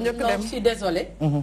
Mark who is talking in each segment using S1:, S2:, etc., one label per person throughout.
S1: non je suis désolée. Mm-hmm.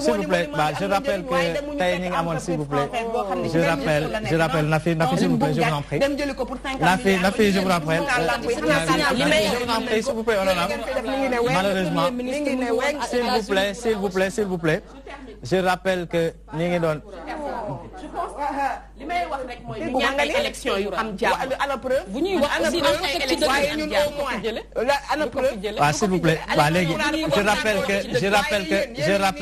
S2: s'il vous plaît bah, je rappelle que s'il vous plaît je rappelle je rappelle s'il vous plaît je vous je rappelle
S3: s'il vous plaît malheureusement s'il vous plaît s'il vous plaît s'il vous plaît je rappelle que bah, s'il vous plaît bah, je rappelle que je rappelle que je rappelle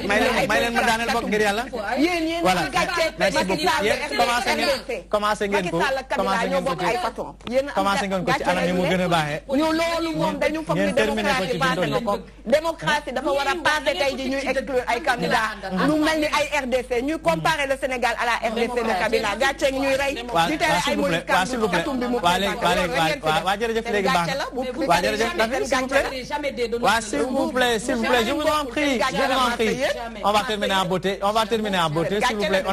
S1: may ma daaneel bokk ngir yàlla. yéen yéen voilà merci beaucoup yéen commencé ngeen commencé ngeen ko commencé ngeen ko ci commencé ngeen ko mu gën a baaxee. ñu dafa war a passé tey ji ay candidats lu mel ni ay RDC ñuy comparer le Sénégal à la RDC de Kabila gàcce ñuy rey. di waa léegi waa léegi
S3: je vous en prie je vous en prie on va terminer en beauté on va terminer en beauté s'il vous plaît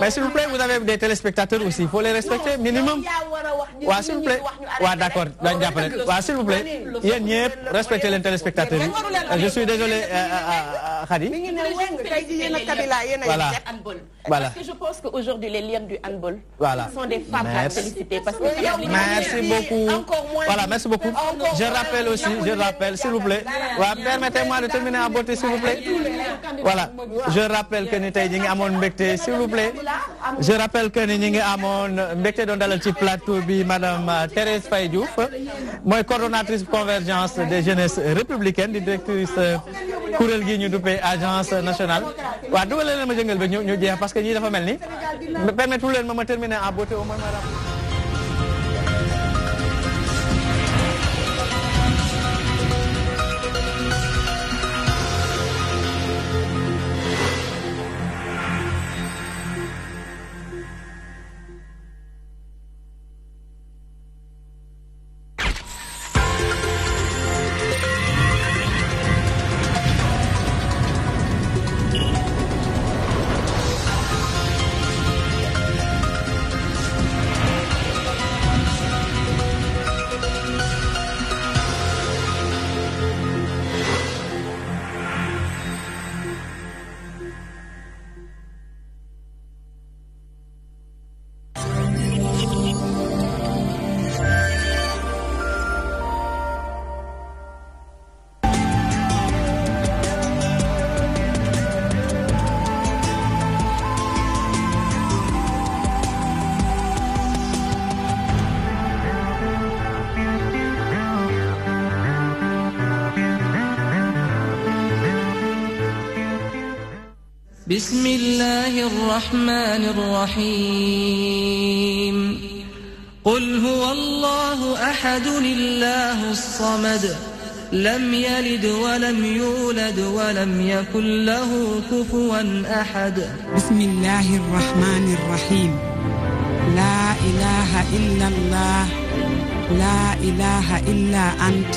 S3: mais s'il vous plaît vous avez des téléspectateurs aussi il faut les respecter minimum
S1: Ouais, s'il vous plaît Ouais, d'accord Ouais, s'il vous plaît respectez les téléspectateurs je suis désolé euh,
S3: euh, euh, Khadi.
S1: voilà parce que je pense qu'aujourd'hui, les liens du handball sont des femmes à féliciter. Parce que merci beaucoup. voilà, merci beaucoup. je rappelle aussi, je
S3: rappelle, s'il vous plaît. Permettez-moi de terminer en beauté, s'il vous plaît. Voilà. Je rappelle que nous à mon mbekté, s'il vous plaît. Je rappelle que nous mon mbekté dans le petit plateau, madame euh, Thérèse Faydiouf. Moi, coordonnatrice convergence des jeunesses républicaines, directrice euh, Kourel Guignou Agence nationale. Voilà, d'où parce que que ñii dafa mel ni permettre leen ma ma terminer en beauté au moins madame
S4: بسم
S2: الله الرحمن الرحيم قل هو الله أحد الله الصمد لم يلد ولم يولد ولم يكن له كفوا أحد بسم الله الرحمن الرحيم لا إله إلا الله لا إله إلا أنت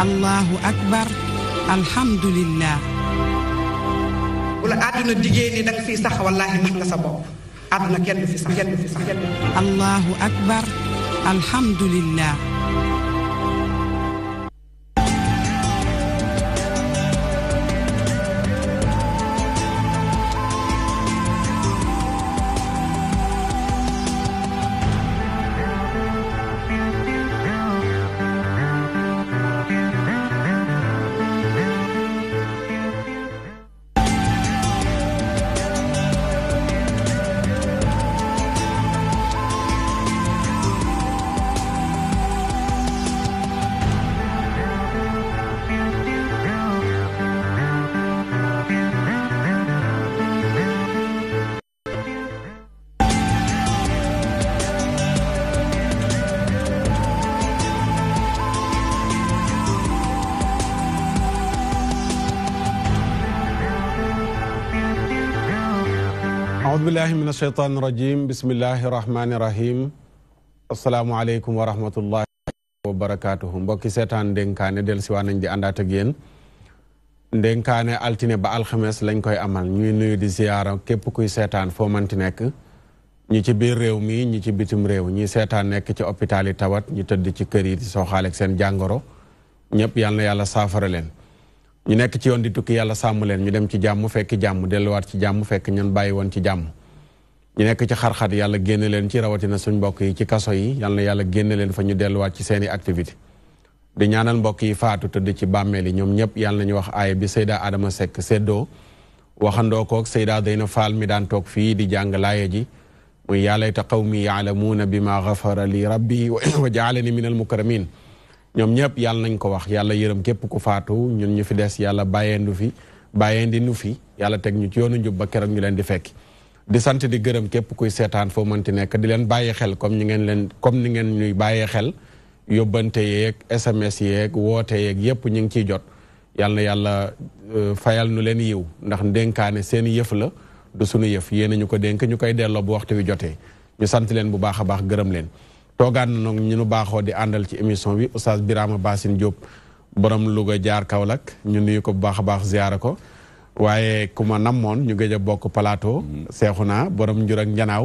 S2: الله أكبر الحمد لله bu la àdduna diggée ni da nga
S1: fiy sax wallaahi nax nga sa bopp àdduna kenn du fi sax kenn du fi sax kenn du fi sax. allahu akbar alhamdulillah.
S5: billahi min ashaitan rajim Bismillahirrahmanirrahim. Assalamualaikum warahmatullahi wabarakatuh. wa rahmatullahi wa barakatuhu mbokki seetaan ndénkaane del si waa altine ba alxames lañ koy amal ñuy nuyu di ziyaara képp kuy seetaan foo manti nekk ñi ci biir réew mi ñi tawat ñi di sooxaaleeg seen jàngoro ñëpp yal na yàlla saafara leen ñu nekk ci yoon di tukki yàlla sàmm leen ñu dem ci jàmm fekk jàmm delluwaat ci jàmm fekk ñu nek ci xar-xar yalla genn leen ci na suñ mbokk yi ci kasso yi yalla na yàlla génn leen fa ñu wat ci seeni activité di ñaanal mbokk yi faatu tudd ci bàmmeel ñom ñep yalla yàlla wax ay bi sayda Adama seddo waxando ko ak sayda Dayna fal mi daan tok fi di jang ji yalla ta qawmi ya'lamuna bima ghafara li rabbi wa jaalani min al mukramin ñoom ñëpp yàlla nañ ko wax yalla yeeram kep ku faatu ñun ñu fi dess yalla bàyyeendu fi bàyyeendi nu fi yalla tek ñu ci yoonu njub ba kërëm ñu leen di fekki di sant di gërëm képp kuy seetaan foo mënti nekk di leen bàyyi xel comme ni ngeen leen comme ni ngeen ñuy bàyyee xel yóbbante yeeg SMS yeeg woote yeeg yépp ñu ngi ciy jot yal na yàlla euh, fayal nu leen yiw ndax ne seen yëf la du sunu yëf yéen ñu ko dénk ñu koy delloo bu waxtu wi jotee ñu sant leen bu baax a baax gërëm leen toogaan na ñu nu baaxoo di àndal ci émission bi a Birama Bassine Diop borom Louga jaar Kaolack ñu nuyu ko bu baax a baax ziyaara ko waaye ku ma namoon ñu gëj a bokk plateau. naa borom njur ak njanaaw.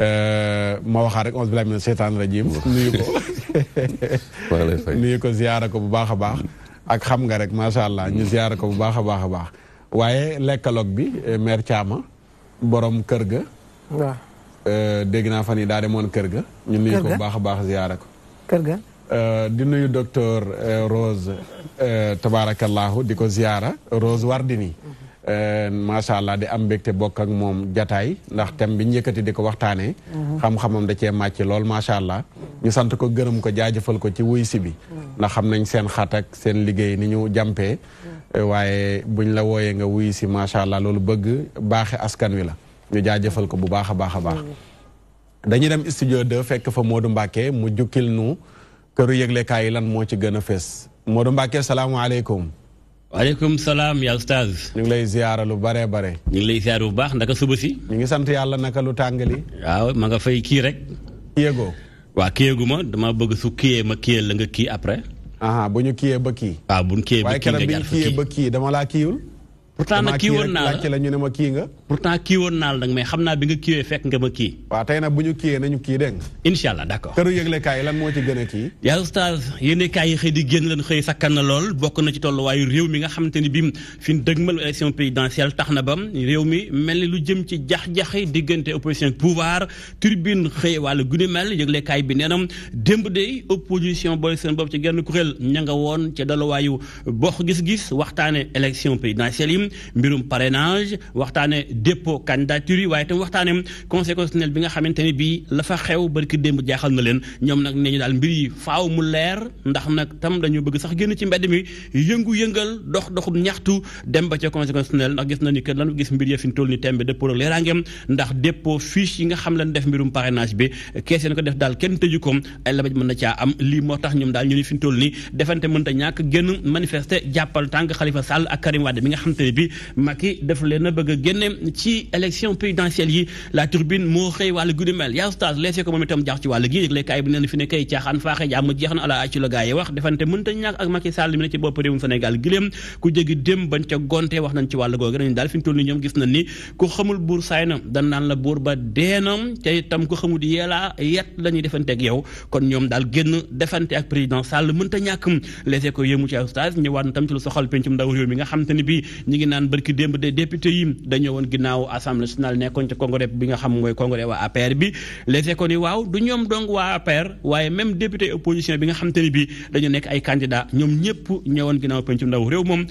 S5: Euh, ma waxaat rek onze billahi mina seytaan rajim nuyu
S6: ko
S5: nuyu ko ziyaara ko bu baax a baax ak xam nga rek macha allah ñu ziyaara ko bu baax a baax a baax waaye lekkaloog bi euh, maire Thiama boroom kër ga waaw euh, dégg naa fan yi daa demoon kër ga ñu nuyu ko bu baax a baax ziyaara ko kër ga Euh, di nuyu docteur euh, Rose euh, tabarakallahu di ko ziara Rose Wardini mhm. macha allah di am mbégte bokk ak moom jataay ndax thème bi ñëkkati di ko waxtaanee. Mhm. xam-xamam da cee màcc lool macha allah. ñu sant ko gërëm ko jaajëfal ko ci wuy si bi. Mhm. ndax xam nañ seen xat ak seen liggéey ni ñu jàmpee. waaye buñ la wooyee nga wuy si macha allah loolu bëgg baaxe askan wi la ñu jaajëfal ko bu baax a baax a baax. dañuy dem studio 2 fekk fa Modou mbàkkee mu jukkil nu. këru yëglekaay yi lan moo ci gën a fees Modou Mbacke salaamaaleykum. waaleykum salaam ya ustaaz. ñu ngi lay ziyaara lu bare bare. ñu lay ziyaar bu baax naka
S4: suba si. ñu ngi sant yàlla naka lu tàngali. waaw ma nga fay kii rek. kiyego. waa kiyegu ma dama bëgg su kiyee ma kiyee la nga kii après. bu ñu kiyee ba kii. waaw bu ñu kiyee ba kii nga bi ñu kiyee
S5: ba kii dama laa kiiwul. pourtant nag kii woon naa la ñu ne ma kii nga
S4: pourtant kii woon naa la nag mais xam naa bi nga kiiwee fekk nga ma kii waaw tey nag bu ñu kiiyee kii dégg nga incha allah
S5: yëglekaay yi lan moo ci gën a kii
S4: yaa oustaz yéenekaay yi xëy di génn lan xëy sakkan na lool bokk na ci tolluwaayu réew mi nga xamante ni bi fi ñu dëgmal élection tax na ba réew mi mel ni lu jëm ci jax-jaxe diggante opposition pouvoir turbine xëy wàllu guni mel yëglekaay bi nee na démb de opposition boole seen bopp ci genn kuréel ña nga woon ci dolluwaayu bokk gis-gis waxtaane élection présidentielle yi mbirum parrainage waxtaane dépôt candidature yi waaye tam waxtaane conseil bi nga xamante ne bii la fa xew barki démb jaaxal na leen ñoom nag nee ñu daal mbir yi faaw mu leer ndax nag tam dañu bëgg sax génn ci mbedd mi yëngu-yëngal dox doxum ñaxtu dem ba ca conseil ndax gis na ni que lan gis mbir ya fi ñu toll ni tembe dépôt ak ndax dépôt fiche yi nga xam lan def mbirum parrainage bi kees yéen ko def daal kenn tëju ko ay labaj mën na caa am lii moo tax ñoom daal ñu ni fi toll ni defante mën ta ñàkk génn manifester jàppal tànk Khalifa Sall ak Karim mi nga xam bi Macky daf leen a bëgg a génne ci élection présidentielle yi la turbine moo xëy wàllu guddi mel yaa oustaz leesee ko moom itam ci na fi ne kay caaxaan faaxe jàmm jeex na ala ci la gaa yi wax defante mënta ñàkk ak Macky Sall mi la buur ba lu soxal pencum ndaw réew mi nga xam te ni bi naan barki démb de député yi dañoo woon ginnaaw assemblée nationale nekkoon ci congrès bi nga xam mooy congrès waa APR bi les ko ni waaw du ñoom donc waa APR waaye même député opposition bi nga xam te ni bi dañoo nekk ay candidat ñoom ñëpp ñëwoon ginnaaw pencum ndaw réew moom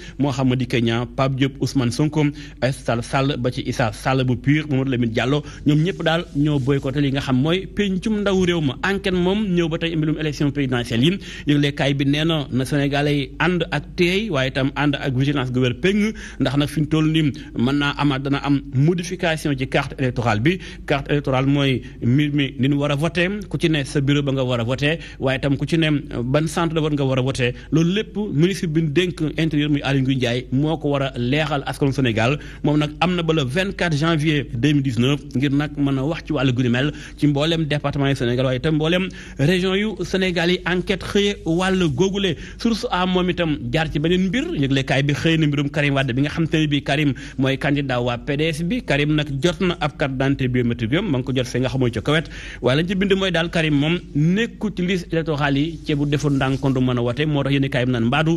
S4: nga xam mooy pencum ndaw réew ma enquête moom ñëw ba tey mbirum élection présidentielle yi yëgle kaay bi nee na na yi ànd ak teey waaye itam ànd ak vigilance gu wér ndax nag fi ñu toll nii mën naa amaat dana am modification ci carte électorale bi carte électorale mooy mbir mi ni ñu war a voté ku ci ne sa bureau ba nga war a voté waaye tam ku ci ne ban centre de vote nga war a voté loolu lépp ministre bi ñu dénk intérieur muy Aly Ngouille Ndiaye moo ko war a leexal askanu Sénégal moom nag am na ba le 24 janvier 2019 ngir nag mën a wax ci wàllu guni mel ci mboolem département yi Sénégal waaye itam mboolem région yu Sénégal yi enquête xëye wàll googule source a moom itam jaar ci beneen mbir yëgle kaay bi xëy na mbirum Karim Wade bi nga xam te ne Karim mooy candidat waa PDS bi Karim nag jot na ab carte d'identité biométrique yam ma ngi ko jot fi nga xamoo ci kawet waaye lañ ci bind mooy daal Karim moom nekku ci liste yi ci bu defoon ndànk a wote moo tax yéen Karim naan mbaadu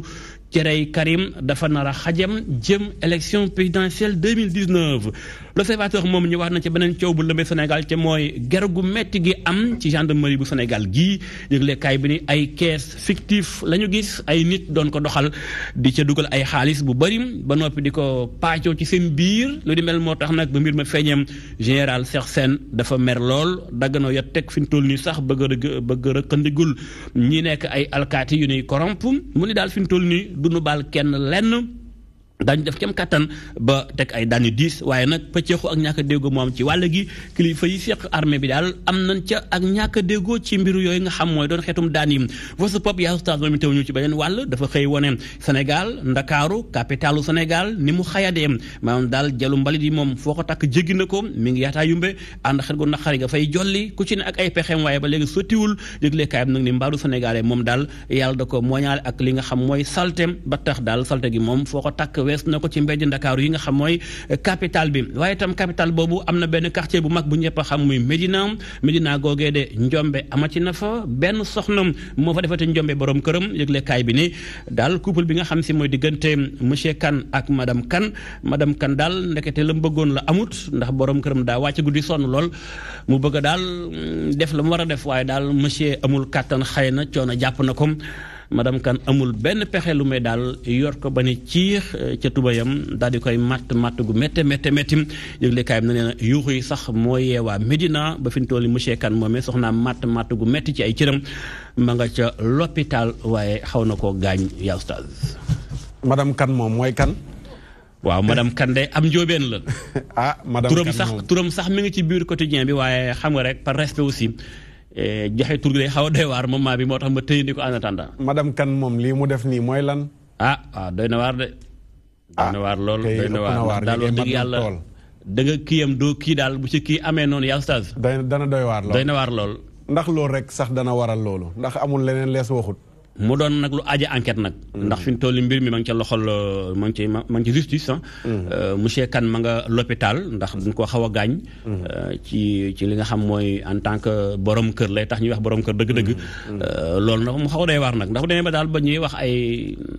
S4: cerey Karim dafa nar a xajam jëm élection présidentielle 2019 l'observateur moom ñëwaat na ci beneen coow bu lëmbee Sénégal te mooy ger gu metti gi am ci gendarmerie bu Sénégal gi yëglekaay bi ni ay caisse fictif la ñu gis ay nit doon ko doxal di ca dugal ay xaalis bu bëri ba noppi di ko paacoo ci seen biir lu di mel moo tax nag ba mbir ma feeñam général Cheikh Sène dafa mer lool dagg dagganoo ya teg fi mu toll nii sax bëgg a bëgg a rëkkandigul ñi nekk ay alkaati yu nuy du nu baal kenn lenn daañu def kem kàttan ba teg ay daan yu diis waaye nag pëcceexu ak ñàkk a déggoo moom ci wàll gi kilifa yi seq armée bi daal am na ca ak ñàkk a déggoo ci mbir yooyu nga xam mooy doon xeetum daan yi vox pop yaa oustaz moom itam ñu ci beneen wàll dafa xëy wone Sénégal Ndakaaru capitalu Sénégal ni mu xayadee maanaam daal jalu mbalit yi moom foo ko takk jéggi na ko mi ngi yaataa yumbe ànd xet gu naqari ga fay jolli ku ci ne ak ay pexeem waaye ba léegi sottiwul yëgle kaayam nag ni mbaaru Sénégalais moom daal yàlla da ko mooñaale ak li nga xam mooy salte ba tax daal salte gi moom foo ko takk na ko ci mbedd ndakaaru yi nga xam mooy eh, capital bi waaye itam capital boobu am na benn quartier bu mag bu ñëpp a xam muy googee de njombe amati na fa benn soxna moo fa defati njombe boroom këram yëgle kaay bi ni daal couple bi nga xam si mooy diggante monsieur kan ak madame Kane madame kan daal ndekete la mu bëggoon la amut ndax boroom këram daa wàcc guddi sonn lool mu bëgg daal mm, def la mu war a def waaye daal monsieur amul kàttan xëy na coono jàpp na ko madam kan amul benn pexe lu may daal yor ko ba ne ciix euh, ca tubéyam daal di koy matt matt gu mette métte métti yëgle na nee yuuxu yi sax moo yeewaa Médina ba fi mu toll monsieur Kane moomee soxnaa matt matt gu metti ci ay cëram ma nga ca l'hôpital waaye xaw na koo gaañ yaa oustaz madame moom mooy kan waaw madame Kande am njóobeen la. ah madame Kande turam sax turam sax mi ngi ci biir quotidien bi waaye xam nga rek par respect aussi. Eh, joxe tur gi day xaw a doy waar moment bi moo tax ma tëyandi ko en attendant.
S5: madame Kane moom lii mu def nii mooy lan.
S4: ah waaw doy na waar de. doy na ah, waar lool doy na waar da nga kiyam doo kii daal bu ci kii amee noonu yaa oustaz. doy dana doy waar lool doy lool. ndax loolu rek sax dana waral loolu ndax amul leneen lees waxut. mu doon nag lu aaja enquête nag. Mm. ndax fi mu toll mbir mi ma ngi ca loxol euh, ma ngi ci ma ngi ci justice ah. Mm. Euh, monsieur Kane ma nga l'hôpital ndax duñ ko xaw a gaañ. Mm. Euh, ci ci li nga xam mooy en tant que borom kër lay tax ñuy wax borom kër dëgg-dëgg. loolu nag mu xaw a waar nag ndax bu demee ba daal ba ñuy wax ay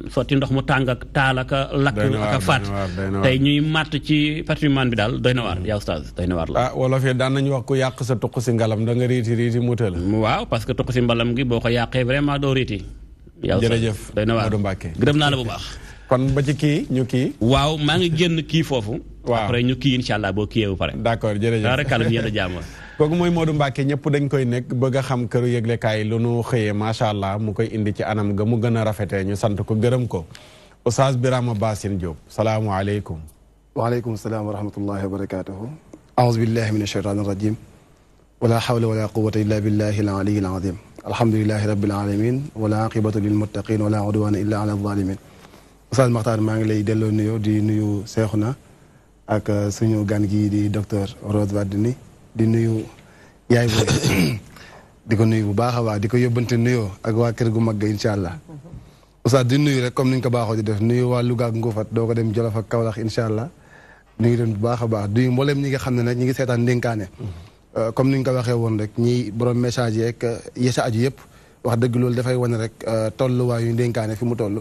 S4: sotti ndox mu tàng ak taal a lakk ak a faat tey ñuy màtt ci patrimoine bi daal doy na waar yaa oustaz doy na waar la. ah wolof yi wax ku yàq sa tuq si ngalam da nga riiti que tuq gi boo ko yàqee vraiment doo yow jërëjëf doy na waar Modou
S5: Mbacké gërëm naa la bu baax.
S4: kon ba ci kii ñu kii. waaw maa ngi génn kii foofu. waaw après ñu kii incha allah boo bu pare. d' accord jërëjëf daal rek kàlla ñu yàlla jaamu.
S5: kooku mooy Modou Mbacké ñëpp dañ koy nekk bëgg a xam këru yëglekaay lu nu xëyee macha allah mu koy indi ci anam ga mu gën a ñu sant ko gërëm ko Oustaz Birama Bassine Diop salaamualeykum.
S7: waaleykum salaam wa rahmatullahi wa barakaatuhu. aouzu billahi min acheytaani rajim. wala xawla wala quwata illa billahi al aliyi al azim الحمد لله رب العالمين wala aqibatu lil muttaqin wala udwana illa ala zalimin Oustaz Makhtar maa ngi lay delloo nuyoo di nuyu Seexuna ak suñu gan gi di docteur Rose Wardini di nuyu yaay booy di ko nuyu bu baax a baax di ko yóbbante nuyoo ak waa kër gu mag ga incha allah Oustaz di nuyu rek comme ni ñu ko baaxoo di def nuyu waa Louga ak Ngoufat doo ko dem Jolof ak Kaolack incha allah nuyu leen bu baax a baax duyu mbooleem ñi nga xam ne nag ñi ngi seetaan ndénkaane Euh, comme ni ñu ko waxee woon rek ñi borom message yeeg euh, yi sa aju yëpp wax dëgg loolu dafay wane rek euh, tolluwaay yu ndénkaane fi mu toll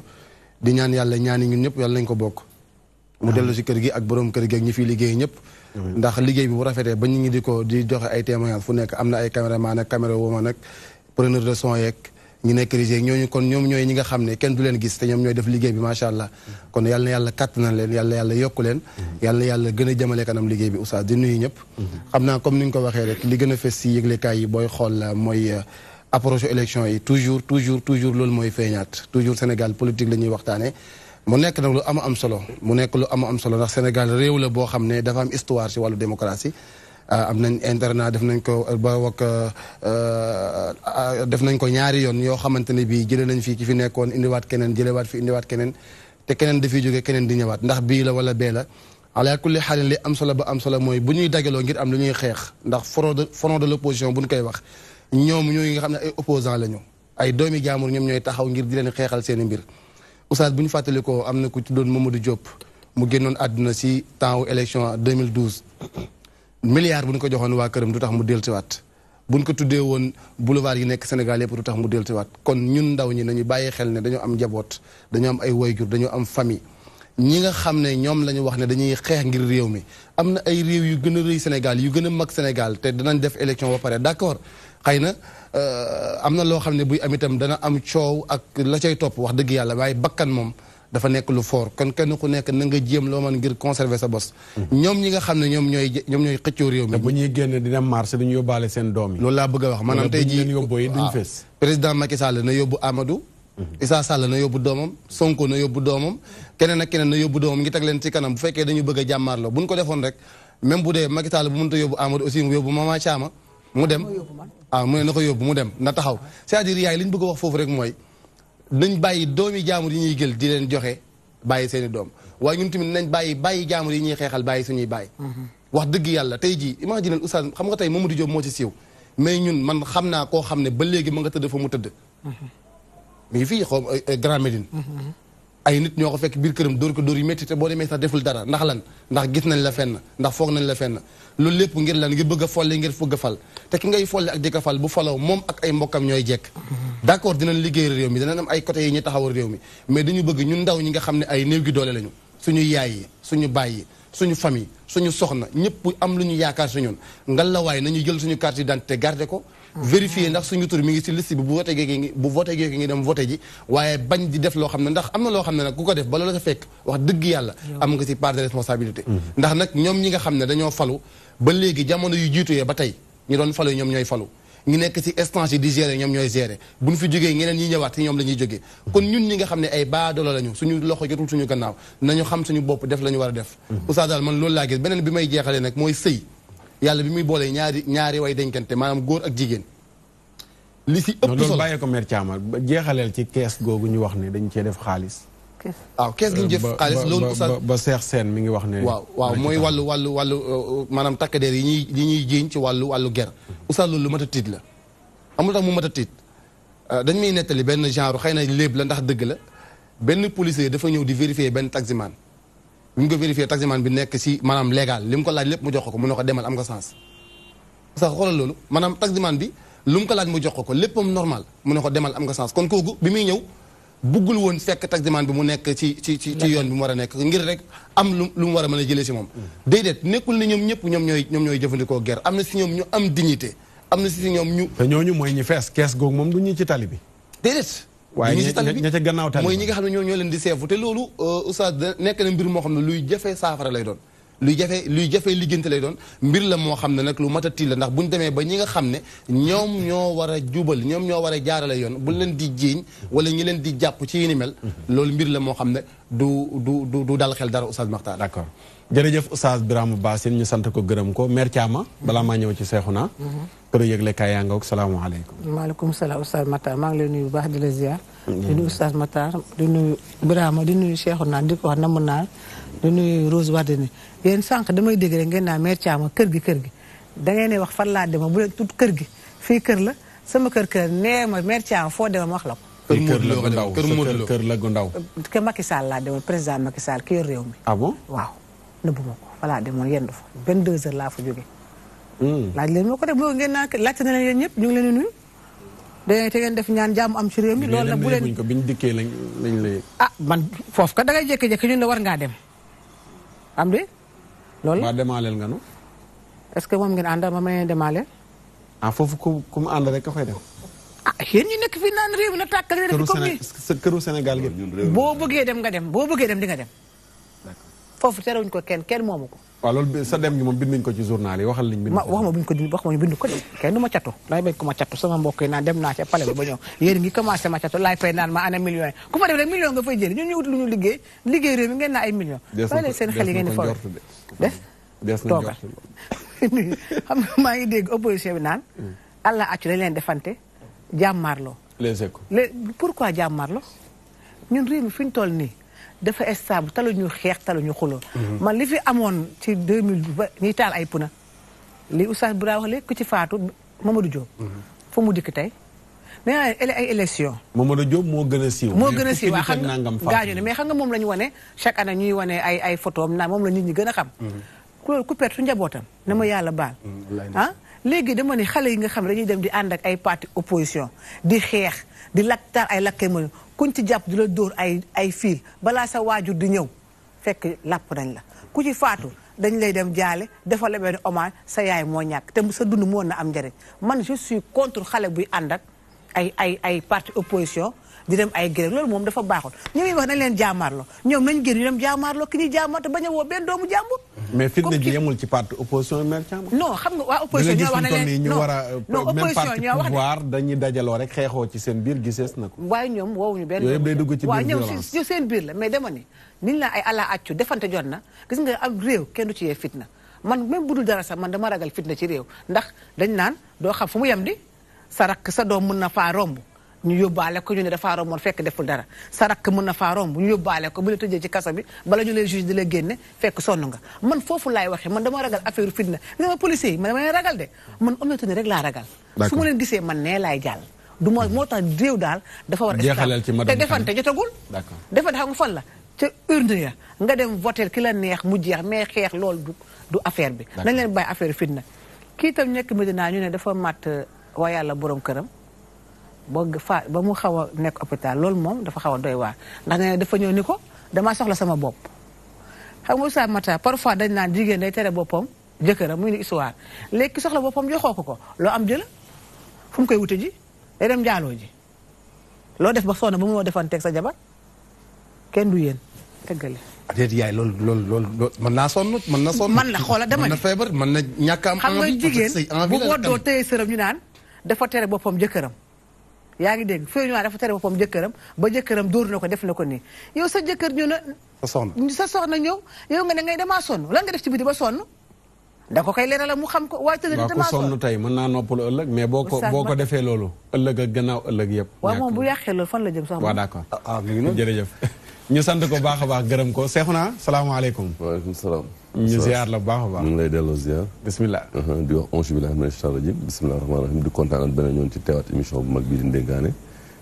S7: di ñaan yàlla ñaani ñun ñëpp yàlla nañ ko bokk mu dellu si kër gi ak borom kër gi ak ñi fiy liggéey ñëpp ndax liggéey bi bu rafetee ba ñu ngi di ko di joxe ay témoignage fu nekk am na ay caméraman ak caméra woman ak preneur de son yeeg ñu nekk risée ñooñu kon ñoom ñooy ñi nga xam ne kenn du leen gis te ñoom ñooy def liggéey bi macha allah kon yàlla na yàlla kàtt leen yàlla yàlla yokk leen yàlla yàlla gën a jëmale kanam liggéey bi oustaz di nuyu ñëpp xam naa comme ni ñu ko waxee rek li gën a fes si yëglekaay yi booy xool mooy euh, approche élection yi toujours toujours toujours loolu mooy feeñaat toujours Sénégal politique la ñuy waxtaane mu nekk nag lu am am solo mu nekk lu ama am solo ndax Sénégal réew la boo xam ne dafa am histoire si wàllu démocratie Euh, am nañ internat def nañ ko euh, ba wak euh, def nañ ko ñaari yoon yoo xamante ne bii jëlee nañ fii ki fi nekkoon indiwaat keneen jëlewaat fi indiwaat keneen te keneen dafiy jógee keneen di ñëwaat ndax bii la wala bee la ala kulli xaalin li am solo ba am solo mooy bu ñuy dajaloo ngir am lu ñuy xeex ndax front de front de l' opposition bu ñu koy wax ñoom ñooñu nga xam ne ay opposant la ñu ay doomi jaamur ñoom ñooy taxaw ngir di leen xeexal seeni mbir oustaz bu ñu fàttalikoo am na ku tuddoon Mamadou Diop mu génnoon àdduna si temps wu élection 2012 milliard bu ñu ko joxoon waa këram du tax mu dellusiwaat bu ñu ko tuddee woon boulevard yi nekk Sénégal yëpp du tax mu dellusiwaat kon ñun ndaw ñi nañu bàyyi xel ne dañoo am njaboot dañoo am ay woyjur dañoo am famille. ñi nga xam ne ñoom la ñu wax ne dañuy xeex ngir réew mi am na ay réew yu gën a rëy Sénégal yu gën a mag Sénégal te danañ def élection ba pare d'accord xëy na euh, am na loo xam ne buy am itam dana am coow ak la cay topp wax dëgg yàlla waaye bakkan moom. dafa nekk lu foor kon kenn ku nekk na nga jéem loo mën ngir conserver sa bos ñoom ñi nga xam ne ñoom ñooy ñoom ñooy xëccoo réew mi bu ñuy génn dina marché duñu yóbbaale seen doom yi loolu laa bëgg a wax maanaam tey jii duñ fees président Macky Sall na yóbbu Amadou mhm. Sall na yóbbu doomam Sonko na yóbbu doomam keneen ak keneen na yóbbu ngi teg leen ci kanam bu fekkee dañu bëgg a jàmmaarloo buñ ko defoon rek même bu dee Macky Sall bu mënta yóbbu Amadou aussi mu yóbbu Mama Thiama mu dem ah mu ne na ko yóbbu mu dem na taxaw c'est-à-dire yaay li ñu bëgg a wax foofu rek mooy nañ bàyyi doomi jaamur yi ñuy jël di leen joxe bàyyi seen i doom waaye ñun tamit nañ bàyyi yi jaamur yi ñuy xeexal bàyyi suñuy baay wax dëgg yàlla tey ji jii imagine oustaz xam nga tey ma di Diop moo ci siiw mais ñun man xam naa koo xam ne ba léegi ma nga tëdd fa mu tëdd mhm. mais fii xaw euh, Grand Médine mhm. ay nit ñoo ko fekk biir këram dóor ko dóor yu métti te boo demee sax deful dara ndax lan ndax gis nañ la fenn ndax foog nañ la fenn loolu lépp ngir lan ngir bëgg a folle ngir bëgg fal te ki ngay folle ak di fal bu faloo moom ak ay mbokkam ñooy jekk d' accord dinañ liggéey réew mi dana dem ay côté yi ñu taxawal réew mi mais dañu bëgg ñun ndaw ñi nga xam ne ay néegi gi doole lañu suñu yaay yi suñu baay yi suñu famille suñu soxna ñëpp am lu ñu yaakaar si ñun nga la waay nañu jël suñu carte d'identité ko vérifier ndax suñu tur mi ngi si liste bi bu voté geeki ngi bu voté geeki ngi dem voté ji waaye bañ di def loo xam ne ndax am na loo xam ne nag ku ko def bala la ko fekk wax dëgg yàlla am nga si part de responsabilité mhm. ndax nag ñoom ñi nga xam ne dañoo falu ba léegi jamono yu jiituyee ba tey ñu doon falu ñoom ñooy falu ñu nekk ci instance yi di gérer ñoom ñooy gérer bu ñu fi jógee ñeneen ñi ñëwaat ci ñoom la ñuy jógee kon ñun ñi nga xam ne ay baadoolo lañu suñu loxo jotul gannaaw nañu xam suñu bopp def la ñu war a def mhm. oustaz loolu laa beneen bi may jeexalee nag mooy sëy
S5: yàlla bi muy boolee ñaari ñaari denkante maanaam góor ak jigéen. li si ëpp solo bàyyee ko mère Thiamal ba jeexaleel ci kees googu ñu wax ne dañu cee def xaalis. waaw kees gi ñu jëf euh, xaalis loolu oustaz ba seex seen mi ngi wax ne. waaw waaw mooy wàllu
S7: wàllu wàllu euh, maanaam takkadeer yi ñuy yi ñuy jiiñ ci wàllu wàllu ger oustaz loolu lu mat a la amul tax mu mat a euh, dañ may nettali benn genre xëy na léeb la ndax dëgg la benn policier dafa ñëw di vérifier benn taximaan bi mu ko vérifié taximan bi nekk si maanaam légal li mu ko laaj lépp mu jox ko mu ne ko demal am nga sens. sax xoolal loolu maanaam taximan bi lu mu ko mu jox ko léppam normal mu ne ko demal am nga sens kon kooku bi muy ñëw buggul woon fekk taximan bi mu nekk ci ci ci ci yoon bi war a nekk ngir rek am lu lu war a mën a jëlee si moom. déedéet nekkul ne ñoom ñëpp ñoom ñooy ñoom ñooy jëfandikoo ger am na si ñoom ñu am dignité am na si ñoom ñu. te ñooñu mooy ñi fees kees googu moom du ñu ci tali bi déedéet waaye ña ca gannaaw tali mooy ñi nga xam ne ñoo ñoo leen di seefu te loolu euh, oustaz nekk na mbir moo xam ne luy jafe saafara lay doon luy jafe luy jafe liggéeyante lay doon mbir la moo xam ne nag lu mat a tiit la ndax bu ñu demee ba ñi nga xam ne ñoom ñoo war a jubal ñoom ñoo war a jaarale yoon bu leen di jiiñ wala ñi leen di jàpp ci yi ni loolu mbir la moo xam ne du
S5: du du du dal xel dara oustaz maxtaan d'accord jërëjëf Oustaz Birame Bassine ñu sant ko gërëm ko mère Thiama balaa maa ñëw ci Seexuna kër yëgle kaay yaa nga ak salaamaaleykum
S2: maaleykum salaam Oustaz Matar maa ngi lay nuyu bu baax di la ziar mm-hmm. di nuyu Oustaz di nuyu Birame di nuyu Seexuna naa di nuyu Rose damay dégg rek ngeen naa mère Thiama kër gi kër gi da ngeen wax fan laa dema bu leen tut kër gi fii kër la sama kër kër nee ma mère Thiama foo dema ma wax la ko kër Modou Lo kër Modou kër la gu ndaw ke Macky Sall laa demoon président Macky Sall ki yor réew mi ah bon nëbbu ma ko voilà demoon yendu fa benn deux heures laa fa jóge laaj leen ma ko de boo ngeen naa laajte na leen yéen ñëpp ñu ngi leen di nuyu da te ngeen def ñaan jàmm am ci réew mi loolu la bu
S5: ko biñ dikkee lañ lañ lay
S2: ah man foofu ka da ngay jékki-jékki ñun la war ngaa dem am de
S5: loolu waa demaaleel nga nu
S2: est que moom ngeen àndal ma ma demaaleel
S5: a foofu ku ku mu ànd rek ka fay dem
S2: ah yéen ñi nekk fii naan réew mi na tàkkal rek boo bëggee dem nga dem boo bëggee dem di nga dem foofu terewuñ ko kenn kenn moomu ko. waaw loolu sa dem gi moom bind nañ ko ci journal yi waxal lañ. bind ma wax ma buñ ko a ma bind ko de kenn du ma cattu laay bañ ko ma cattu sama mbokk yi naan dem naa ca pale ba ñëw yéen ngi commencé ma cattu ma ana million yi ku fa ñu wut maa ngi dégg opposition naan hmm. allah accu lañ leen defante jàmmaarloo les pourquoi jàmmaarloo ñun réew mi fi ñu toll nii dafa stable ñu xeex talu ñu xuloo
S8: mhm.
S5: man
S2: li fi amoon ci 2000 ba ñuy taal ay puna li Oustaz Bira wax léegi ku ci faatu du Diop mhm. fu mu dikk tey nee naa leen ay élection
S5: Mamadou Diop moo gën a siiw moo gën a siiw waaw xam nga gaañu ne
S2: mais xam nga moom la ñu wane chaque année ñuy wane ay ay naa moom la nit ñi gën a xam mhm. loolu ku su njabootam na ma yàlla baal ah léegi dama ni xale yi nga xam ne dañuy dem di ànd ak ay parti opposition di xeex di lakk taal ay lakkee kuñ ci jàpp di la dóor ay ay fiil balaa sa waajur di ñëw fekk làpp nañ la ku ci faatu dañ lay dem jaale defal la benn hommage sa yaay moo ñàkk te sa dund moo na am njëriñ man je suis contre xale buy ànd ak ay ay ay parti opposition di dem ay grève loolu moom dafa baaxul ñu ngi wax nañ leen jaamaarloo ñoom nañ génn ñu dem a woo benn doomu jàmbur
S5: mais fitna ji yemul ci parti opposition même càmbar
S2: non xam nga waa opposition ñoo ñu war euh,
S5: dañuy dajaloo rek xeexoo ci seen biir gisees na ko
S2: waaye ñoom woowuñu benn yooyu yëpp day dugg ci biir violence waaw seen biir la mais dama ne niñ ay ala accu defante jot na gis nga am réew kenn du ci yee fitna man même budul dara sax man dama ragal fitna ci réew ndax dañ naan doo xam fu mu yem di sa rakk sa doom mun na faa romb ñu yóbbaale ko ñu ne dafaa romboon fekk deful dara sa rakk mën na faa romb ñu yóbbaale ko bu la tëjee ci kaso bi bala ñu lay juge di la génne fekk sonn nga man foofu laay waxee man dama ragal affaire fitna nga ma policier ragal de man honnêteté ni rek laa su ma gisee man nee laay jàll du ma moo tax réew daal dafa war te defante jotagul defante xam nga fan la ca urne nga dem voter ki la neex mu jeex mais xeex loolu du du affaire bi nañ leen bàyyi affaire fitna kii tam nekk Medina ñu ne dafa màtt euh, waa yàlla borom këram ba fa ba mu xaw a nekk hôpital loolu moom dafa xaw a doy waar ndax nee na dafa ñëw ni ko damaa soxla sama bopp xam nga Oustaz Makhtar parfois dañ naan jigéen day tere boppam jëkkëram muy ni histoire léegi ki soxla boppam joxoo ko ko loo am jëla fu mu koy wute ji day dem jaaloo ji loo def ba sonn ba moo defan teg sa jabar kenn du yéen tëggale
S7: déet yaay loolu loolu loolu mën naa sonn mën na sonn man la xoola dama ne mën na feebar mën na ñàkk
S9: am xam nga jigéen bu boddoo
S2: téye sëram ñu naan dafa tere boppam jëkkëram yaa ngi dégg feu noir dafa tere boppam jëkkëram ba jëkkëram door na ko def na ko nii yow sa jëkkër ñu na sa soxna sa soxna ñëw yow nga ne ngay damaa sonn lan nga def ci biti ba sonn da ko koy leeralal mu xam ko waaye tëdd damaa sonn
S5: tey mën naa noppalu ëllëg mais boo ko boo ko defee loolu ëllëg ak gannaaw ëllëg yëpp waaw moom
S2: bu yàqee loolu fan la jëm sax waaw d'accord
S5: ah, ah, jërëjëf ñu sant ko baax a baax gërëm ko Seexuna salaamaaleykum waaleykum salaam ñu ziar la bu baax a baax.
S6: ñu ngi lay delloo ziar. bisimilah. Uh-huh. di wax onge bi la xam ne incha allah bisimilah rahmaani di kontaan beneen yoon ci teewaat émission bu mag bii di ndénkaane.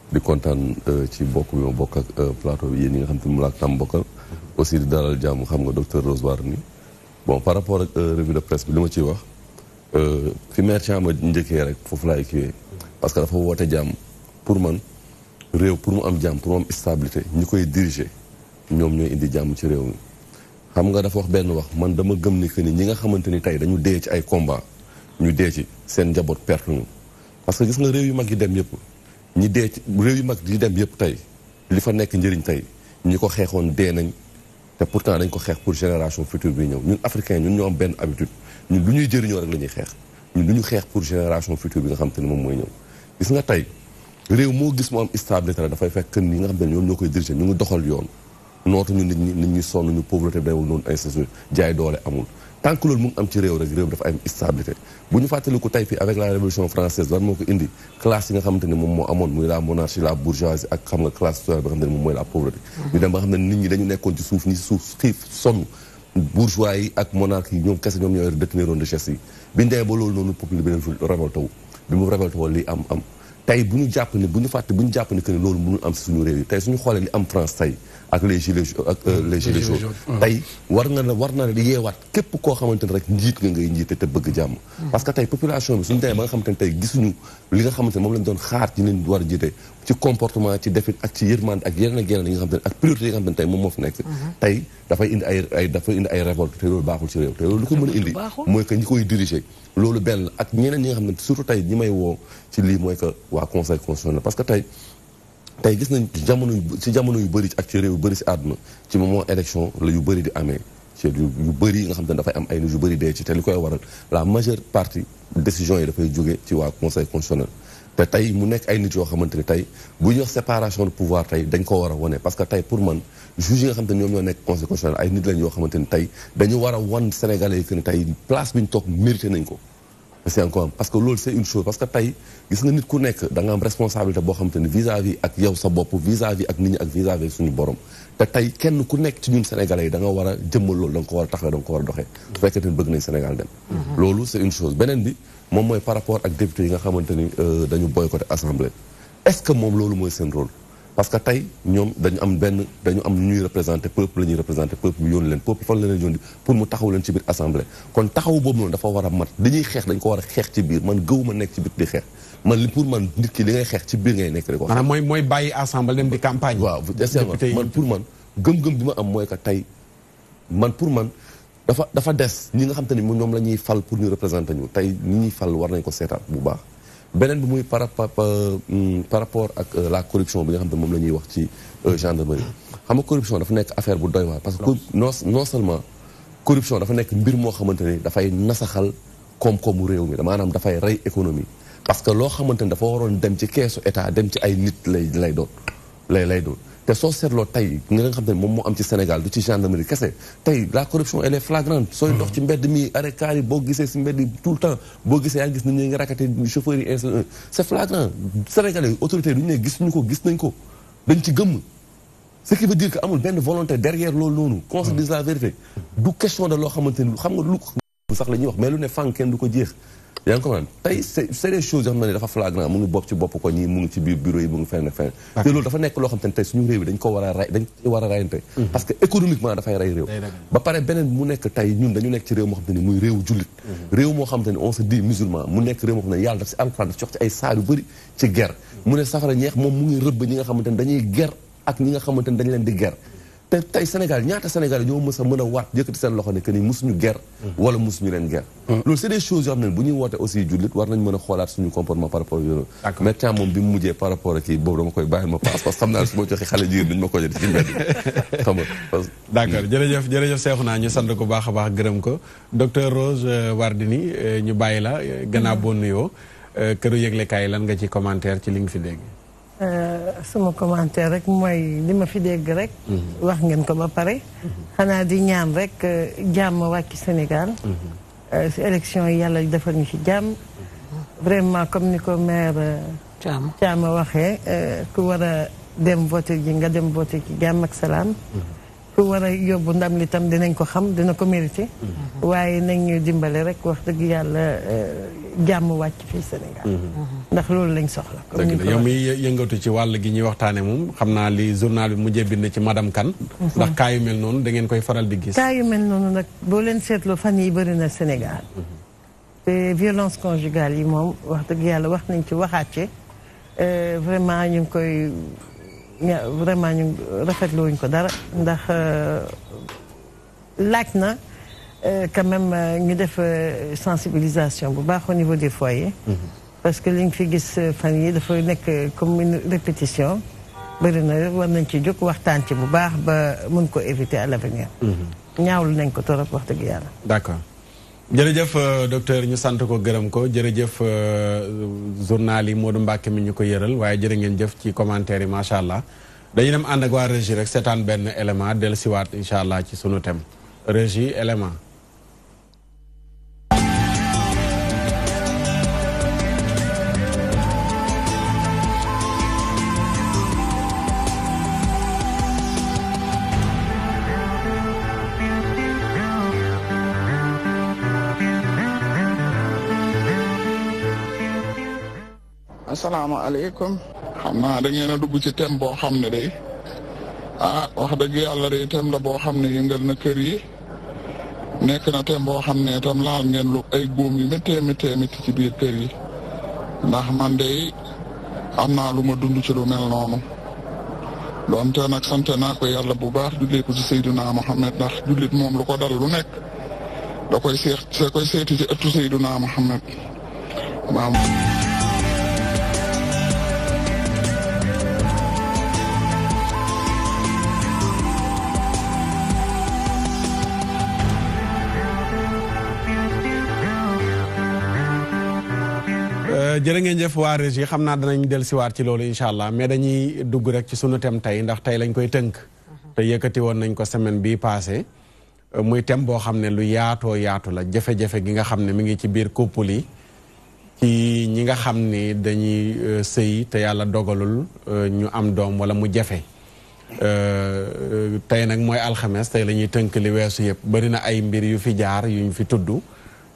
S6: di kontaan uh, ci bokk bi ma bokk uh, plateau bi yéen ñi nga xam te mu laa tam bokkal. Uh-huh. aussi di dalal jàmm xam nga docteur Rose Warni. bon par rapport ak uh, revue de presse bi li ma ciy wax. fi maire Thiam njëkkee rek foofu laay kiiwee. parce que dafa woote jàmm pour man réew pour mu am jàmm pour mu am stabilité ñi koy diriger ñoom ñooy indi jàmm ci réew mi. xam nga dafa wax benn wax man dama gëm ni que ni ñi nga xamante ni tey dañu dee ci ay combat ñu dee ci seen njaboot perte ñu parce que gis nga réew yu mag yi dem yëpp ñi dee ci réew yu mag yi dem yëpp tey li fa nekk njëriñ tey ñu ko xeexoon dee nañ te pourtant dañ ko xeex pour génération future bi ñëw ñun africain ñun ñoo am benn habitude ñun lu ñuy jëriñoo rek la ñuy xeex ñun lu ñu xeex pour génération future bi nga xam ne moom mooy ñëw gis nga tey réew moo gis mu am stabilité fekk ñi nga xam te ne ñoom ñoo koy diriger ñu ngi doxal yoon nootuñu nit nit ñi sonn ñu pauvreté bi day wul noonu insécurité jaay doole amul tant que loolu mu ngi am moo ko nga moo amoon muy la monarchie la bourgeoisie ak xam nga classe mm-hmm. ne nit ñi dañu nekkoon ci suuf ñi suuf xiif sonn bourgeois yi ak monarque yi ñoom kese ñoom ñoo yor détenir bi ñu demee ba loolu noonu peuple bi révolté bi mu révolté li am am tey bu ñu jàpp ne bu ñu fàtte bu ñu jàpp ne que ne loolu mënul am si suñu réew yi tey suñu xoolee li am France tey ak les gilets euh, tey war nga na yeewaat képp koo xamante rek njiit nga ngay njiite te bëgg jàmm hmm. parce que tey population bi suñu demee ba nga xamante tey gisuñu li nga xamante moom lañ doon xaar ci leen nga xamante hmm. tey dafay indi ay dafay indi ay révolte te loolu baaxul ci réew te loolu lu ko mën indi mooy que ñi koy diriger loolu benn ak ñeneen ñi nga xam ne surtout tey ñi may woo ci lii mooy que waa conseil constitutionnel parce que tey tay gis nañ ci jamono ci jamono yu bari ak ci réew yu bari ci aduna ci moment élection la yu bari di amé ci yu bari nga xam te ne dafay am ay nit yu bari dé ci té likoy koy waral la majeure partie décision yi da fay jóge ci wa conseil constitutionnel. té tay mu nek ay nit yo xamanteni tay bu ñuy wax séparation de pouvoir tay dañ ko wara woné parce que tay pour man juge nga xamanteni te ñoom ñoo nek conseil constitutionnel ay nit lañ yo xamanteni tay dañu wara won Sénégalais yi que ne tey place biñ tok mérité nañ ko. c'est encore parce que loolu c'est une chose parce que tey gis nga nit ku nekk da nga boo xam te ne vis-à-vis ak yow sa bopp vis à ak nit ñi ak vis suñu borom te tey kenn ku nekk ci ñun sénégalais yi da nga a jëmmal loolu da ko war a taxawee da ko war a doxee su fekkee ne bëgg nañ Sénégal dem loolu c'est une chose beneen bi nga xamante ni euh, dañu boycotté assemblée est-ce que moom loolu mooy seen rôle parce que tey ñoom dañu am benn dañu am ñuy représenté peuple la ñuy représenté peuple bi yónni leen peuple fan la leen yónni pour mu taxaw leen ci biir assemblée kon taxaw boobu noonu dafa war a mat dañuy xeex dañ ko war a xeex ci biir man gëwuma nekk ci biir di xeex man li pour man ki li ngay xeex ci biir ngay nekk rek. maanaam mooy mooy bàyyi assemblée dem di campagne. waaw man pour man gëm-gëm bi ma am mooy que tey man pour man dafa dafa des ñi nga xam te ne ñoom la ñuy fal pour ñu représenté ñu tey ñi ñuy fal war nañ ko seetaat bu baax beneen bi muy par euh, par rapport ak euh, la corruption bi nga xam ne moom la ñuy wax ci euh, gendarmerie xam nga corruption dafa nekk affaire bu doy waar parce que non non seulement corruption dafa nekk mbir moo xamante ni dafay nasaxal koom-koomu réew mi maanaam dafay rey économie parce que loo xamante ni dafa waroon dem ci keesu état dem ci ay nit lay lay doon lay lay doon te soo seetloo tey nga nga xam ne moom moo am ci Sénégal du ci gendarmerie kese tey la corruption elle est flagrante sooy dox ci mbedd mi arrêt car yi boo gisee si mbedd tout le temps boo gisee yaa ngi gis nit ñi nga rakkate chauffeur yi ainsi c' est flagrant Sénégalais autorité du ñu ne gisuñu ko gis nañ ko dañ ci gëmm ce qui veut dire que amul benn volonté derrière loolu noonu qu'on se dise la vérité du question de loo xamante ni xam nga lu sax la ñuy wax mais lu ne fànk kenn du ko jeex yaa ngi comprendre tey c'est c'est des choses yoo xam ne dafa flagrant mu ngi bopp ci bopp ko ñi mu ngi ci biir bureau yi mu ngi fenn fenn te loolu dafa nekk loo xam te ne tey suñu réew yi dañ ko war a ray dañ war a rayante mm-hmm. parce ñun dañu nekk ci muy réew jullit mm-hmm. réew moo xam te ne on se dit musulman mu nekk réew si alxuraan ci ay saar yu bëri ci guerre mm-hmm. mu ne safara ñeex moom mu ngi rëbb ñi nga xamante ne dañuy guerre ak ñi nga xamante ne dañ leen di guerre te tey Sénégal ñaata Sénégal ñoo mës a mën a waat yëkkati seen loxo ne que ni suñu ger wala musuñu leen ger mm. loolu c'est des choses yoo xam ne bu ñuy woote aussi jullit war nañ mën a xoolaat suñu comportement par rapport yooyu mais temps moom bi mu mujjee par rapport ak koy bàyyil ma parce que xam naa ne su ma joxe xale jigéen duñu ma ko jot ci mbedd xam nga
S5: d'accord jërëjëf jërëjëf seexu naa euh, euh, ñu bàyyi la euh, gannaaw boo nuyoo këru yëglekaay lan nga ci commentaire ci li nga fi dégg
S9: Euh, sama commentaire rek mooy li ma fi dégg rek. Mhm. wax ngeen ko ba pare. Mhm. xanaa di ñaan rek euh, jàmm wàcc Sénégal. Mhm. Euh, si élection yi yàlla defal ñu ci jàmm. vraiment comme ni ko maire. Thiam Thiam waxee ku war a dem vote ji nga dem vote ci jàmm ak salaam. ku war a yóbbu ndam li tam dinañ ko xam dina ko mérité. Mhm. waaye nañ ñu dimbale rek wax dëgg yàlla euh, jàmm wàcc fii Sénégal. Mhm. ndax loolu lañ soxla. dëgg la yow mi
S5: yëngatu ci wàll gi ñuy waxtaanee moom xam naa li journal bi mujjee bind ci madame Kane. Mhm. ndax kaa yu mel noonu da ngeen koy faral di gis. kaa
S9: yu mel noonu nag boo leen seetloo fan yi bëri na Sénégal. te violence conjugale yi moom wax dëgg yàlla wax nañ ci waxaat ci euh, vraiment ñu koy. vraiment ñu rafetlu wuñ ko dara ndax euh, laaj na euh, quand même euh, ñu def sensibilisation bu baax au niveau des foyers. Mhm. parce que li ñu fi gis famille dafa nekk comme une répétition bëri na war nañ ci jóg waxtaan ci bu baax ba mun ko éviter à l'avenir mhm. ñaawlu nañ ko torop wax dëgg yàlla d'accord
S5: jërëjëf euh, docteur ñu sant ko gërëm ko jërëjëf euh, journal yi Modou Mbacke mi ñu ko yëral waaye jërë ngeen jëf ci commentaire yi macha allah dañu dem ànd ak waa régi rek seetaan benn élément dellusiwaat incha allah ci sunu thème régi élément.
S10: asalaamaaleykum.
S8: xam
S11: naa da ngeen a dugg ci thème boo xam ne day a ah, wax dëgg yàlla de thème la boo xam ne yëngal na kër yi nekk na thème boo xam ne itam laal ngeen lu ay góom yu méttee méttee métti ci biir kër yi ndax man day am naa lu ma dund ci lu mel noonu. doonte nag sant naa ko yàlla bu baax jullee ko seydu Seydina Mohamed ndax jullit moom lu ko dal lu nekk da koy seet da koy seeti ci ëttu Seydina
S12: Mohamed maam
S5: jërë ngeen jëf waa régie xam naa danañ del siwaat ci loolu incha allah mais dañuy dugg rek ci sunu tem tey ndax tey lañ koy tënk uh-huh. te yëkkati woon nañ ko semaine bii passé muy thème boo xam ne lu yaatoo yaatu la jafe-jafe gi nga xam ne mu ngi ci biir couple yi ci ñi nga xam ni dañuy euh, sëy te yàlla dogalul euh, ñu am doom wala mu jafe euh, tey nag mooy alxames tey la ñuy tënk li weesu yëpp bari na ay mbir yu fi jaar yuñ fi tudd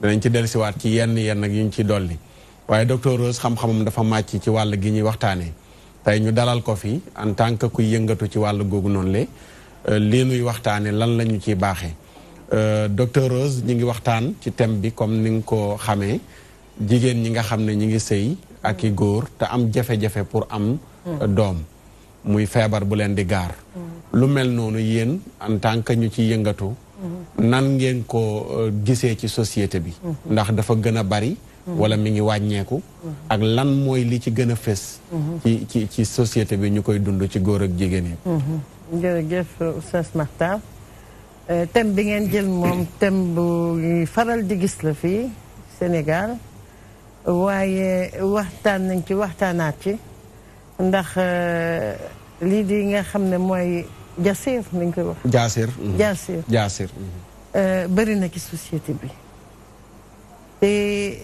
S5: danañ ci dellusiwaat ci yenn yenn ak yuñ ci dolli waaye docteur Rose xam-xamam dafa màcc ci wàll gi ñuy waxtaanee tey ñu dalal ko fi en tant que kuy yëngatu ci wàll googu noonu le euh, lii nuy waxtaanee lan la ñu ciy baaxee euh, docteur Rose ñi ngi waxtaan ci thème bi comme ni nga ko xamee jigéen ñi nga xam ne ñi ngi sëy ak i góor te am jafe-jafe pour am euh, doom muy feebar bu leen di gaar lu mel noonu yéen en tant que ñu ci yëngatu nan ngeen ko gisee ci société bi mm-hmm. ndax dafa gën a bari wala mu ngi wàññeeku. ak lan mooy li ci gën a fës. ci ci ci société bi ñu koy dund ci góor ak jigéen yi.
S9: jërëjëf Oustaz Makhtar euh, thème bi ngeen jël moom thème bu faral di gis la fii Sénégal waaye waxtaan nañ ci waxtaanaat ci ndax euh, lii di nga xam ne mooy jaasir nañ koy wax.
S5: jaasir jaasir
S13: jaasir.
S9: Euh, na ci société bi te.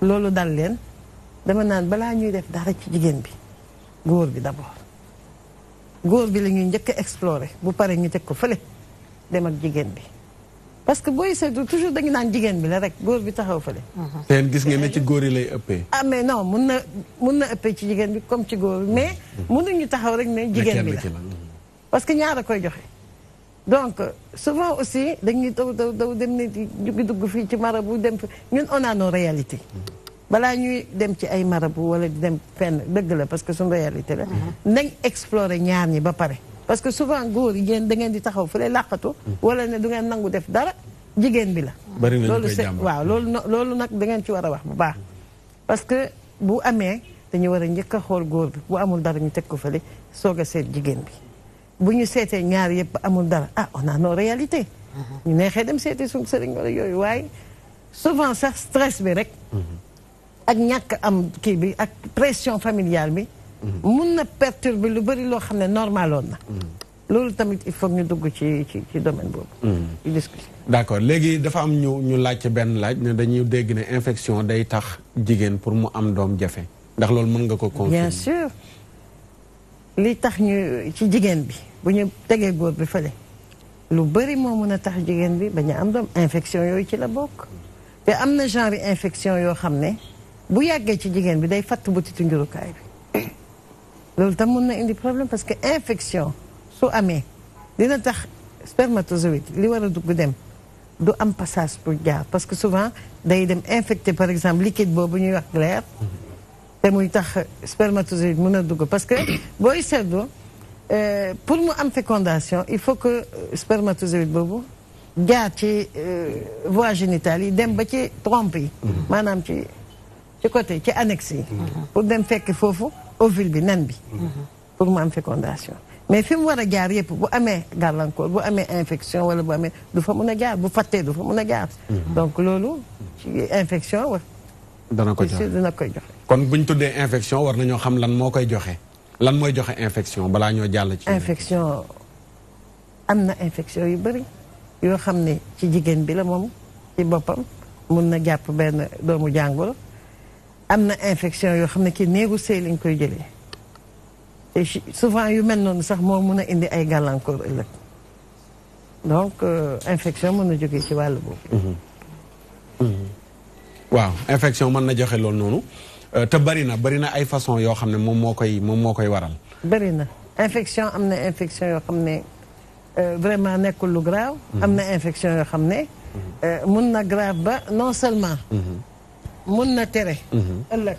S9: loolu dal leen dama naan balaa ñuy def dara ci jigéen bi góor bi d'abord góor bi la ñuy njëkk a bu paree ñu teg ko fële dem ak jigéen bi parce que booy seetlu toujours dañu naan jigéen bi la rek góor bi taxaw fële.
S5: seen mhm. gis ngeen ne ci góor yi lay ëppee.
S9: ah mais non mun na mun na ëppee ci jigéen bi comme ci góor mais mënuñu mhm. taxaw rek mais jigéen bi la mhm. parce que ñaar a koy joxe. donc souvent aussi dañuy daw daw daw dem ne jugi dugg fii ci mara bu dem fi ñun on a nos balaa ñuy dem ci ay marabu wala di dem fenn dëgg la parce que suñu réalité la mhm. nañ explorer ñaar ñi ba pare parce que souvent góor yi yéen da di taxaw fu lay làqatu wala ne du ngeen nangu def dara jigéen bi la loolu c'est waaw loolu loolu nag da ngeen ci war a wax bu baax parce que bu amee dañu war a njëkk a xool góor bi bu amul dara ñu teg ko fële soog a seet jigéen bi bu ñu seetee ñaar yëpp amul dara ah on a nos réalités. Mhm. ñu neexee dem seetee suñu sëriñ wala yooyu waaye souvent sax stress bi rek. Mhm. ak ñàkk am kii bi ak pression familiale bi. Mhm. mun na perturber lu bëri loo xam ne normaloon na. loolu tamit il faut ñu dugg ci ci ci domaine boobu. di discuter.
S5: d'accord léegi dafa am ñu ñu laajte benn laaj ne dañuy dégg ne infection day tax jigéen pour mu am doom jafe ndax loolu mën nga ko. confirmer bien
S9: sûr li tax ñu ci bi bu ñu bi infection yooyu ci la bokk te am genre infection yoo xam bu ci bi day bi tam problème parce que infection tax spermatozoïde li du am passage pour jaar parce que souvent day dem infecté par exemple liquide boobu ñuy wax glaire te muy tax spermatozoïde mën a dugg parce que booy seetlu euh, pour mu am fécondation il faut que euh, spermatozoïde bobo gâte euh, voie génitale dem ba ci trompe manam mhm. ci ci côté ci annexe mhm. pour dem fekk fofu ovule bi nen bi mhm. pour mu am fécondation mais fim wara war a jaar yëpp bu amé galancor bu amé infection wala bu amé du fa mëna a jaar bu faté du fa mëna jaar donc lolu ci infection wa dana ko jox dana
S5: kon bu ñu tuddee infection war na ñoo xam lan moo koy joxe lan mooy joxe infection balaa ñoo jàll ci.
S9: infection am na infection yu bëri yoo xam ne ci jigéen bi la moom ci boppam mun na jàpp benn doomu jàngoro am na infection yoo xam ne ki néegu sëy lañ koy jëlee te souvent yu mel noonu sax moo mun a indi ay gàllankoor ëllëg donc euh, infection mën na jóge ci wàll boobu.
S8: Mhm.
S5: Mhm. waaw infection mën na joxe loolu noonu. Euh, te bari na bari na ay façon yoo xam ne moom moo koy moom moo koy waral.
S9: bari na infection am na infection yoo xam ne euh, vraiment nekkul lu grave. Mhm. am na infection yoo xam ne. Mhm. Euh, mun na grave ba non seulement. Mhm. mun na tere. ëllëg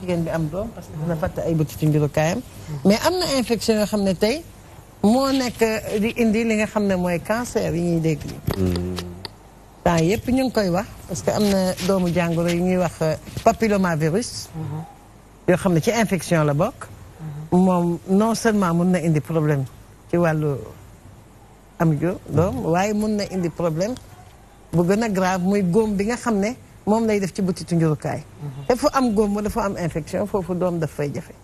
S9: jigéen bi am doom parce que dina fàtte ay bëti ci mbiru kaayam. mais am na infection yoo xam ne tey moo nekk di indi li nga xam ne mooy cancer yi ñuy dégg. temps yëpp ñu ngi koy wax parce que am na doomu jàngoro yi ñuy wax euh, papillomavirus. Mm-hmm. yoo xam ne ci infection la bokk. Mm-hmm. moom non seulement mun na indi problème ci wàllu am jo doom mm-hmm. waaye mun na indi problème bu gën grave muy góom bi nga xam ne moom lay def ci butitu njurukaay. te fu am góom wala fu am infection foofu doom daf fay jafe.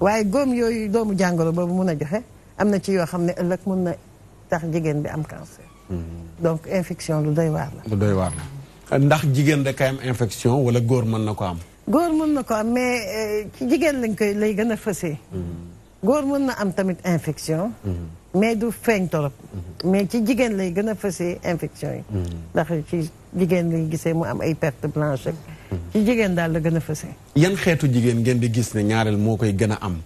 S9: waaye góom yooyu doomu jàngoro boobu mun a joxe am na ci yoo xam ne ëllëg mun na tax jigéen bi am cancer. donc infection lu doy waar la.
S5: lu doy waar la ndax jigéen da kay am infection wala góor mën na ko am.
S9: góor mën na ko am mais euh, ci jigéen lañ koy lay gën a fësee.
S8: Mm-hmm.
S9: góor mën na am tamit infection. Mm-hmm. mais du feeñ torop. Mm-hmm. mais ci jigéen lay gën a fësee infection ndax ci jigéen lay gisee mu am ay perte blanche ak. ci jigéen daal la gën a fësee.
S5: yan xeetu jigéen ngeen di gis ne ñaareel moo koy gën a am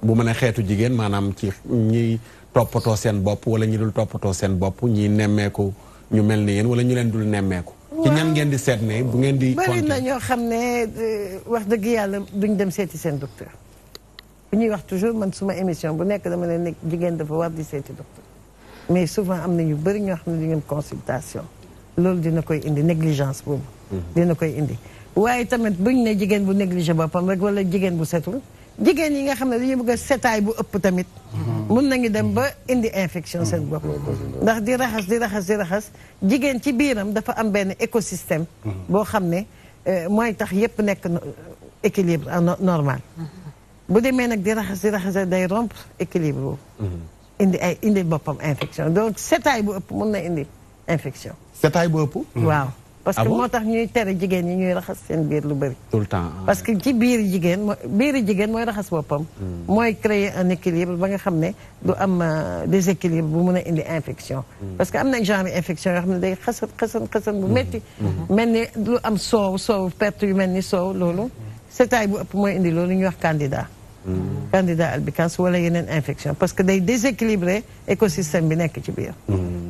S5: bu mën a xeetu jigéen maanaam ci ñiy. toppatoo seen bopp wala ñu dul toppatoo seen bopp ñi nemmeeku ñu mel ni yéen wala ñu leen dul nemmeeku. ci ñan ngeen di seet ne bu ngeen di. bari na
S9: ñoo xam ne euh, wax dëgg yàlla duñ dem seeti seen docteur. bu ñuy wax toujours man suma émission bu nekk dama ne nekk jigéen dafa war di seeti docteur. mais souvent am na ñu bëri ñoo xam ne duñu am consultation. loolu dina koy indi négligence boobu. Mhm. dina koy indi waaye tamit buñ ne jigéen bu négligé boppam rek wala jigéen bu setul. jigen yi nga xamne dañu bëgg sétay bu ëpp tamit mun nañu dem ba indi infection seen bopp ndax di raxas di raxas di raxas jigen ci biiram dafa am benn écosystème boo xam ne mooy tax yépp nekk équilibre normal bu demee nag di raxas di raxas day rompre équilibre boobu indi ay indi boppam infection donc sétay bu ëpp mën na indi infection sétay bu ëpp waaw parce que moo tax ñuy tere jigéen ñi ñuy raxas seen biir lu bëri. tout le temps parce que ci biir jigéen mooy biiru jigéen mooy raxas boppam. mooy créer un équilibre ba nga xam ne du am déséquilibre bu mun a indi infection. parce que am na genre infection yoo xam ne day xasan xasan xasan bu métti. mel ni lu am soow soow perte yu mel ni soow loolu. setaay bu ëpp mooy indi loolu ñuy wax candidat. candidat albicans wala yeneen infection parce que day déséquilibrer écosystème bi nekk ci biir.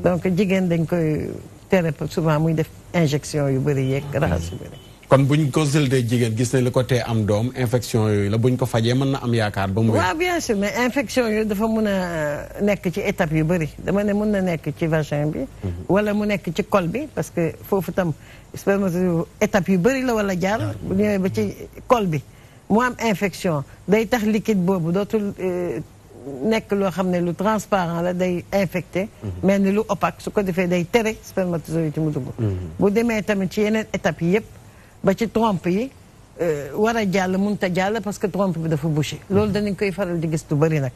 S9: donc jigéen dañ koy. tere souvent muy def injection yu bëri yeeg raxas yu
S5: bëri. kon bu ñu consulté jigéen gis ne li ko tee am doom infection yooyu la bu ñu ko fajee mën na am yaakaar ba mu. waaw
S9: bien sûr mais infection yooyu dafa mun a nekk ci étape yu bari dama ne mun na nekk ci vagin bi. Mhm. wala mu nekk ci kol bi parce que foofu tam spermatozoïde étape yu bëri la wala jaar bu ñëwee ba ci col bi mu am infection day tax liquide boobu dootul. Euh, nekk loo xam ne lu transparent la day infecté. Mhm. mel ni lu opaque su ko defee day tere spermatozoïde yi mu dugg. Mhm. bu demee tamit ci yeneen étapes yi yëpp ba ci trompe yi euh, war a jàll mënut a jàll parce que trompe bi dafa bouché. Mhm. loolu danañ koy faral di gis lu bari nag.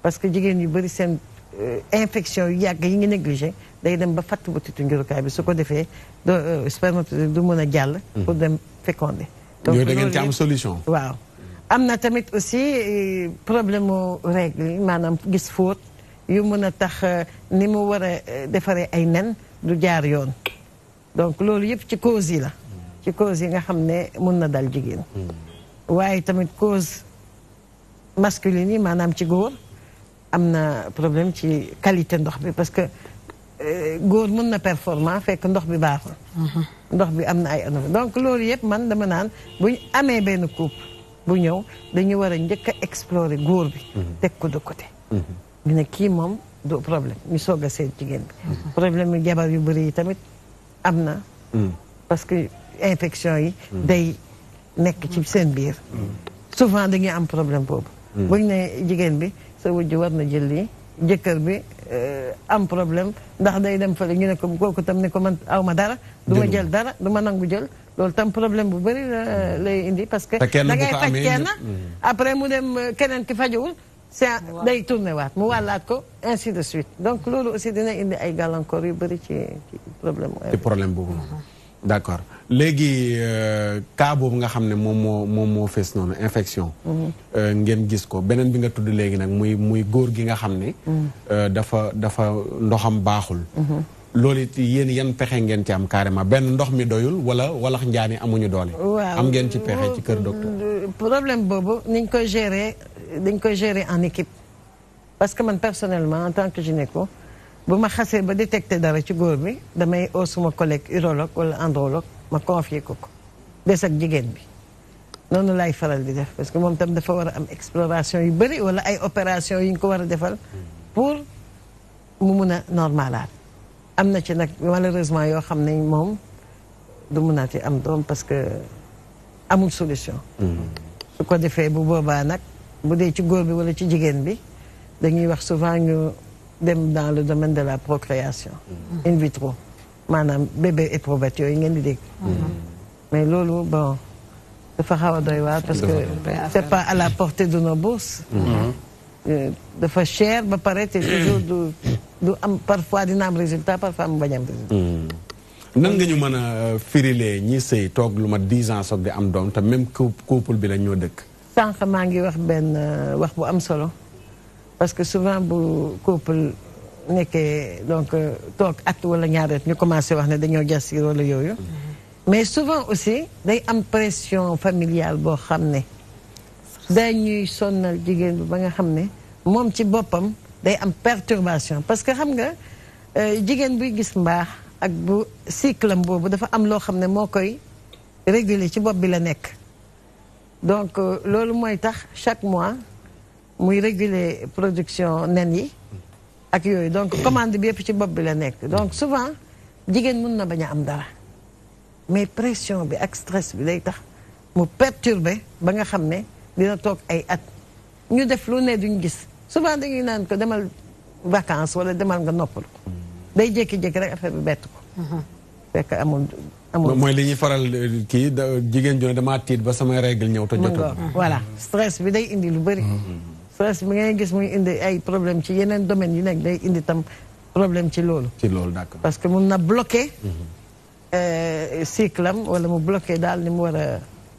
S9: parce que jigéen yu bëri seen euh, infection yu yàgg yi ngi négligé day dem ba fàtt batitu njurukaay bi su ko defee do euh, spermatozoïde du mën a jàll. pour dem fécondé. donc da ngeen ci am solution. waaw. ام نتمت اوسي بروبليم ريغلي مانام جسفوت يومنا تخ نيمو ورا دفري اينن دو جاريون دونك لول يب تي كوزي لا تي كوزي nga xamne mun na dal jigen waye كوز masculine مانام تي غور امنا بروبليم تي كاليتي ndokh بي باسكو غور مون نا بيرفورمان فيك ndokh بي باخ ndokh بي امنا اي انو دونك لول يب مان دما نان امي بن كوب bu ñëw dañu war a njëkk a explorer góor bi. Mhm. teg ko de côté. Mhm. ñu ne kii moom du problème ñu soog a seet jigéen bi. Mhm. problème yu jabar yu bëri yi tamit am na. parce que infection yi. day nekk ci seen biir. souvent dañuy am problème boobu. bu ñu jigéen bi sa ji war na jël lii jëkkër bi euh, am problème ndax day dem fële ñu ne ko kooku tam ne ko man aw ma dara. du ma jël dara du ma nangu jël. loolu tam problème bu bëri mm. lay indi parce que. da ngay faj kenn mm. après mu dem euh, keneen ki fajuwul. c'est day tourné waat mu wàllaat ko ainsi de suite donc loolu aussi dina indi ay gàllankoor yu bëri ci ci problème
S5: ci problème boobu noonu d'accord léegi euh, cas boobu nga xam ne moom moo moom moo fees noonu infection mm-hmm. euh, ngeen gis ko beneen bi nga tudd léegi nag muy muy góor gi nga xam ne mm. dafa dafa ndoxam baaxul mm-hmm. lolit it yéen yan ngeen ci am carrément ben ndox mi doyul wala wala njaani amuñu doole. am ngeen ci pexé ci kër docteur.
S9: Euh, problème bobu niñ koy gérer dañ koy gérer en équipe parce que man personnellement en tant que gynéco bu ma xasee ba détecter dara ci goor bi damay oo suma collègue urologue wala andrologue ma confier ko ko des ak jigéen bi noonu lay faral di def parce que moom tam dafa war a am exploration yu bëri wala ay opération yu ñu ko war a defal pour mu mun a normalaat am na ci nag malheureusement yoo xam ne moom du mënaati am doom parce que amul solution mm-hmm. su ko defee bu boobaa nag bu dee ci góor bi wala ci jigéen bi dañuy wax souvent ñu dem dans le domaine de la procréation mm-hmm. in vitro maanaam bébé éprouvette yooyu ngeen di dégg mm-hmm. mais loolu bon dafa xaw a doy waar parce que c'est pas à la portée de nos bourses euh, dafa cher ba pare te toujours du du am parfois dina am résultat parfois mu bañ am résultat.
S5: Hmm. nan nga ñu mën a euh, firilee ñi sëy toog lu ma dix ans soog di am doom te même couple bi la ñoo dëkk.
S9: sànq maa ngi wax benn euh, wax bu am solo parce que souvent bu couple nekkee donc euh, toog at wala ñaaret ñu commencé wax ne dañoo jasi wala yooyu. Hmm. mais souvent aussi day am pression familiale boo xam ne dañuy sonnal jigéen bi ba nga xam ne moom ci boppam day am perturbation parce que xam nga euh, jigéen buy gis mbaax ak bu cycle am boobu dafa am loo xam ne moo koy réguler ci bopp bi la nekk donc euh, loolu mooy tax chaque mois muy réguler production nen yi ak yooyu donc commande bi yëpp ci bopp bi la nekk donc souvent jigéen mun na bañ a am dara mais pression bi ak stress bi day tax mu perturber ba nga xam ne dina toog ay at ñu def lu ne duñ gis souvent dañuy naan ko demal vacances wala demal nga noppalu ko day jékki-jékki rek affaire bi bett ko mhm. fekk amul amul mooy li ñuy faral
S5: kii jigéen ju ne damaa ba samay règle ñëw te jotul
S9: voilà stress bi day indi lu bëri mhm. stress bi ngay gis muy indi ay problème ci yeneen domaine yu nekk day indi tam problème ci loolu
S3: ci loolu d'accord
S9: parce que mun na bloqué mhm. euh, cycle am wala mu bloqué daal ni mu war a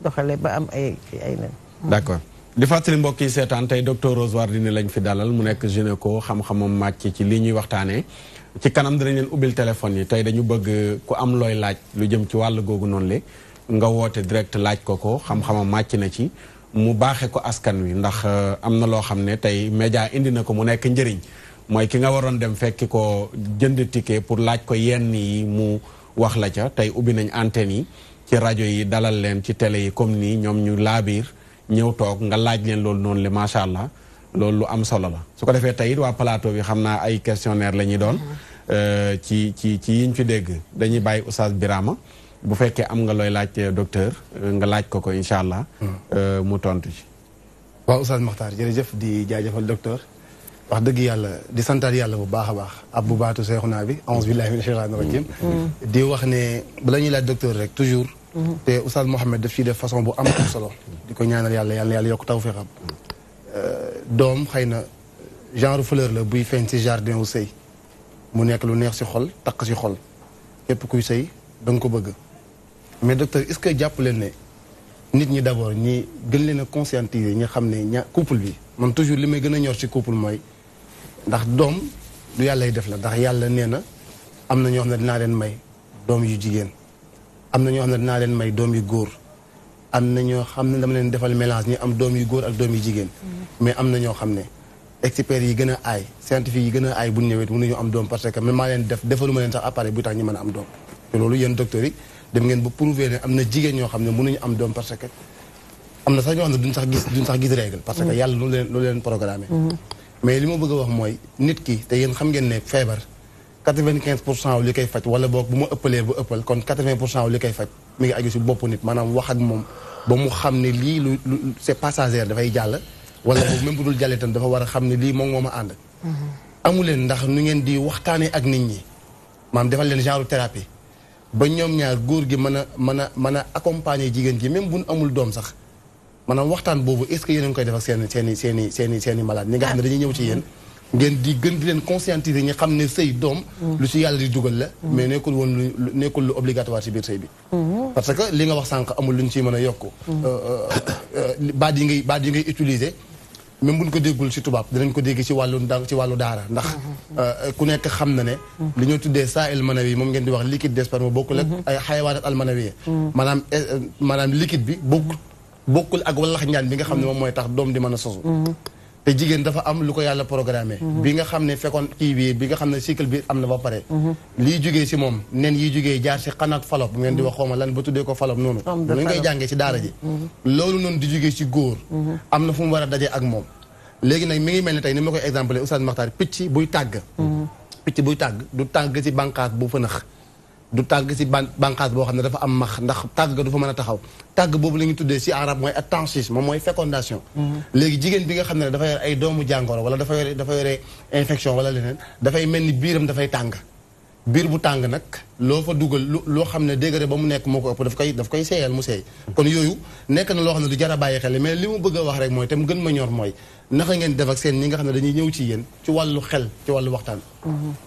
S9: doxale ba am ay ay nen
S5: d'accord di fàttali mbokk yi seetaan tey docteur Rose lañ fi dalal mu nekk gynéco xam-xamam màcc ci lii ñuy waxtaanee ci kanam dinañ leen ubbil téléphone yi tey dañu bëgg ku am looy laaj lu jëm ci wàll googu noonu le nga woote direct laaj ko ko xam-xamam màcc na ci mu baaxee ko askan wi ndax euh, am na loo xam ne tey média indi na ko mu nekk njëriñ mooy ki nga waroon dem fekki ko jënd tike pour laaj ko yenn yi mu wax la ca tey ubbi nañ antenne yi ci rajo yi dalal leen ci télé yi comme nii ñoom ñu laabiir ñëw toog nga laaj leen loolu noonu li macha allah loolu lu am solo la su ko defee tey it waa palaato bi xam naa ay questionnaire la ñuy doon uh-huh. euh, ci ci ci yiñ fi dégg dañuy bàyyi oustaz Birama bu fekkee am nga looy laaj euh, docteur euh, nga laaj ko ko incha allah hmm. mu tontu ci waaw oustaz
S7: Makhtar jërëjëf di jaajëfal docteur wax dëgg yàlla di santaat yàlla bu baax a baax ab bu baatu seexu naa bi auzu billahi mina hmm. Hmm. di wax ne bala ñuy laaj rek toujours te Oustaz Mouhamed daf ciy def façon bu am solo. di ko ñaanal yàlla yàlla yàlla yokk taw feexam euh, doom xëy na genre fleur la buy feeñ ci jardin wu sëy mu nekk lu neex ci xol takk ci xol képp kuy sëy da nga ko bëgg. mais docteur est-ce que jàpp leen ne nit ñi d'abord ñi gën leen a conscientiser ñi xam ne ña couple bi man toujours li may gën a ñor ci couple mooy ndax doom lu yàllay def la ndax yàlla nee na am na ñoo xam ne dinaa leen may doom yu jigéen. am na ñoo xam ne dinaa leen may doom yu góor am na ñoo xam ne dama leen defal mélange ñu am doom yu góor ak doom yu jigéen. Mm-hmm. mais am na ñoo xam ne experts yi gën a aay a aay bu ñu ñëwee mënuñu am doom parce que man maa leen def defaluma leen sax appareil bu tax ñu mën am doom. ñoo xam ne mënuñu am doom parce que am na sax ñoo xam ne duñ sax gis duñ sax gis règle. parce que mm-hmm. yàlla loolu leen loolu leen programmé. Mm-hmm. mais li ma bëgg a wax mooy nit ki te yéen xam ngeen ne feebar. quatre-vingt-quinze pour cent li koy faj wala boog bu ma ëppalee ba ëppal kon quatre-vingt pour cent li koy faj mi ngi aju si bopp nit maanaam wax ak moom ba mu xam ne lii lu lu c'est passager dafay jàll. wala boog même bu dul jàllee itam dafa war a xam ne lii moom moo ma ànd. Mm-hmm. amu leen ndax nu ngeen di waxtaanee ak nit ñi maanaam defal leen genre thérapie ba ñoom ñaar góor gi mën a mën a mën a jigéen ji même bu nu amul doom sax maanaam waxtaan boobu est-ce seen seen seen i seen i seen i malade ñi ngeen di gën di leen conscientiser nga xam ne sëy doom. lu ci yàlla di dugal la. mais nekkul woon lu nekkul lu obligatoire ci biir sëy bi. Mhm. parce que li nga wax sànq amul lu ñu si mën a yokk. Mhm. Euh, euh, euh, baat yi ngay baat yi ngay utiliser. même bu ñu ko déggul ci tubaab danañ ko dégg ci wàllu da ci wàllu daara ndax mhm. ku nekk xam na ne li ñoo tuddee saa'il manawi moom ngeen di wax liquide de sperme bokkul ak ay xayawaanat al manawiya maanaam manaam liquide bi bokkul bokkul ak wallax ñaan bi nga xam ne moom mooy tax doom di mën a sosu te jigéen dafa am lu ko yàlla programme mhm. bi nga xam ne fekkoon kii bi bi nga xam ne cycle bi am na ba pare. Mhm. liy jugee si moom nen yiy jugee jaar si xanaat falop ngeen di mhm. wax xaw ma lan ba tuddee ko falop noonu. lu ngay jàngee si daara ji. loolu noonu di jugee si góor. am na fu mu war a daje ak moom. léegi nag mu ngi mel ne tey ni ma koy exemple Oustaz Makhtar picc buy tàgg. picc buy tàgg du tàgg si bànqaas bu fënax. du tàgg si ban bànqaas boo xam ne dafa am max ndax tàgg du fa mën a taxaw tàgg boobu la ñu tuddee si arab mooy attensis moom mooy fécondation mm-hmm. léegi jigéen bi nga xam ne dafa yore ay doomu jàngoro wala dafa yore dafa yore infection wala leneen dafay mel ni biiram dafay tàng biir bu tàng nag loo fa dugal loo xam ne degré ba mu nekk moo ko ëpp daf koy daf koy seeyal mu seey kon yooyu nekk na loo xam ne du jar bàyyi xel mais li mu bëgg a wax rek mooy te gën ma ñor mooy naka ngeen def ak seen ñi nga xam ne dañuy ñëw ci yéen ci wàllu xel ci wàllu waxtaan
S9: mm-hmm.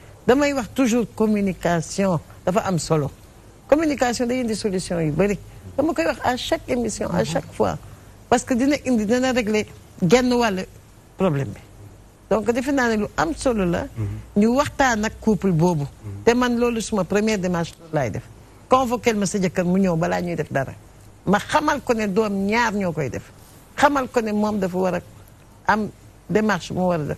S9: damay wax toujours communication dafa am solo communication day indi solution yu bari dama koy wax à chaque émission à chaque fois parce que dina indi dina régler genn wàll problème bi donc defe naa ne lu am solo la ñu waxtaan ak couple boobu te man loolu suma première démarche laay def convoquer ma sa jëkkër mu ñëw balaa ñuy def dara ma xamal ko ne doom ñaar ñoo koy def xamal ko ne moom dafa war a am démarche mu war a def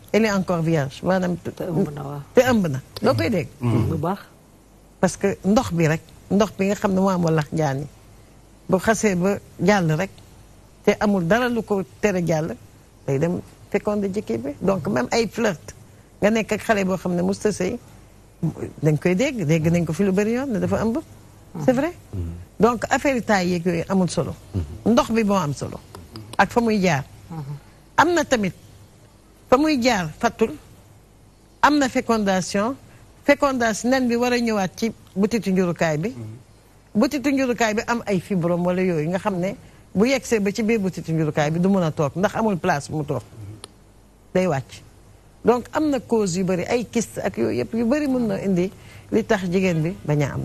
S9: elle est encore vierge maanaam. te ëmb na waaw te ëmb na doo koy dégg. bu mm-hmm. mm-hmm. mm-hmm. baax. parce que ndox bi rek ndox bi nga xam ne moo am walax njaan yi bu xasee ba jàll rek te amul dara lu ko tere jàll day dem fécondé jëkkër bi donc même ay flirt nga nekk ak xale boo xam ne musta sëy dañ koy dégg dégg nañ ko fi lu bëri yoon ne dafa ëmb. c'est vrai donc affaire yi taay yeeg yooyu amul solo. ndox bi moo am solo. ak fa muy jaar. am na tamit. fa muy jaar fattul am na fécondation fécondation nen bi war a ñëwaat ci butitu njurukaay bi mhm. butitu njurukaay bi am ay fibrome wala yooyu nga xam ne bu yegg see ba ci biir butitu njurukaay bi du mën a toog ndax amul place mu toog mhm. day wàcc donc am na cause yu bëri ay kyste ak yooyu yëpp yu bëri mën na indi li tax jigéen bi bañ a am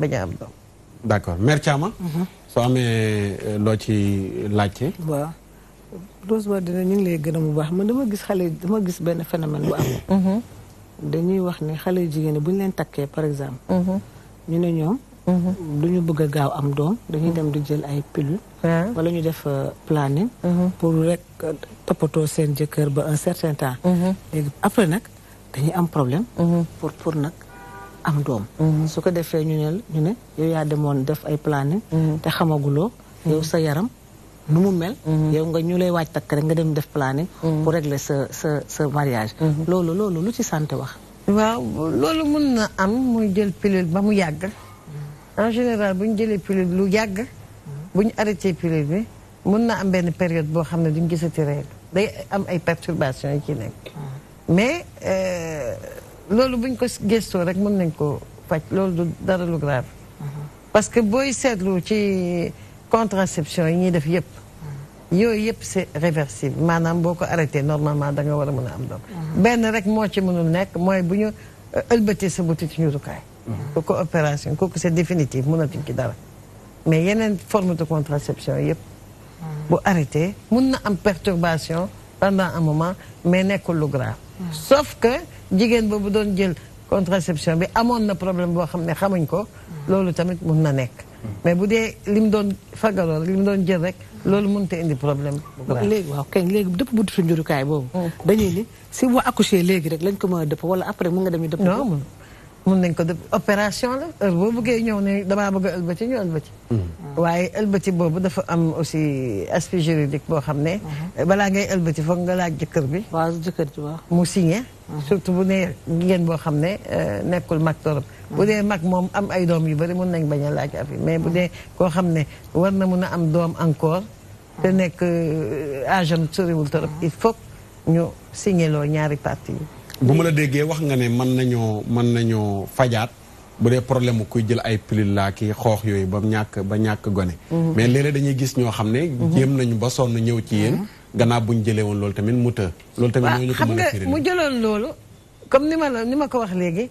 S9: bañ a am doom
S5: d'accord Mère mhm. soo amee euh, loo ci laajte
S2: Rose Wardini ñu ngi lay gën bu mu baax man dama gis xale dama gis benn phénomène bu am. Mm-hmm. dañuy wax ne xale jigéen ñi bu ñu leen takkee par exemple. Mm-hmm. ñu ne ñoom. Mm-hmm. du ñu gaaw am doom dañuy dem di jël ay pilule. wala ñu def euh, planning. pour rek euh, toppatoo seen jëkkër ba un certain temps. léegi après nag dañuy am problème. pour pour nag am doom. su ko defee ñu ne ñu ne yow yaa demoon def ay planning. te xamaguloo yow sa yaram. nu mu mel. Mhm. yow nga ñu lay waaj takk rek nga dem def planning. Mhm. pour régler sa mariage. Mhm. loolu loolu lu ci sante wax.
S9: waaw loolu mun na am muy jël pilule ba mu yàgg. en général bu ñu jëlee pilule lu yàgg. bu ñu arrêté pilule bi mun na am benn période boo xam ne duñ gisati règle day am ay perturbations yi ci nekk. mais euh, loolu buñ ko gëstoo rek mun nañ ko faj loolu du dara lu grave. parce que booy seetlu ci. contraception yi ñuy def yëpp yooyu yëpp c'est réversible maanaam boo ko arrêté normalement da nga war a mën a am doom mhm. benn rek moo ci mënul nekk mooy bu ñu euh, ëlbatee sa butit ci ñurukaay mhm. kooku opération kooku c'est définitive mënatuñ ci dara mais yeneen forme de contraception yëpp
S8: mhm. bu
S9: arrêté mun na am perturbation pendant un moment mais nekkul lu grave sauf que jigéen boobu doon jël contraception bi amoon na problème boo xam ne xamuñ ko loolu tamit mun na nekk mais bu dee li mu doon fagaroon li mu doon jël rek loolu mënut a indi problème. léegi waaw kañ léegi dëpp bu tudd njurukaay boobu. Oh. dañuy ni si boo accouché léegi rek lañ ko mën a dëpp wala après mu nga dem ñu dëpp. mun nañ ko def opération la heure boo bëggee ñëw ne damaa bëgg a ëlbati ñu ëlbati mm. waaye ëlbati boobu dafa am aussi aspect juridique boo xam ne mm-hmm. balaa ngay ëlbati foog nga laaj jëkkër bi waaw jëkkër bi waaw mu signé mm-hmm. surtout bu nee jigéen boo xam ne euh, nekkul mag torop bu dee mag moom am ay doom yu bëri mun nañ bañ a laaj affaire mais bu dee mm-hmm. koo xam ne war na mun a am doom encore te nekk euh, âge am soriwul torop il faut ñu signé loo ñaari parti yi
S5: bu ma la déggee wax nga ne mën nañoo mën nañoo fajaat bu dee problème mu kuy jël ay pilule laa ki xoox yooyu ba ñàkk ba ñàkk gone. Mhm. mais léeg dañuy gis ñoo xam ne. Mhm. jéem nañu ba sonn ñëw ci yéen. Mhm. gannaaw bu ñu jëlee woon loolu tamit mu të. loolu tamit ñooñu ko mën a firi mu
S9: jëloon loolu comme ni ma ni ma ko wax léegi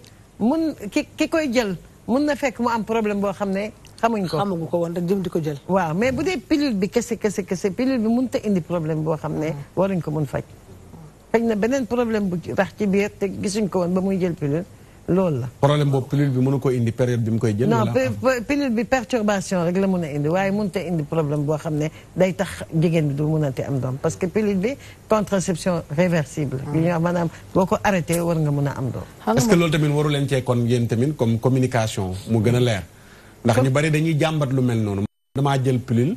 S9: mun ki ki koy jël mun na fekk mu am problème boo xam ne. xamuñ ko xamuñ ko woon rek jëm di ko jël. waaw mais bu dee pilule bi kese kese kese pilule bi mun ta indi problème boo xam ne waruñ ko mun faj. xëy na beneen problème bu rax ci biir te gisuñ ko woon ba muy jël pilule loolu la.
S5: problème boobu pilule bi mënu ko indi période bi mu koy jël. non
S9: pilule bi perturbation rek la mun a indi waaye mënut a indi problème boo xam ne day tax jigéen bi du mënati am doom parce que pilule bi contraception réversible. yu ah. ñu wax maanaam boo ko arrêté war nga mun a am doom. est-ce que loolu
S5: tamit waru leen cee kon yéen tamit comme communication mu gën a leer. ndax ñu bari dañuy jàmbat lu mel noonu. damaa jël pilule.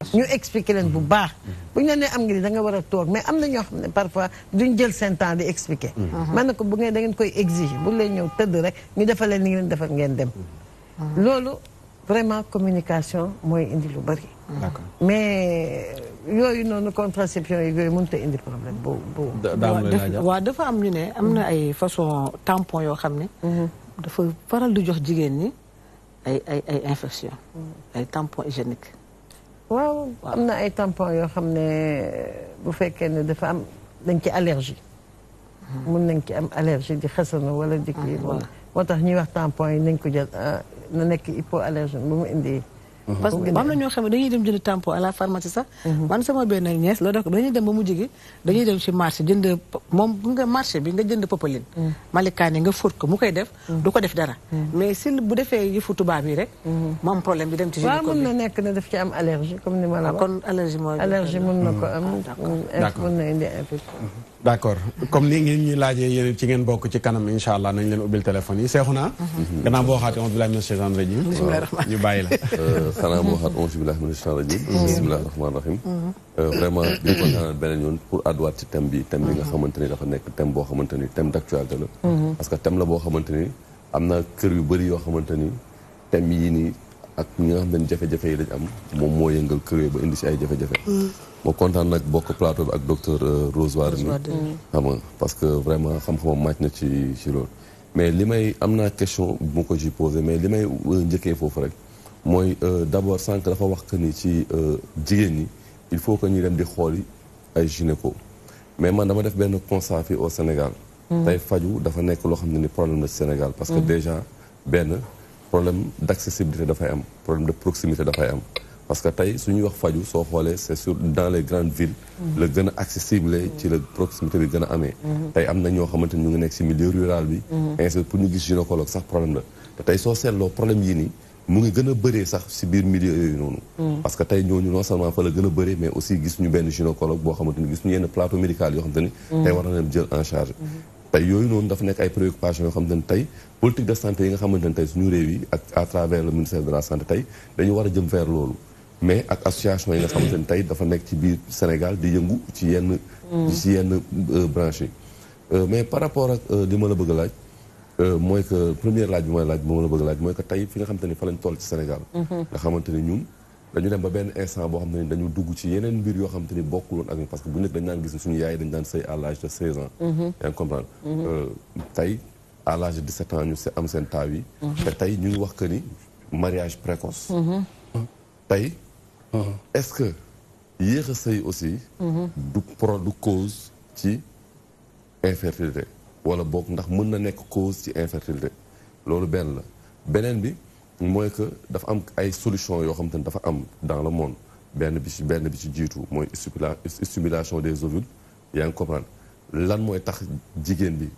S9: ñu expliquer leen bu baax mhm. bu ñu la nee am nga ni da nga war a toog mais am na ñoo xam ne parfois duñ jël seen temps di expliquer mhm. Mhm. man na ko bu ngeen da ngeen koy exiger bu leen ñëw tëdd rek ñu defal leen ni ngeen ngeen dem loolu vraiment communication mooy indi lu bari mais yooyu noonu contraception yi yooyu mënut indi problème boobu
S2: ah. waaw dafa am ñu ne am na ay façon tampon yoo xam ne dafa faral di jox jigéen ñi ay ay ay infection ay tampon hygiénique
S9: waaw am na ay tampon yoo xam ne bu fekkee ne dafa am dañ ci allergie mun nañ ci am allergie di xasana wala di kii moo tax ñuy wax tampon yi nañ ko jël na nekk hypoallergène bu mu indi Mhm. parce que am na
S2: ñoo xam ne dañuy dem jënd tampon à la pharmacie sax mhm. man sama benn ñees loolu def ko dañuy dem ba mu jigi dañuy dem ci marché jënd moom nga marché bi nga jënd popeline mhm. malikaani nga fóot ko mu koy def du ko def dara mais si bu defee yëfu tubaab yi rek mu am problème bi dem ci waaw mën na nekk ne ci am allergie
S9: comme ni ma la ah, wax kon allergie mooy allergie mën na ko am ah, mën mm, na indi infection
S5: d' accord comme ni ngeen ñuy laajee yéen ci ngeen bokk ci kanam incha allah nañ leen ubbil téléphone yi seexu naa. Mhm. gannaaw boo waxaatee auzu billaahi mina sheytaani rajiim.
S6: ñu bàyyi la. Euh, xanaa moo waxaat mhm. mhm. euh, beneen yoon pour àdduwaat ci thème bi thème bi nga xamante ni dafa nekk thème boo xamante ni thème d' actualité parce que thème la boo xamante ni am na kër yu bëri yoo xamante ni thème yii nii. ak ñi xam ne jafe-jafe yi lañ am moom moo yëngal kër ba indi si ay jafe-jafe moo kontaan nag bokk plateau bi ak docteur euh, Rose Wardini xam nga parce que vraiment xam-xamam màcc na ci ci loolu mais li may am naa question bu ko ci posé mais li may euh, njëkkee foofu rek mooy euh, d'abord sànq dafa wax que ni ci jigéen ñi il faut que ñu dem di xool yi ay gynéco mais man dama def benn constat fi au Sénégal mm. tey faju dafa nekk loo xam ne ni problème la Sénégal parce que mm. déjà benn problème d' accessibilité dafay am problème de proximité dafay am parce tey su ñu wax faju soo xoolee c' sur dans les grandes villes la gën a accessible ci la proximité bi gën a amee tey am na ñoo xamante ni ñu ngi nekk si milieu rural bi ainsi pour ñu gis gynécologue sax problème la te tey soo seetloo problème yii nii mu ngi gën a bëree sax si biir milieu yooyu noonu parce que tey ñooñu non seulement fa la gën a bëree mais aussi gis ñu benn gynécologue boo xamante tey politique de santé yi nga xamante ne tey suñu réew yi ak à le ministère de la santé tey dañu war a jëm vers loolu mais ak association yi nga xamante ne dafa nekk ci biir Sénégal di yëngu ci yenn mm. ci yenn euh, branche euh, yi mais par rapport ak euh, li la bëgg a laaj mooy que première laaj bi mooy laaj bi ma la bëgg a laaj mooy que tey fi nga xamante fa lañ toll ci Sénégal mm-hmm. nga xamante ñun dañu dem ba benn instant boo xam te ni dañu dugg ci yeneen mbir yoo xam te ni bokkuloon ak parce que bu nekk dañ daan gis à l'âge de 17 ans ñu si am seen taaw yi. Mhm. te tey ñu wax que ni mariage précoce.
S8: Mhm. Mhm.
S6: tey est-ce que yéex a aussi. du pro du cause ci infertilité. wala boog ndax mën na nekk cause ci infertilité loolu benn la beneen bi mooy que dafa am ay solution yoo xam te ne dafa am dans le monde benn bi ci benn bi ci jiitu mooy stimulation des ovules yaa un comprendre lan mooy tax jigéen bi.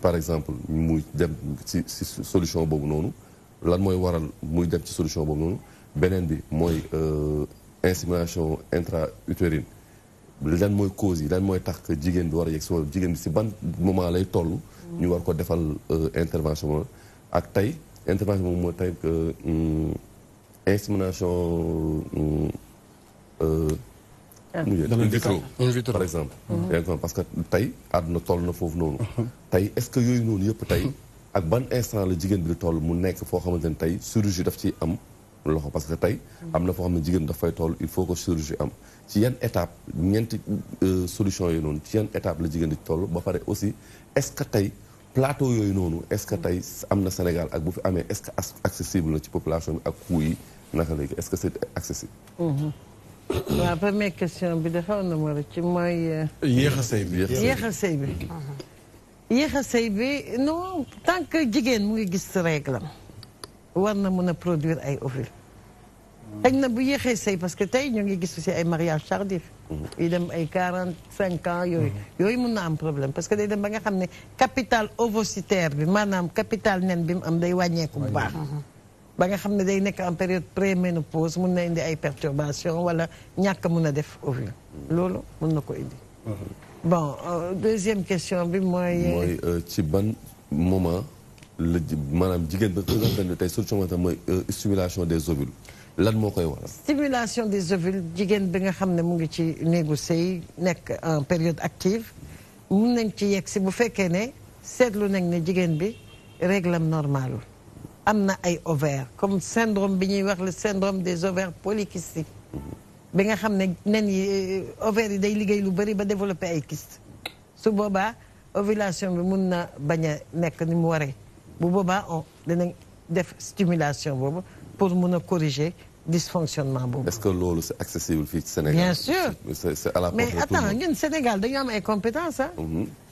S6: par exemple muy dem ci ci solution boobu noonu lan mooy waral muy dem ci solution boobu noonu beneen bi mooy euh, insémination intra-utérine lan mooy cause yi lan mooy tax jigéen bi war a yegg si wala jigéen bi si ban moment lay toll. ñu war ko defal euh, intervention ak tey intervention moom moo tey euh, insémination.
S8: Ah. in vitro mm-hmm. par
S6: exemple parce que tey àdduna toll na foofu noonu mm-hmm. tey est-ce que yooyu noonu yëpp tey mm-hmm. ak ban instant la jigéen bi di toll mu nekk foo xamante ne tey chirurgie daf ci am loxo parce que tey am na foo xam ne jigéen daf fay toll il faut que chirurgie am ci yan étape ñeenti euh, solution yooyu noonu ci yan étape la jigéen di toll ba pare aussi est que tey plateau yooyu noonu est-ce que tey am na Sénégal ak bu fi amee est-ce que accessible na ci population bi ak coût yi naka léegi est que c'est
S9: waaw première question bi dafa am na ma rëcc mooy. Euh,
S6: yéex a sëy bi yéex
S9: a sëy bi. yéex a sëy bi non que jigéen mu ngi gis règle am war na mën a produire ay ovules. xëy na bu yéexee sëy parce que tey ñu ngi gis aussi ay mariage tardif. Mm-hmm. yu dem ay quarante cinq ans yooyu. Mm-hmm. yooyu mun na am problème parce que day dem ba nga xam ne capital ovocitaire bi maanaam capital nen bi mu am day wàññeeku bu baax. ba nga xam ne day nekk en période pré ménopause mun na indi ay perturbation wala ñàkk mun a def ovule loolu mun na ko indi mhm. bon euh, deuxième question bi mooy mooy
S6: euh, ci ban moment la maanaam jigéen ba présenté tey solution ma mooy euh, stimulation des ovules lan moo koy waral
S9: stimulation des ovules jigéen bi nga xam ne mu ngi ci néegu sëy nekk en période active mun nañ ci yegg si bu fekkee ne seetlu nañ ne jigéen bi réglam normalul amna ay ovaires comme syndrome bi ñuy wax le syndrome des ovaires polykystiques bi nga xam ne nen yi euh, ovaires yi day liggéey lu bëri ba développer ay kyste su boobaa ovulation bi mun na bañ a nekk ni mu waree bu boobaa on danañ def stimulation boobu pour mun a corriger dysfonctionnement boobu.
S6: est-ce que loolu c'est accessible fii ci Sénégal. bien sûr c'est à la mais attends
S9: ñun Sénégal dañu am ay compétences ah.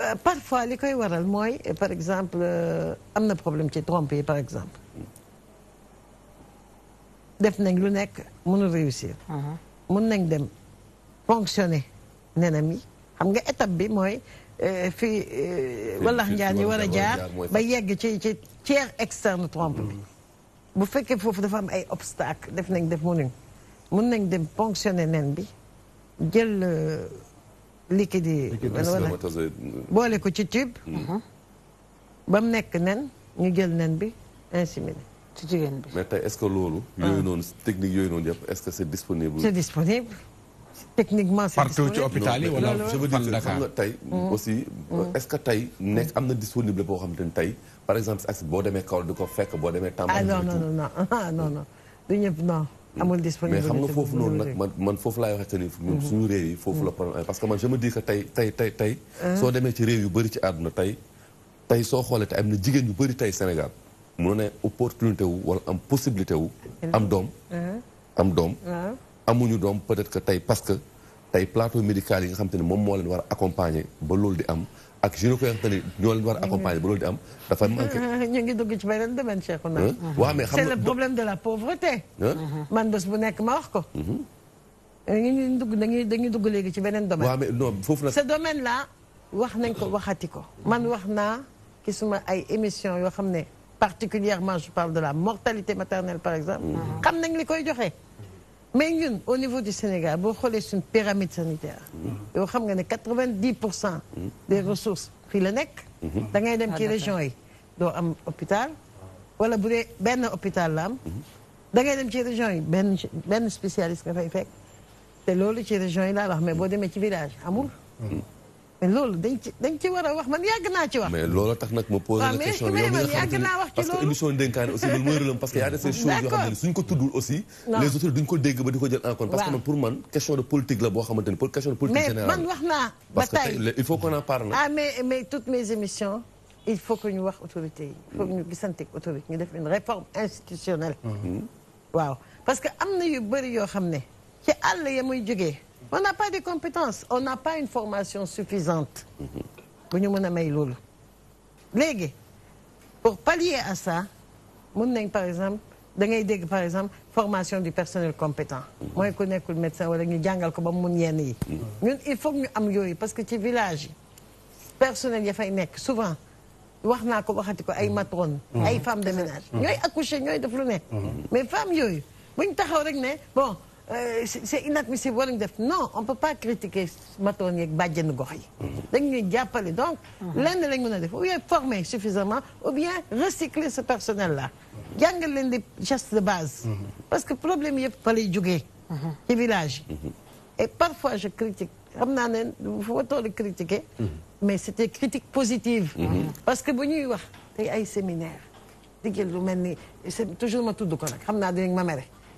S9: Euh, parfois les koy waral mooy par exemple euh, am problème ci est yi par exemple def nañ lu nekk mënul réussir uh-huh. mën nañ dem fonctionner nenam yi xam nga étape bi voilà, euh, fii wallax njaan yi war a jaar ba yegg ci ci tiers externe trompe mm-hmm. bu fekkee fofu dafa am ay obstacle def nañ def mënuñ mën nañ dem fonctionner nen bi jël liquide euh, boole ko ci tube ba mu nekk nen ñu jël nen bi inséminé ci jigéen bi
S6: mais tey est-ce que loolu yooyu ah. noonu technique yooyu noonu yëpp est-ce que c'est disponible c'est
S9: disponible techniquement c'est partout ci hôpital yi wala je veux dire xam nga tey hmm. Hmm. aussi
S6: est-ce que tey nekk am na disponible boo xam te ne tey par exemple si boo demee Kaolack di ko fekk boo demee Tamba ah non non
S9: non ah, non non du ñëpp non amul disponibilité mais xam nga foofu loolu nag
S6: man man foofu laay waxee que ni. Mm-hmm. suñu réew yi foofu la mm-hmm. problème parce que man je me dis que tey tey tey ah. soo demee ci réew yu bëri ci àdduna tey tey soo xoolee tey am na jigéen yu bëri tey Sénégal mu ne opportunité wu wala am possibilité wu. am doom. Ah. am doom. Ah. amuñu doom peut-être que tey parce que tey plateau médical yi nga xam te ne moom moo leen war a accompagner ba loolu di am. ak jur ko yàlla ñoo war a accompagner ba loolu di am dafa manqué.
S9: ñu ngi dugg ci benen domaine Cheikh na hein? mhm. wa mais xam c'est le problème de la pauvreté. Hein? Mhm. man bés bu nek ma wax ko. dañuy mhm. eh, dugg dañuy dañuy dugg léegi ci benen domaine. wa mais non fofu nag. ce domaine là wax nañ ko waxati ko. man wax na ki suma ay émission yo xamné particulièrement je parle de la mortalité maternelle par exemple. xam nañ li koy joxé mais nous, au niveau du Sénégal boo sur une pyramide sanitaire Et mhm. xam nga que 90% mhm. des ressources qui sont là da ngay dem ci région yi am hôpital wala bu dee hôpital là les da ngay dem ci région yi benn spécialiste nga fay fekk te loolu ci région yi wax mais boo demee village mais loolu dañ ci dañ ci war a wax man yàgg naa ci wax.
S6: mais loolu tax nag ma posé la question yow mi nga xam ne parce que émission dénkaane aussi loolu mooy rëlam parce que y a des choses yoo xam ne suñ ko tuddul aussi. les autorités duñ ko dégg ba di ko jël en compte. parce que man pour man question de politique la boo xamante pour question de politique générale. mais man
S9: wax naa. parce que
S6: il faut qu'on en parle. ah
S9: mais mais toutes mes émissions. il faut que ñu wax autorité yi. il faut que ñu gisanteeg autorité ñu def une réforme institutionnelle. Mhm. waaw parce que am na yu bëri yoo xam ne ci àll ya muy jógee on n'a pas de compétences on n'a pas une formation suffisante bu ñu mën a may loolu pour pallier à ça mën nañ par exemple da ngay par exemple formation du personnel compétent connais que le médecin wala ñu jàngal ko ba mu mun yenn yi ñun il faut ñu am parce que ci village personnel ya fay nekk souvent wax naa ko waxati ko ay matrone ay femmes de ménage mm-hmm. ñooy accoucher ñooy def lu nekk mm-hmm. mais femmes y buñ taxaw rek ne bon euh, c'est inadmissible non on peut pas critiquer ce matin avec gox yi mhm. dañ ñuy jàppale donc mhm. lenn lañ mën def ou bien former suffisamment ou bien recycler ce personnel là y leen des gestes de base mhm. parce que problème yëpp fa lay les ci village et parfois je critique xam naa ne pas critiquer mais c'était critique positive parce que bu ñuy wax tey ay séminaire di jël lu mel ni toujours ma tudd ko nag xam naa ma mere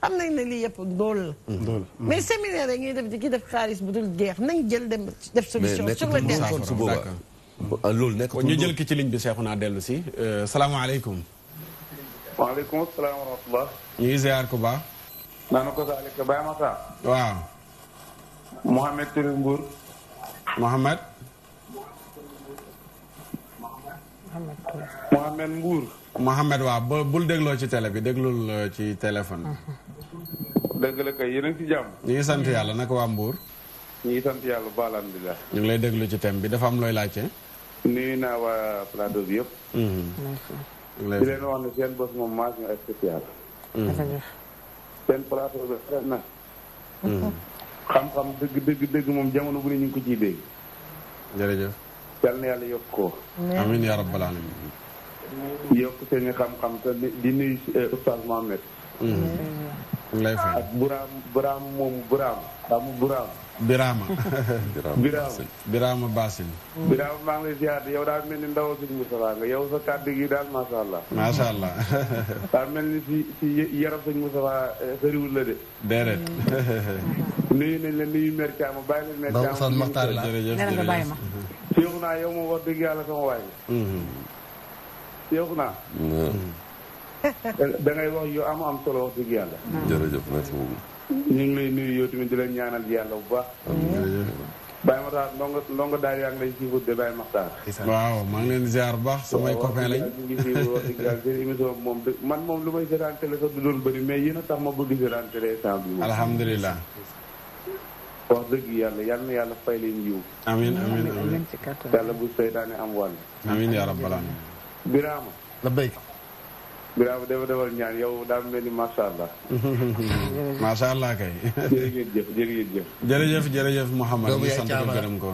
S9: xam nañ ne lii yëpp dool la
S6: mm. mais
S9: séminaire yi ñuy def di ki def xaalis bu dul jeex nañ jël dem def solution sur le terrain
S6: ah, loolu nekk ñu jël ki
S5: ci ligne bi seexu naa dellu si euh, salaamaaleykum
S10: waaleykum salaam wa rahmatullah
S5: ñu ngi ziar ku baax
S10: naanu ko saalika Baye Massa
S5: waaw Mohamed Touré Mbour Mohamed Mohamed Mbour Mohamed waa ba bul dégloo ci télé bi déglul euh, ci téléphone bi.
S10: dëgg kay yéen a ci jàmm.
S5: ñu ngi sant yàlla naka waa Mbour.
S10: ñu ngi sant yàlla ba alhamdulilah.
S5: ñu lay déglu ci thème bi dafa am looy laajte.
S10: nuyu naa waa plateau bi yëpp. Mhm. di leen wax ne seen bés moom maa ñu spécial. seen plateau bi mhm. xam-xam dëgg dëgg moom jamono bu ne ñu ngi ko ciy dégg. jërëjëf. yal na yàlla yokk ko. amiin yaa yokk seen i xam-xam te di nuyu eh, Oustaz Mohamed. Mm-hmm. Buraam Buraam moom Buraam xamu Buraam. Birama.
S5: Birama Birama Basin.
S10: Birama maa ngi lay yow daal mel ni ndaw suñu Moustapha nga yow sa kàddu gi daal macha allah. macha allah. daal mel ni si si yaram suñu Moustapha eh, sëriwul la de. déedéet. nuyu nañ la nuyu Mère Thiam bàyyi leen Mère Thiam. donc Sane Maxtaar la jërëjëf jërëjëf. nee na nga bàyyi ma. yow naa yow moom wax dëgg yokk na, da ngay wax yu am am solo wax dëgg yàlla.
S6: jërëjëf na beaucoup.
S10: ñu ngi lay nuyu yow tamit di leen ñaanal yàlla bu baax. Baye Makhtar ndongo ndongo daal yaa ngi lay siifu de Baye Makhtar. waaw maa ngi leen
S5: ziar bu oh, samay copain lañ. ñu ngi siifu wax dëgg yàlla
S10: seen émission moom man moom lu may seetaan télé sax du doon bëri mais yéen a tax ma bëgg seetaan télé saa bi. alhamdulilah. wax dëgg yàlla yal na yàlla fay leen yiw. amiin amiin amiin yàlla bu seytaane am wàll. amiin yaa rabbal aalamiin. Birama. la béy. Birama dafa defal ñaan yow daal mel ni macha allah.
S5: macha allah kay.
S10: jërëjëf jërëjëf. jërëjëf jërëjëf Mouhamad ñu sant ko gërëm ko.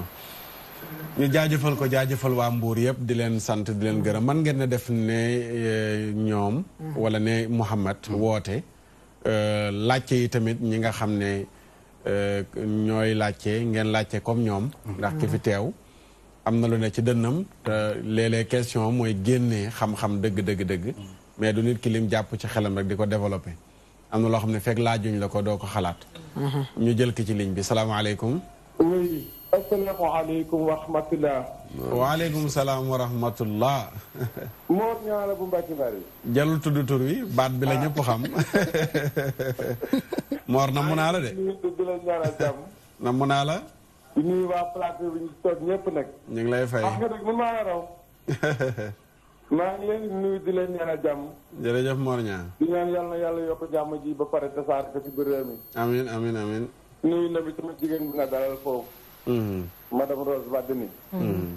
S5: ñu jaajëfal ko jaajëfal waa Mbour yëpp di leen sant di leen gërëm man ngeen ne def ne eh, ñoom. wala ne Mouhamad woote. Eh, laajte yi tamit ñi nga xam ne eh, ñooy laajte ngeen laajte comme ñoom. ndax ki fi teew. am na lu ne ci dënnam te léeg question mooy génne xam-xam dëgg dëgg dëgg. Mm. mais du nit ki jàpp ci xelam rek di ko développé. am na loo xam ne fekk laajuñ la ko doo ko xalaat. Mm-hmm. ñu jël ki ci ligne bi salaamaaleykum.
S11: oui wa rahmatulah.
S5: waaleykum salaam wa rahmatulah. Mor Niala tudd tur baat bi la ah. ñëpp xam. Mor na mu la de. na mu la. di waa plateau bi ñu toog ñëpp nag. ñu lay fay wax nga nag man maa la raw.
S11: maa ngi leen di di leen ñaanal jàmm.
S5: jërëjëf Mor Niang.
S11: di ñaan yàlla na yàlla yokk jàmm ji ba pare tasaare ko ci biir réew mi.
S5: amiin amiin amiin.
S11: nuyu na jigéen bi nga dalal foofu. Mm-hmm. madame Rose Wardini. Mm-hmm.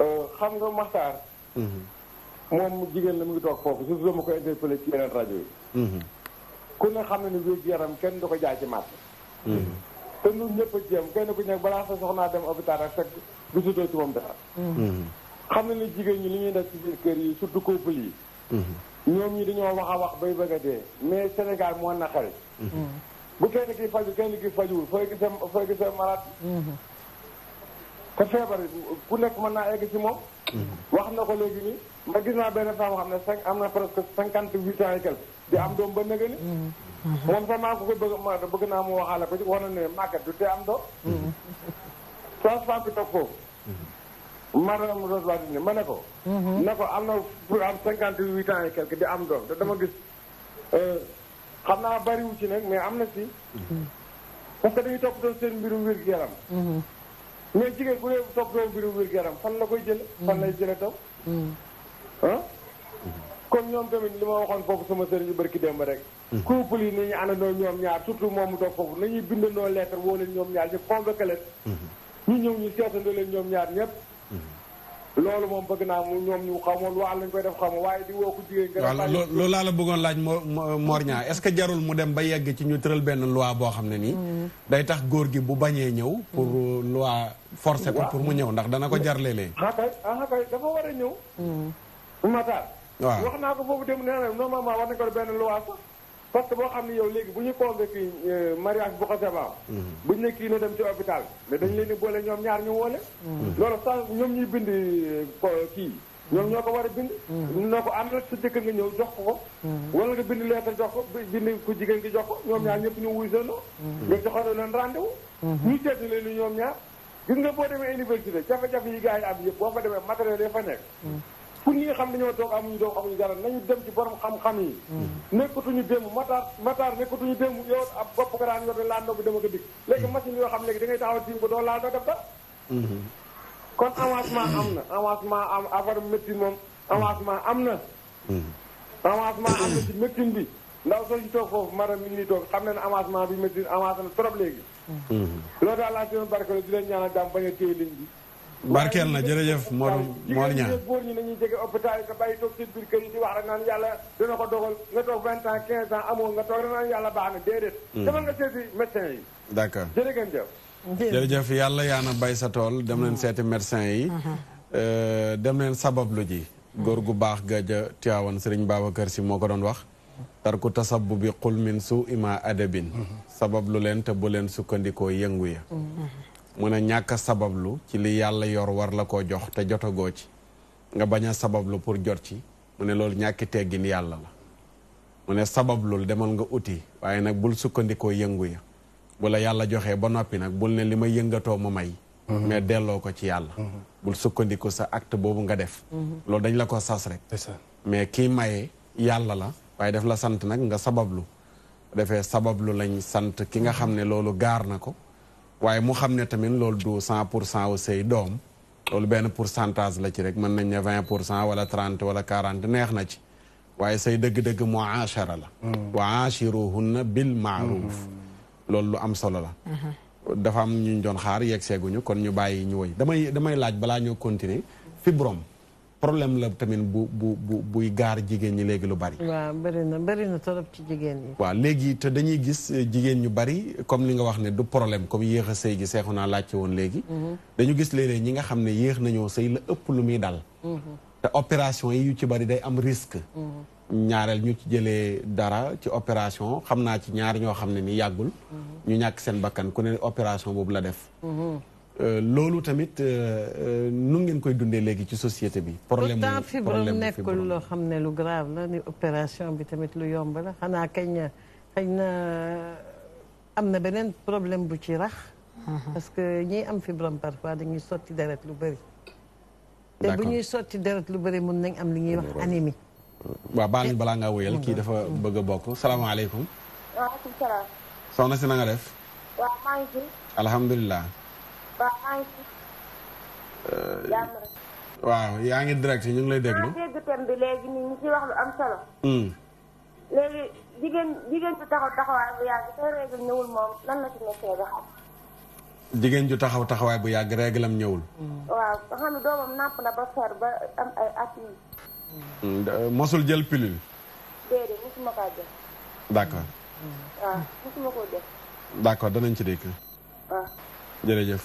S11: Euh, xam nga Makhtar.
S8: Mm-hmm.
S11: moom jigéen la mu ngi toog foofu surtout dama ko interpellé ci yeneen rajo yi. ku ne xam ne ni wér yaram kenn du ko jaay ci marché. te ñun ñëpp a jéem kenn ku nekk balaa sa soxnaa dem hôpital ak fekk gisutoo ci moom dara. Mm-hmm. xam na ni jigéen ñi li ñuy def ci biir kër yi surtout couple yi. Mm-hmm. ñoom ñi dañoo wax a wax bay bëgg dee mais Sénégal moo naqari. Mm-hmm. bu kenn ki faju kenn ki fajuwul fooy gisee fooy gisee malade. te feebar ku nekk mën naa egg ci moom. wax na ko léegi nii ma gis naa benn femme xam ne cinq am na presque cinquante huit ans et di am doom ba nëgëni. Mhm. moom sax maa ko ko bëgg ma bëgg naa mu waxaale ko ci war na ne màggat du tee am do mhm. transport bi toog foofu mhm. maanaam rosebas ni ma ne ko ne ko am na pour am cinquante huit ans et di am doom te dama gis euh, xam naa bariwu ci nag mais am na si parce que dañuy toppatoo seen mbirum wér gu yaram mais jigéen bu dee toppatoo mbirum wér yaram fan la koy jël fan lay jële taw ah ñoom tamit li ma waxoon foofu sama sëriñ yu barki démb rek Mm-hmm. couple yi nañu àndandoo ñoom ñaar surtout moom doog foofu nañuy bindandoo lettre woo leen ñoom ñaar ñu convoqué leen mm-hmm. ñu ñëw ñu seetandoo leen ñoom ñaar ñëpp mm-hmm. loolu moom bëgg naa mu ñoom ñu xamoon waa lañ koy def xam waaye di woo ko jigéen nga loolu laa la bëggoon laaj Mor Niang
S5: ce que jarul mu dem ba yegg ci ñu tëral benn loi boo xam ne nii day tax góor gi bu bañee ñëw pour loi forcé ko pour mu ñëw ndax dana ko jar léeg-léeg
S11: xakay ah, xakay ah, dafa war a ñëw mataar waaw wax naa ko foofu dem nee na normalement war nañ ko benn loi sax parce que boo xam ne yow léegi bu ñu convaincu euh, mariage bu xasee ba am. Mm-hmm. bu ñu ne kii na dem ci hôpital mais dañ leen di boole ñoom ñaar ñu woole. Mm-hmm. loolu sax ñoom ñuy bind euh, kii ñoom ñoo ko war a bind. Mm-hmm. noo ko àndal sa jëkkër nga ñëw jox ko ko. wala nga bind leetar jox ko bind ku jigéen gi jox ko ñoom ñaar ñëpp ñu wuy seenoo. nga joxoon leen rendez-vous. ñu seetlu leen ñoom ñaar gis nga boo demee université jafe-jafe yi gars yi am yëpp boo fa demee matériel yi fa nekk. pour ñi nga xam dañoo toog amuñu doom amuñu dara nañu dem ci borom xam-xam yi. Mm-hmm. nekkatuñu démb mataar mataar nekkatuñu démb yow ab bopp nga daan yor de laal ndogu dama ko dig. léegi machine yoo xam léegi da ngay taxaw tiim ko doo laal dagab ba. Mm-hmm. kon avancement am na avancement am affaire moom avancement am na. Mm-hmm. avancement am na ci médecine bi ndaw soo ci foofu maanaam mi ngi nii xam na ne avancement bi médecine avancé na trop léegi. loolu daal laa ci doon barkeeloo di leen ñaanal jàmm bañ a téye ligne bi.
S10: barkeel na jërëjëf moo Mor Niang
S11: góor ñi nañuy jege hôpital yi nga bàyyi toog ci biir kër yi di wax rek naan yàlla dina ko dogal nga toog vingt ans quinze ans amoo nga toog rek naan yàlla baax na déedéet hmm. demal nga seeti médecin yi d'accord jërëjëf
S5: yàlla yaana bay sa tool dem leen hmm. seeti médecin yi uh-huh. euh, dem leen lu ji hmm. góor gu baax gaja Tiwaawan Sëriñ kër Si moo ko doon wax tarku tasabbu bi xul min su ima adabin sabablu leen te bu leen sukkandikoo yëngu ya mu ne ñàkk a sabablu ci li yàlla yor war la koo jox te jotagoo ci nga bañ a sabablu pour jot ci mu ne loolu ñàkki teggin yàlla la mu ne sabablul demal nga uti waaye nag bul sukkandikoo yëngu ya yàlla joxee ba noppi nag bul ne li ma yëngatoo ma may mhm. mais delloo ko ci yàlla mhm. bul sukkandiku sa act boobu nga def mhm. loolu dañ la ko sas rek mais kii maye yàlla la waaye def la sant nag nga sabablu defee sabablu lañ sant ki nga xam ne loolu gaar na ko waaye mu xam ne tamit loolu du cent pour cent wu say doom loolu benn pour centage la ci rek mën nañ ne vingt pour cent wala trente wala quarante neex na ci waaye say dëgg-dëgg mu achara la mm. wa achiruhunna bil maaruf mm. loolu lu am solo la uh-huh. dafa am ñu doon xaar yegg seeguñu kon ñu bàyyi ñu woy damay damay laaj balaa ñoo continuer fibrom problème la tamit bu bu bu buy gaar jigéen ñi léegi lu bari.
S9: waaw bari na bari na torop ci jigéen ñi.
S5: waaw léegi te dañuy gis eh, jigéen ñu bari comme li nga wax ne du problème comme yéex a sëy gi seexu naa laajte woon léegi. Mhm. dañu gis léeg ñi nga xam ne yéex nañoo sëy la ëpp lu muy dal. Mhm. te opération yi yu ci bari day am risque.
S8: Mhm.
S5: ñaareel ñu ci jëlee dara ci opération xam naa ci ñaar ñoo xam ne ni yàggul. ñu ñàkk seen bakkan ku ne opération boobu la def. Euh, loolu tamit euh, euh, nu ngeen koy dundee léegi ci société bi. problème mu fibrome
S9: loo xam ne lu grave la ni opération bi tamit lu yomb la xanaa kañ xëy na am na beneen problème bu ci rax. Mhm. parce que ñiy am fibrome parfois dañuy sotti deret lu bari te bu ñuy sotti deret lu bëri mun nañ am li ñuy wax anémie.
S5: waaw baal ñu balaa ngaa wéyal kii dafa mm-hmm. bëgg a bokk salaamaaleykum.
S14: waaleykum nga def. waaw Euh,
S5: waaw yaa ngi direct ñu ngi lay déglu.
S14: dégg nii ñu ci wax lu am solo. Hmm. léegi jigéen jigéen ju taxaw taxawaay bu yàgg te règle ñëwul moom lan la ci nekkee xam.
S5: jigéen ju taxaw taxawaay bu yàgg règle ñëwul.
S14: Hmm. waaw nga xam doomam nàpp na ba fer ba am ay at yii.
S5: Hmm, euh, mosul jël pilule.
S14: déedéet mosuma kaa jël.
S5: d' danañ ci dégg. waaw jërëjëf.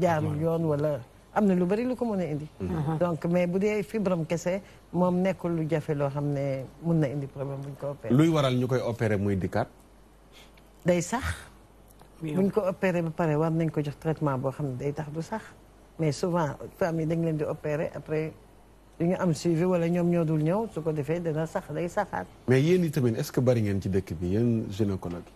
S9: jaarul yoon wala am na lu bari lu ko mën a indi mhm. Mhm. donc mais bu dee fibrom kese moom nekkul lu jafe loo xam ne mun na indi problème buñ ko opéré luy waral
S5: ñu koy opéré muy dikkaat
S9: day sax buñ ko opéré ba pare war nañ ko jox traitement boo xam ne day tax du sax mais souvent femmes yi dañ leen di opéré après du ñu am suivi wala ñoom ñoo dul ñëw su ko defee dana sax day saxaat
S5: mais yéen i tamit est-ce que bari ngeen ci dëkk bi yéen gynécologue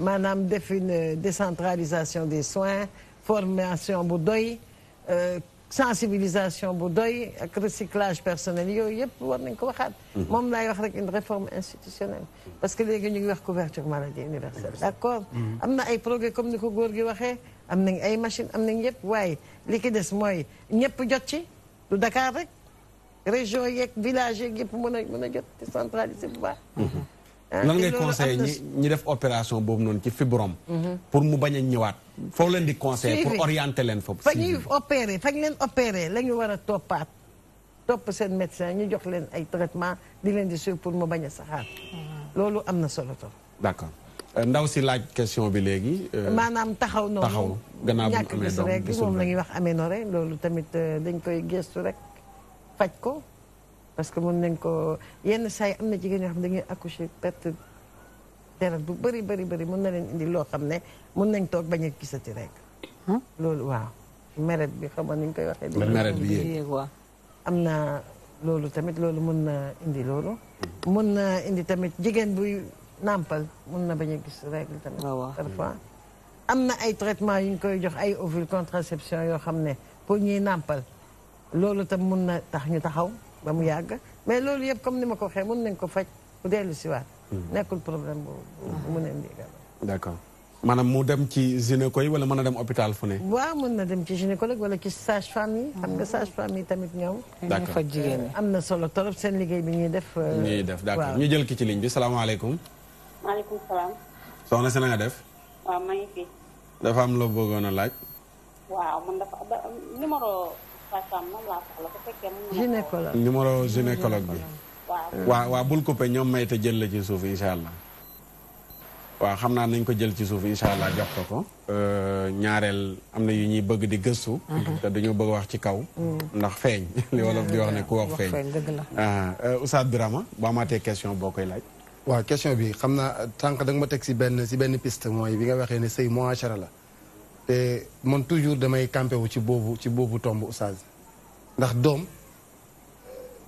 S9: Madame def une décentralisation des soins formation bu doy euh, sensibilisation bu recyclage personnel yooyu yëpp war nañ ko mhm. wax une réforme institutionnelle parce que y ñu une couverture maladie universelle d'accord y a des progrès comme nous, ko gi waxee am ay machine am nañ yëpp waaye li ki des mooy ñëpp jot ci du Dakar rek région les village qui sont décentralisés. décentralisé
S5: lan ah, ngay conseillé ñi ñi def opération boobu noonu ci fibrom mhm. pour mu bañ a ñëwaat foo leen di conseil pour orienter leen foofu fa ñuy
S9: opéré fañ leen opéré la ñu war a toppaat topp seen médecin ñu jox leen ay traitement di leen di suivre pour mu bañ a saxaat mhm. loolu am na solo trop
S5: d'accord euh, ndaw si laaj question bi léegi euh, maanaam
S9: taxaw noonu taxaw gannaaw ñàkk gis rek moom la ñuy wax aménorrhée loolu tamit euh, dañ koy gëstu rek faj ko parce que mun nañ ko yenn saa yi am na jigéen yoo xam dañuy accoucher perte deret bu bëri bëri bëri mën na leen indi loo xam ne mën nañ toog bañ a gisati rek. loolu waaw meret bi xam nga ni ñu koy waxee. meret bi yéeg waaw am na loolu tamit loolu mën na indi loolu. mën na indi tamit jigéen buy nampal mën na bañ a gis règle tamit. parfois am na ay traitement yu ñu koy jox ay ovule contraception yoo xam ne pour ñuy nàmpal loolu tam mën na tax ñu taxaw. ba mu yàgg mais loolu yëpp comme ni ma ko waxee mën nañ ko faj u dellu si waat hmm. nekkul problème boobu mu neen digal
S5: d'accord maanaam mu dem ci gynéco yi wala mën a dem hôpital fu ne
S9: waaw mën na dem ci gynécologue wala ci sage femme yi xam nga sage tamit ñoom faj jigéen ñi am na solo torop seen liggéey bi ñuy def euh,
S12: ñuy
S5: def d'accord ñu jël ki ci ligne bi salaamaaleykum
S12: maaleykum salaam
S5: soxna si nga def
S12: waaw maa ngi
S5: a laaj
S12: waaw man dafa numéro
S9: gynécologue numéro gynécologue bi.
S5: waaw waa bul coupé ñoom may te jël la ci suuf incha allah. waaw xam naa nañ ko jël ci suuf incha allah jox ko ko. Euh, ñaareel am na yu ñuy bëgg di gëstu. Mhm. te dañoo bëgg wax ci kaw. Mm. ndax feeñ li wolof di wax ne ku wax feeñ. dëgg la ah, euh, Oustaz Birama boo question boo koy laaj. waaw question bi xam naa tànk da nga ma teg si benn si benn piste mooy
S7: bi nga waxee ne sëy moachara la. te man toujours damay campé wu ci boobu ci boobu tomb oustaz ndax doom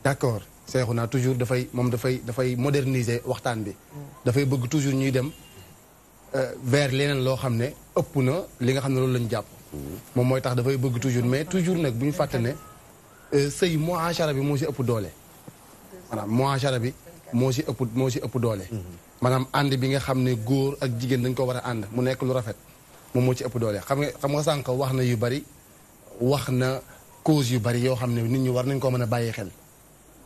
S7: d'accord seexu naa toujours dafay moom dafay dafay moderniser waxtaan bi dafay bëgg toujours ñuy dem euh, vers leneen loo xam ne ëpp na li nga xam ne loolu lañ jàpp moom mooy tax dafay bëgg toujours mais toujours nag bu ñu fàtte ne euh, sëy muaashara bi moo si ëpp doole maanaam muaashara bi moo si ëpp moo si ëpp doole mhm. maanaam ànd bi nga xam ne góor ak jigéen dañ ko war a ànd mu nekk lu rafet moom moo ci ëpp doole xam nga xam nga sànq wax na yu bari wax na cause yu bari yoo xam ne nit ñi war nañ ko mën a bàyyi xel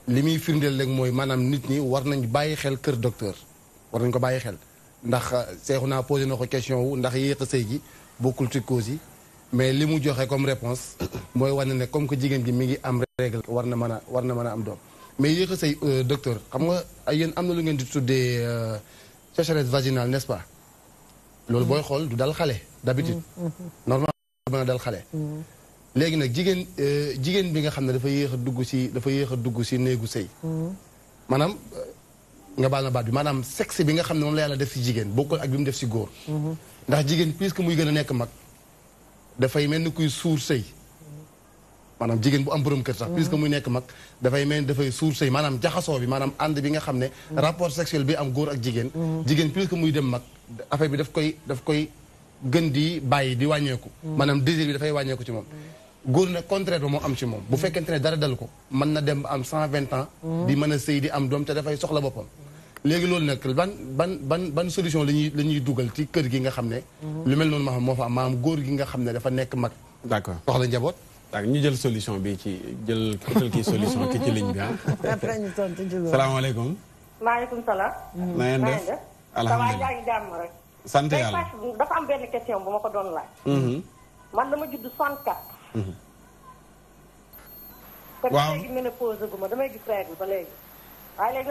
S7: li muy firndeel rek mooy maanaam nit ñi war nañ bàyyi xel kër docteur war nañ ko bàyyi xel ndax euh, seexu naa posé na ko question wu ndax yéeq a sëy gi bokkul ci cause yi mais li mu joxe comme réponse mooy na ne comme que jigéen ji mi ngi am règle war na mën a war na mën a am doom mais yéeq a sëy euh, docteur xam nga yéen am na lu ngeen di tuddee euh, sécheresse vaginale n'est-ce pas loolu booy xool du dal xale d'habitude mm, mm, mm. normalement dal xale léegi nag jigéen euh, jigéen bi nga xam ne dafa yéex a dugg si dafa yéex a dugg si néegu sëy maanaam euh, nga baal na baat bi maanaam sexe bi nga xam ne moom la yàlla def si jigéen bokkul ak bi mu def si góor mm-hmm. ndax jigéen puisque muy gën a nekk mag dafay mel ni kuy suur sëy manam jigen bu am borom keur sax puisque muy nek mak da fay ni da fay sëy manam jaxaso bi manam ànd bi nga xamne rapport sexuel bi am góor ak jigen jigen puisque muy dem mak affaire bi daf koy daf koy gën di bàyyi di wañeku manam désir bi da fay wañeku ci mom góor na contraire mo am ci mom bu fekkente ne dara dal ko man na dem am 120 ans di meuna sëy di am dom te da fay soxla bopam légui lool nak ban ban ban ban solution lañuy lañuy duggal ci kër gi nga xamne lu mel non ma fa am maanaam góor gi nga xamne ne dafa nek mak d'accord soxla njabot ak ñu
S5: jël solution bi ci jël utal
S14: kii solution ki ci ligne bi ah.
S9: après ñu tontu Diouf. salaamaaleykum.
S14: maaleykum salaam. na ngeen def alhamdulilah yaa ngi jàmm rek.
S10: sant
S5: yàlla
S14: dafa am benn question bu ma ko doon laaj. Mm-hmm. man dama judd 64. Mm-hmm. waaw kon léegi ménopause gu damay gis règle ba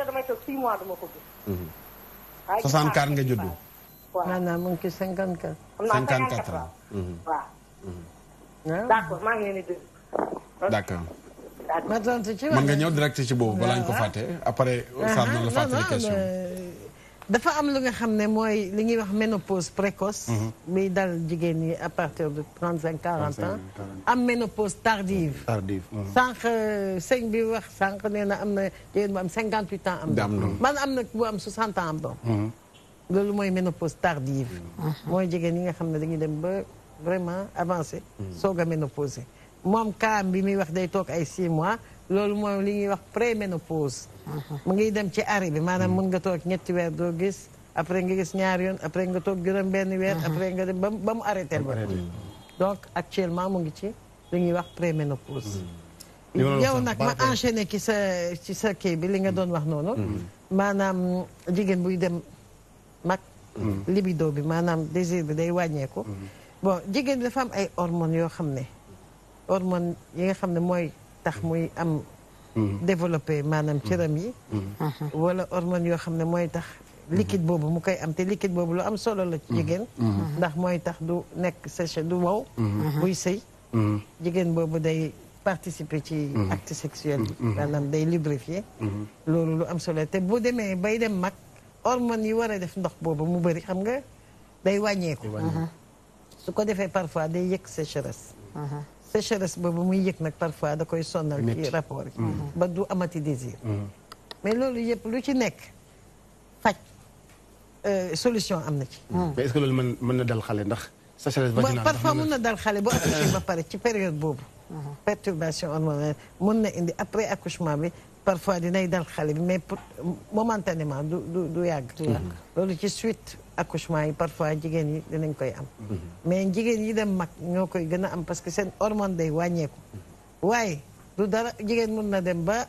S9: damay 6 mois ko gis. 64 mm-hmm. nga judd. Ah. d' accord ma tontu ci mën nga ñëw
S5: direct ci boobu balaa ñu ko ah.
S9: ah, dafa am lu nga xam ne mooy li ñuy wax ménopause précoce. Mhm. mi dal jigéen ñi à partir de trente cinq quarante ans. am ménopause tardive.
S7: tardive mhm. sànq
S9: sëñ bi wax sànq nee na am na jigéen bu am cinquante huit ans am doom man na bu am soixante ans am doom. Mhm. loolu mooy ménopause tardive. mooy jigéen nga xam ne dañuy dem ba. vraiment avancé hmm. soga a ménopause moom kaam bi muy wax day toog ay 6 mois loolu moom li ñuy wax ménopause mhm. mu ngi dem ci ari bi maanaam mën hmm. nga toog ñetti weer doo gis après nga gis ñaar yoon après nga toog juróom benn weer mhm. après nga dem ba ba mu arrêté ba donc actuellement mu ngi ci li ñuy wax préménopause hmm. yow ma enchaîné ci sa ci sa kii bi li nga wax noonu manam jigen buy dem mak libido bi manam désir bi day ko bon jigéen bi dafa am ay hormones yoo xam ne hormones yi nga xam ne mooy tax muy am. Mm-hmm. développé maanaam mm-hmm. cëram yi. Mm-hmm. wala hormones yoo xam ne mooy tax. liquide boobu mu koy am te liquide boobu lu am solo la jigéen. ndax mooy tax du nekk séché du wow. buy sëy. jigéen boobu day participer ci acte sexuel bi. maanaam day lubrifier. loolu lu am solo te bu demee bay dem mag hormones yi war a def ndox boobu mu bëri xam nga day wàññeeku. su ko defee parfois day yëg sécheresse. sécheresse boobu muy yëg nag parfois da koy sonnal ci rapport yi. ba du amati désir. mais loolu yëpp lu ci nekk faj solution am na ci. mais
S7: est-ce que loolu mën mën na dal xale ndax. sécheresse vaginale parfois mën
S9: na dal xale bu accouché ba pare ci période boobu. perturbation hormonale mën na indi après accouchement bi. parfois dinay dal xale mais pour momentanément du du du yàgg. loolu ci suite accouchement et parfois jigéen yi de koy am. Mm-hmm. mais jigéen yi dem mag ñoo am parce que une hormone day wàññeeku. Mm-hmm. waaye du dara jigéen mun na dem ba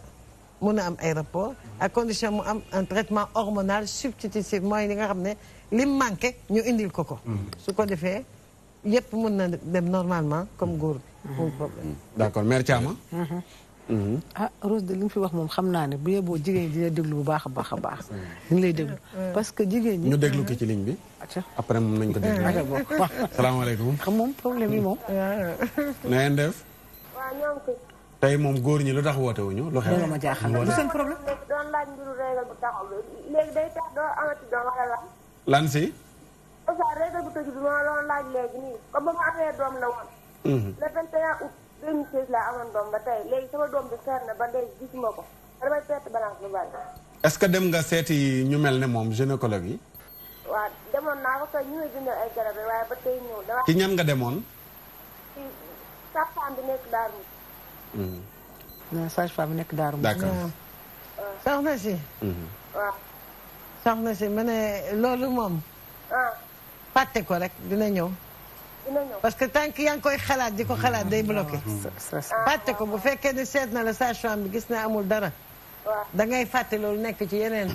S9: mun am aéroport mm-hmm. à condition am un traitement hormonal substitutivement il li nga les ne li manqué ñu indil ko ko. su ko defee yëpp mun na dem normalement comme góor d'accord
S5: merci à moi Mm-hmm.
S2: ah Rose de li fi wax moom xam naa ne bu boo jigéen ñi dina déglu bu baax a baax a baax. ñu ngi lay déglu mm-hmm. parce que jigéen ñi. ñu déglu
S5: ko ci ligne bi. après moom nañ ko déglu.
S1: Ah, salaamaaleykum.
S5: xam ah,
S2: moom problème yi moom.
S1: Mm-hmm.
S5: na moom góor ñi la ma jaaxal du seen
S1: problème. doon laaj
S14: léegi si. nii la woon. le 21 léegi sama doom bi seer na ba léegi gisuma ko damay bari.
S5: est-ce que dem nga seeti ñu mel ne moom gynécologue yi.
S14: waaw demoon naa ko tey ñu ngi bindal ay garab yi waaye nga demoon. ci sage bi nekk Darou Mouhty.
S2: Hmm. non sage bi nekk Darou Mouhty. d'accord ah. soxna si.
S8: Hmm.
S9: waaw. ne loolu moom. Ah. fàtte ko rek dina ñëw. parce que tant que koy xalaat di ko xalaat day bloqué. Ah, fàtte ko bu fekkee ne seet na la sage bi gis na amul dara. da ngay fàtte loolu nekk ci yeneen.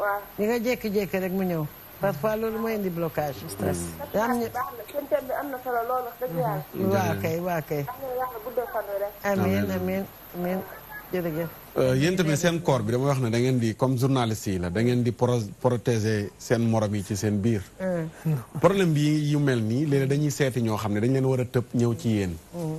S9: waaw ñi nga jékki rek mu ñëw. parfois loolu mooy indi blocage. ñu. am na solo loolu. dëgg yàlla. waaw kay waaw kay. amiin amiin jërëjëf
S5: euh, yéen tamit seen corps bi dama wax ne da ngeen di comme journaliste yi la da ngeen di protéger seen morom yi ci seen biir. Hmm. problème bi yu mel nii léeg dañuy seeti ñoo xam ne dañ leen war a tëb ñëw ci yéen. Hmm.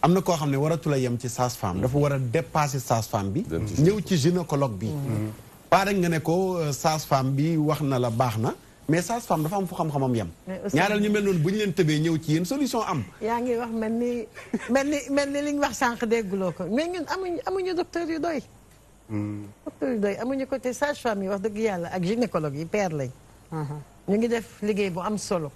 S5: am na koo xam ne waratul a yem ci sage-femme dafa war a dépasser sage bi. ñëw ci gynécologue bi. Hmm. pare nga ne ko euh, sage-femme bi wax na la baax na. mais sage-femme dafa am fu xam-xamam yam ñaareel ñu mel noonu bu ñu leen tëbee ñëw ci yéen solution am.
S9: yaa ngi wax mel ni mel ni mel ni li ñu wax sànq dégguloo ko mais ñun amuñu amuñu docteur yu doy. Hmm. docteur yu doy amuñu côté sage-femme yi wax dëgg yàlla ak gynécologue yi père lañ. Uh-huh. ñu ngi def liggéey bu am solo.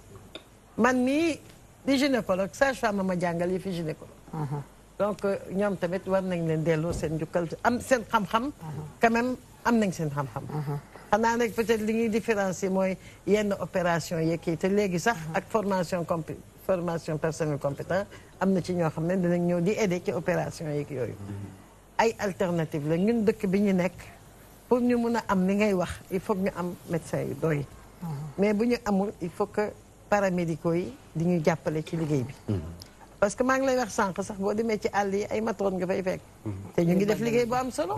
S9: man mii di gynécologue sage-femme ma jàngal yi fi gynécologue. Uh-huh. donc euh, ñoom tamit war nañ leen delloo seen njukkal am seen xam-xam. Uh-huh. quand même am nañ seen xam-xam. xanaa rek peut-être li ñuy différencier mooy yenn opération yekkii te léegi sax mhm. ak formation comp formation personnel compétent am na ci ñoo xam ne dinañ ñëw di aider ci opération yeeg yooyu mhm. ay alternative la ñun dëkk bi ñu nekk pour ñu mun a am li ngay wax il faut que ñu am médecin yu doy mhm. mais bu ñu amul il faut que paramédicaux yi di ñu jàppale ci liggéey bi parce que maa ngi lay wax sànq sax boo demee ci àll yi ay matroon nga fay fekk te ñu ngi def liggéey bu am solo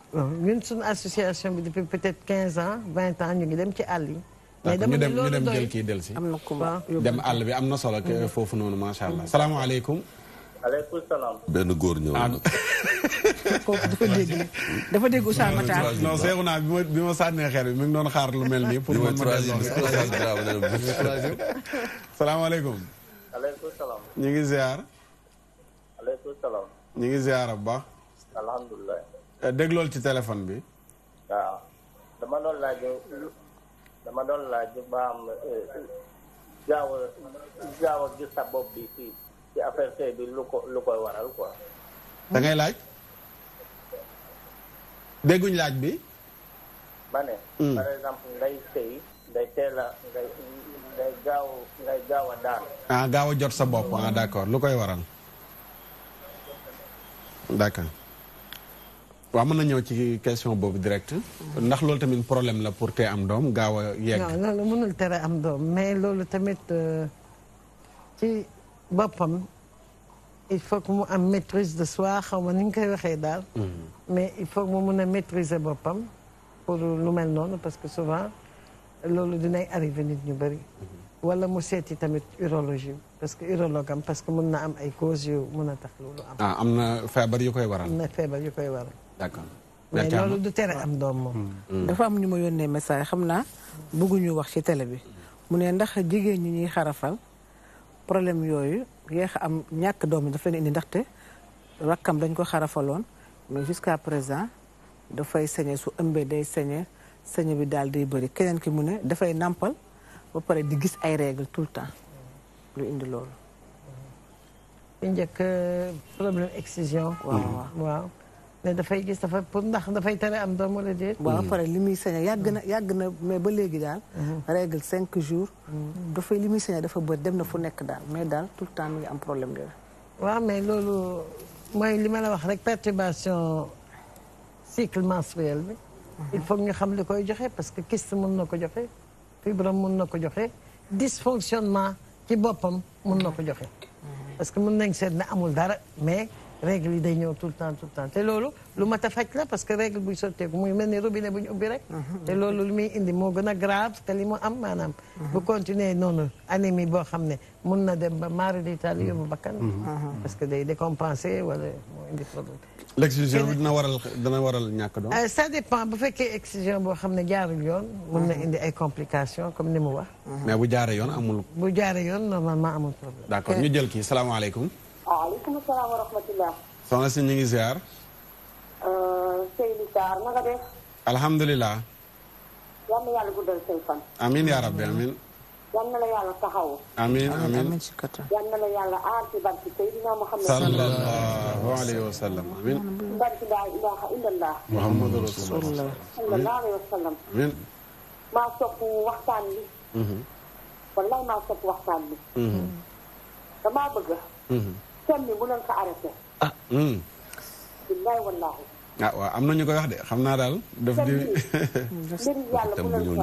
S9: non ñun suñu association bi depuis peut être quinze ans vingt ans ñu ngi dem ci àll yi. mais dama ni loolu doy ñu dem ñu dem jël kii dellusi. am na kuma dem àll bi
S5: am na solo mm-hmm. foofu noonu macha allah salaamaaleykum.
S8: aleykum salaam.
S5: benn góor ñëw na. Ah, kooku dafa dégg dafa dégg Ousama Tall. non seexu naa bi ma bi ma sànnee xeer bi mi ngi doon xaar lu mel nii. pour ma ma delloo salaamaaleykum.
S8: aleykum salaam.
S5: ñu ngi ziar.
S11: aleykum salaam.
S5: ñu ngi ziar bu baax. alhamdulilah. déglool ci téléphone bi.
S11: waaw dama doon laaj dama ba am gaaw a gaaw sa bopp bi ci ci affaire bi lu ko lu koy waral quoi.
S5: da laaj. dégguñ laaj bi.
S11: ma ne. Hmm. par exemple ngay sëy ngay teel
S13: ngay gaaw ngay gaaw a
S5: ah, gaaw a jot sa bopp ah, d'accord lu koy waral. d'accord. waaw mën na ñëw ci question boobu direct ndax loolu tamit problème la pour tey am doom gaaw a yegg
S9: non loolu mënul tere am doom mais loolu tamit ci boppam il faut que mu am maîtrise de soi xaw ma ni ñu koy waxee daal mais il faut que mu mun a maîtriser boppam pour lu mel noonu parce que souvent loolu dinay arrivé nit ñu bëri wala mu seeti tamit urologie parce que urologue am parce que mun na am ay
S2: causes yu mun a tax loolu am
S5: ah am na feebar yu koy waral am
S2: na feebar yu koy waral d'accord mais loolu du tere am doom moom. Hmm. Hmm. dafa am ñu ma yónnee message xam naa bëgguñu wax ci tele bi. mu ne ndax jigéen ñi ñuy xarafal problème yooyu yéex am ñàkk doom yi dafa leen ndaxte rakkam dañ ko xarafaloon mais jusqu'à présent dafay sañe su ëmbee day sañe sañe bi daal day bëri keneen ki mu ne dafay nàmpal ba pare di gis ay règles tout le temps lu indi loolu.
S9: njëkk euh, problème excision. Hmm. waaw. ne dafay gis dafa pour dax
S2: dafay tere am doom wala déet. waaw pare li muy saña yàgg na yàgg na mais ba léegi daal. Mhm. règle cinq jours. Mhm. dafay li muy saña dafa bëri dem na fu nekk daal mais daal tout le temps mi ngi am problème yooyu.
S9: waaw mais loolu mooy li ma la wax rek perturbation cycle menstruel bi. Mhm. il faut ñu xam li koy joxe parce que kyste mën na ko joxe fibrome mën na ko joxe dysfonctionnement ci boppam mën na ko joxe. dara mais. règle yi day ñëw tout le temps tout le temps te loolu lu mat a faj la parce que règle buy sotteeku muy mel ni robinet bu ñu ubbi rek te loolu lu muy indi moo gën a grave que li mu am maanaam bu continuer noonu anémie boo xam ne mun na dem mhm. ba mari d'Italie yóbbu bakkan parce que day décompenser wala moo indi problème l'excision bi dina waral dina waral ñàkk doom ça dépend bu fekkee excision boo xam ne jaarul yoon mun na indi ay complications comme ni mu wax
S5: mais bu jaaree yoon amul
S9: bu jaaree yoon normalement amul problème d'accord ñu
S5: jël kii salaamaaleykum
S14: وعليكم السلام ورحمة الله.
S5: سانا سي نيغي زيار؟
S9: ااا سي
S14: زيار ما
S5: الحمد لله.
S14: يلا يلا قدر سي
S5: امين يا ربي امين.
S14: يلا يلا صحاو. امين امين. امين شكرا. يلا يلا آتي بركي سيدنا محمد صلى الله عليه
S5: وسلم امين.
S14: بركي لا اله الا الله. محمد رسول الله. صلى الله عليه وسلم. امين. ما صفوا وحسان لي. والله ما صفوا وحسان لي. ما بقى. sonn mu leen ko arrêté. ah. Hmm. billaay wallaahi.
S5: ah waaw am na ñu koy wax de xam naa daal. daf di
S14: yàlla mu leen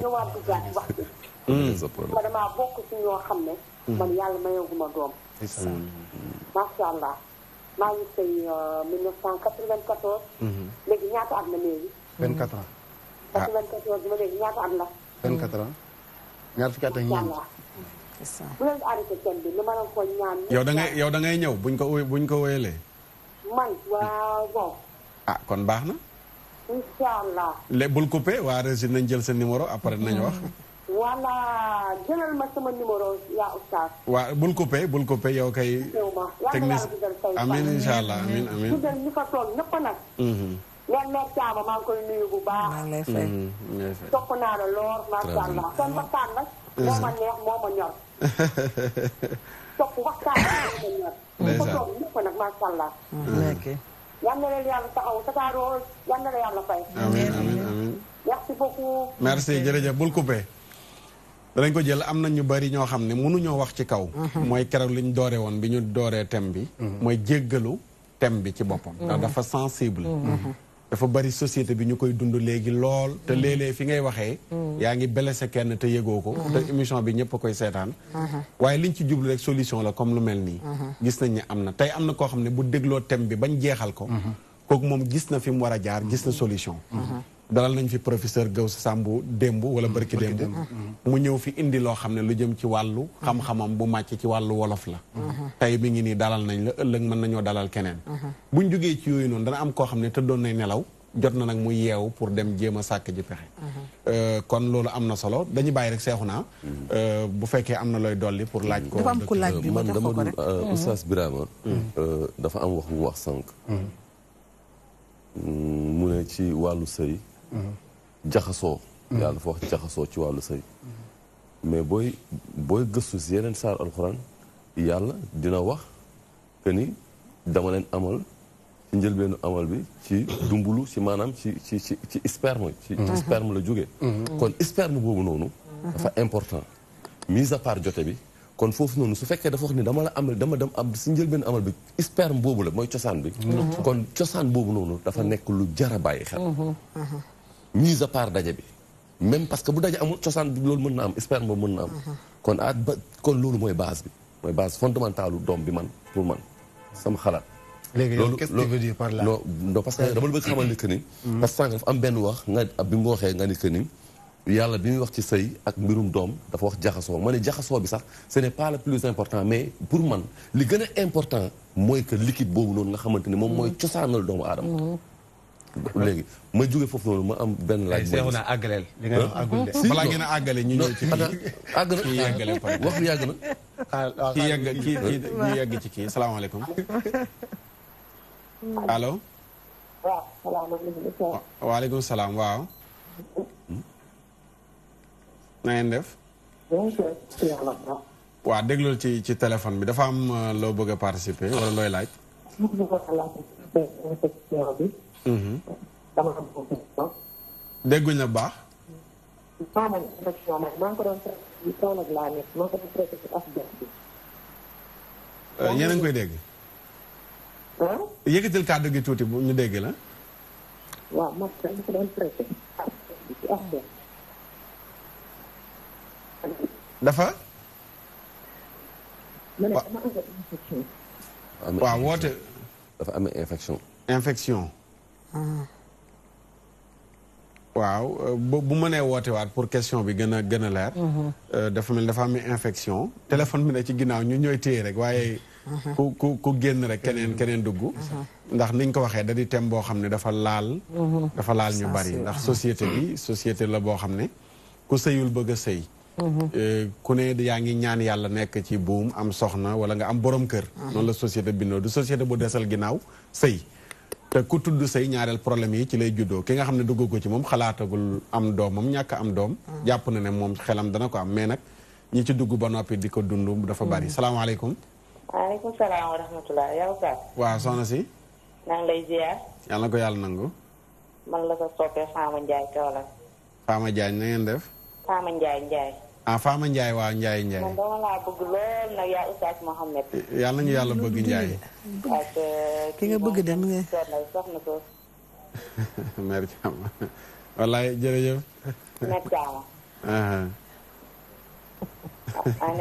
S14: ko wax bi. Hmm. ma bokk ci ñoo xam ne. Hmm. man yàlla mayaguma doom. macha allah maa ngi sëy 1994. Euh, léegi ñaata at na léegi. 24 ans. ah 94 ba léegi ñaata at la.
S7: 24
S5: ans ñaar fukki at ak ñeent. bu leen yow da yow da ñëw buñ ko buñ ko wéyalee.
S14: man waaw bon.
S5: Ah, kon baax na.
S14: incha allah.
S5: léegi bul coupé waa régie nañ jël sa numéro après nañ wax.
S14: waa jëlal ma sama numéro
S5: bul coupé bul coupé yow kay.
S14: technique amiin allah amiin amiin. su dee ñu fa toog ñëpp mhm. maa koy nuyu bu baax. maa ngi lay
S8: mhm,
S14: lool macha allah. kon waxtaan nag. Mhm. moo neex moo ma ñor. topp merci beaucoup.
S5: merci jërëjëf bul coupé. danañ ko jël am na ñu bari ñoo xam ne mënuñoo wax ci kaw. Mm-hmm. mooy keroog li ñu doore woon bi ñu dooree thème bi. Mm-hmm. mooy jéggalu thème bi ci boppam. Mm-hmm. ndax dafa sensible. dafa bari société bi ñu koy dund léegi lool. te mm-hmm. léeg-léeg fi ngay waxee. Mm-hmm. yaa ngi blessé kenn te yëgoo ko. Mm-hmm. te émission bi ñëpp a koy seetaan. waaye ñu ci jublu rek solution la comme lu mel nii. gis nañ ne am na tey am na koo xam ne bu dégloo thème bi bañ jeexal ko. kooku moom gis na fi mu war a jaar gis na solution. dalal nañ fi professeur Gawsa Sambou démb wala mm, bërki démb mm. Mm. mu ñëw fi indi loo xam ne lu jëm ci wàllu xam-xamam bu màcc ci wàllu wolof la tey mi ngi nii dalal nañ la ëllëg mën nañoo dalal keneen bu mm-hmm. buñ jógee ci yooyu noonu dana am koo xam ne te doon nay nelaw jot na nag mu yeewu pour dem jéem a sàkk ji pexe mm-hmm. euh, kon loolu am na solo dañu bàyyi rek seexu naa mm-hmm. euh, bu fekkee am na looy dolli pour laaj ko euh, man dama dul oustaz
S6: Birama dafa am wax bu wax sànq mu ne ci wàllu sëy jaxasoo yàlla dafa wax jaxasoo ci wàllu sëy mais booy booy gëstu si yeneen saar alxuraan yàlla dina wax que ni dama leen amal ci njëlbeenu amal bi ci dumbulu ci maanaam ci ci ci ci sperme ci mhm. sperme la jóge mhm. kon sperme boobu noonu mhm. dafa important mise à part jote bi kon foofu noonu su fekkee dafa wax ni dama la amal dama dem am si njëlbeenu amal bi sperme boobu la mooy cosaan bi kon cosaan boobu noonu dafa nekk lu jar a bàyyi xel mise à part daje bi même parce que bu daje amul cosaan bi loolu mën na am sperme boobu mën na kon ah kon loolu mooy base bi mooy base fondamentalu doom bi man pour man sama xalaat. léegi yow quest par là non non que dama la ni que ni. Mm. parce que sànq am benn wax nga bi mu waxee nga ni yàlla bi muy wax ci sëy ak mbirum doom dafa wax jaxasoo ma ne jaxasoo bi sax ce n'est pas le plus important mais pour man li gën a important mooy que liquide boobu noonu nga xamante ni moom mooy mm. cosaanal doomu aadama. Mm. léegi ma jóge foofu noonu ma am benn laaj. mooy na àggaleel. nga àggul de balaa ngeen a àggale
S5: ñu ñëw ci. àgg na kii àggale wax bi ah, ah, ci kii salaamaaleykum. allo.
S14: waaw
S5: salaam waaw. na ngeen def. waaw déglul ci ci téléphone bi dafa am euh, loo bëgg a participer wala looy laaj. dama
S14: am confusion. la baax. maa euh, koy dégg. waaw.
S5: ñu dégg la. dafa. ma ne dama waaw woote. dafa am infection. Ah. waaw euh, bu mënee woote waat pour question bi gën a gën a leer. Mhm. Euh, dafa mel dafa am infection téléphone bi ne ci ginnaaw ñu ñooy téye rek waaye. Mhm. ku ku génn rek keneen mhm. keneen dugg. ndax niñ ko waxee da di thème boo xam ne dafa laal.
S8: dafa laal ñu bari ndax société
S5: bi société la boo xam ne ku sëyul bëgg a sëy. Euh, ku ne yaa ngi ñaan yàlla nekk ci buum am soxna wala nga am borom kër. noonu la société bindoo du société bu desal ginnaaw sëy. te ku tudd say ñaareel problème yi ci lay juddoo ki nga xam ne dugg ko ci moom xalaatagul am doomam ñàkk am doom ah. jàpp na ne moom xelam dana ko am mais nag ñi ci dugg ba noppi di ko dund dafa bari mm. salaamaaleykum
S14: waaleykum salaam
S5: wa si.
S14: maa lay ziar.
S5: yàlla na ko yàlla nangu.
S14: man la ko soppee Fama Ndiaye Kaolack.
S5: Fama Ndiaye na ngeen def.
S14: Fama Ndiaye Ndiaye.
S5: ah Fama Ndiaye waaw Ndiaye Ndiaye. man
S14: dama laa bëgg lool nag yaa Oustaz Mohamed.
S5: yàlla ñu yàlla bëgg Ndiaye.
S14: ki nga bëgg dem nga. soxna soo.
S5: mère Thiam wallaay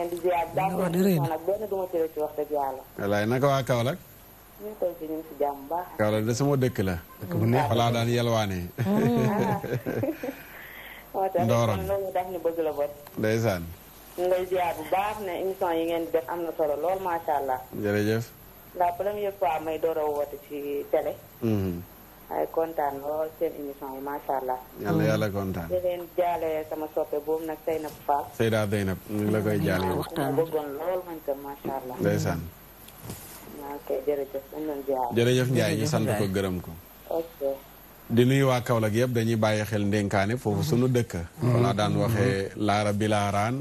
S14: di ziar baax na benn du ma ci rëcc wax dëgg yàlla.
S5: wallaay naka waa Kaolack. ñu koy ñu de sama la. bu neex daan
S14: Ndorong loolu tax ñu bëgg la bët. ndeysaan. ñu lay ziar bu baax ne émission yi ngeen di am na solo lool macha allah. jërëjëf. la première fois may door a ci télé. Mhm. ay kontaan lool seen émission yi macha allah. yàlla
S5: yàlla kontaan. la koy jaale yow.
S14: waxtaan jërëjëf. jërëjëf ñu sant ko
S5: gërëm ko. di nuyu waa Kaolack yëpp dañuy bàyyi xel ndénkaane foofu mhm. sunu dëkk. wala mhm. daan waxee laara bi laaraan.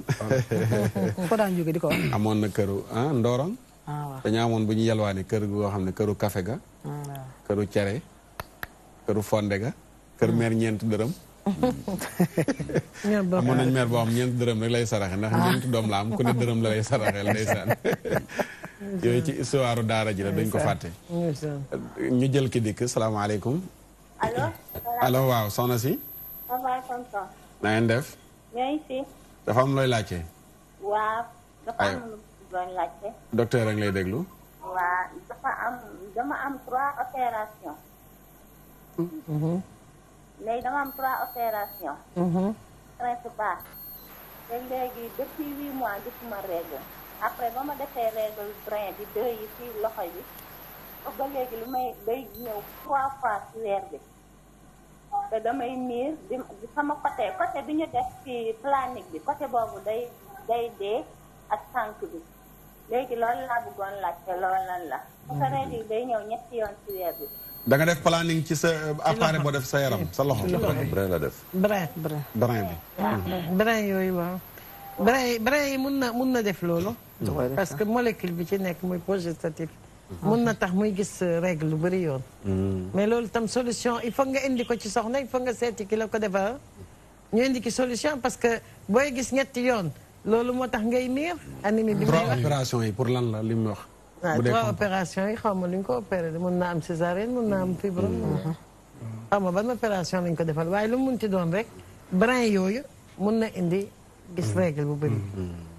S5: amoon na këru ah Ndorong. Ah, dañu amoon bu ñu yalwaane kër goo xam ne këru kafe ga. Ah. këru cere këru fonde ga. kër meer mm. ñeent dërëm. amoon nañ meer boo xam ñeent dërëm rek lay saraxe ndax ah. ñeent doom la am ku ne dërëm la lay saraxeel yooyu ci istuwaaru daara ji la dañ ko fàtte. ñu jël ki dikk salaamaaleykum.
S12: allo. allo
S5: waaw soxna si.
S12: papa Tonton. na ngeen def. ñooy si.
S5: dafa am looy laajte.
S12: waaw. dafa am looy laajte.
S5: docteur rek lay déglu.
S12: waaw dafa am dama am trois opérations. Mm-hmm. léegi dama am trois opérations. Mm-hmm. principal. te léegi depuis huit mois gisuma règle après ba defee règle drain bi deux yi ci loxo yi ba léegi lu may day ñëw trois fois ci weer bi. te damay miir di sama côté côté bi ñu def ci planning bi côté boobu day dee ak tànk bi léegi loolu laa bëggoon laajte loolu lan la. parce que day ñëw ñetti yoon ci weer bi.
S5: da def planning ci sa euh, appareil boo def sa yaram sa loxo. brin la def.
S9: brin brin. brin bi. Ah, hmm. ah, brin yooyu waaw. brin yi mun na mun na def loolu. parce que molécule bi ci nekk muy progestatif. mun na tax muy gis euh, règle lu bëri yoon. Mm. mais loolu tam solution il faut nga indi ko ci soxna il faut nga seeti ki la ko defar ñu indi ki solution parce que booy gis ñetti yoon loolu moo tax ngay miir. anémie bi trois
S5: opération yi pour lan la li mu wax. Ah, bu trois
S9: opération yi xaw ma lu ñu ko opéré mun naa am césarienne mun naa am mm. fibrome. Mm. xaw ma ban opération lañ ko defal waaye lu mu munti doon rek brin yooyu mun na indi. gis règle bu bëri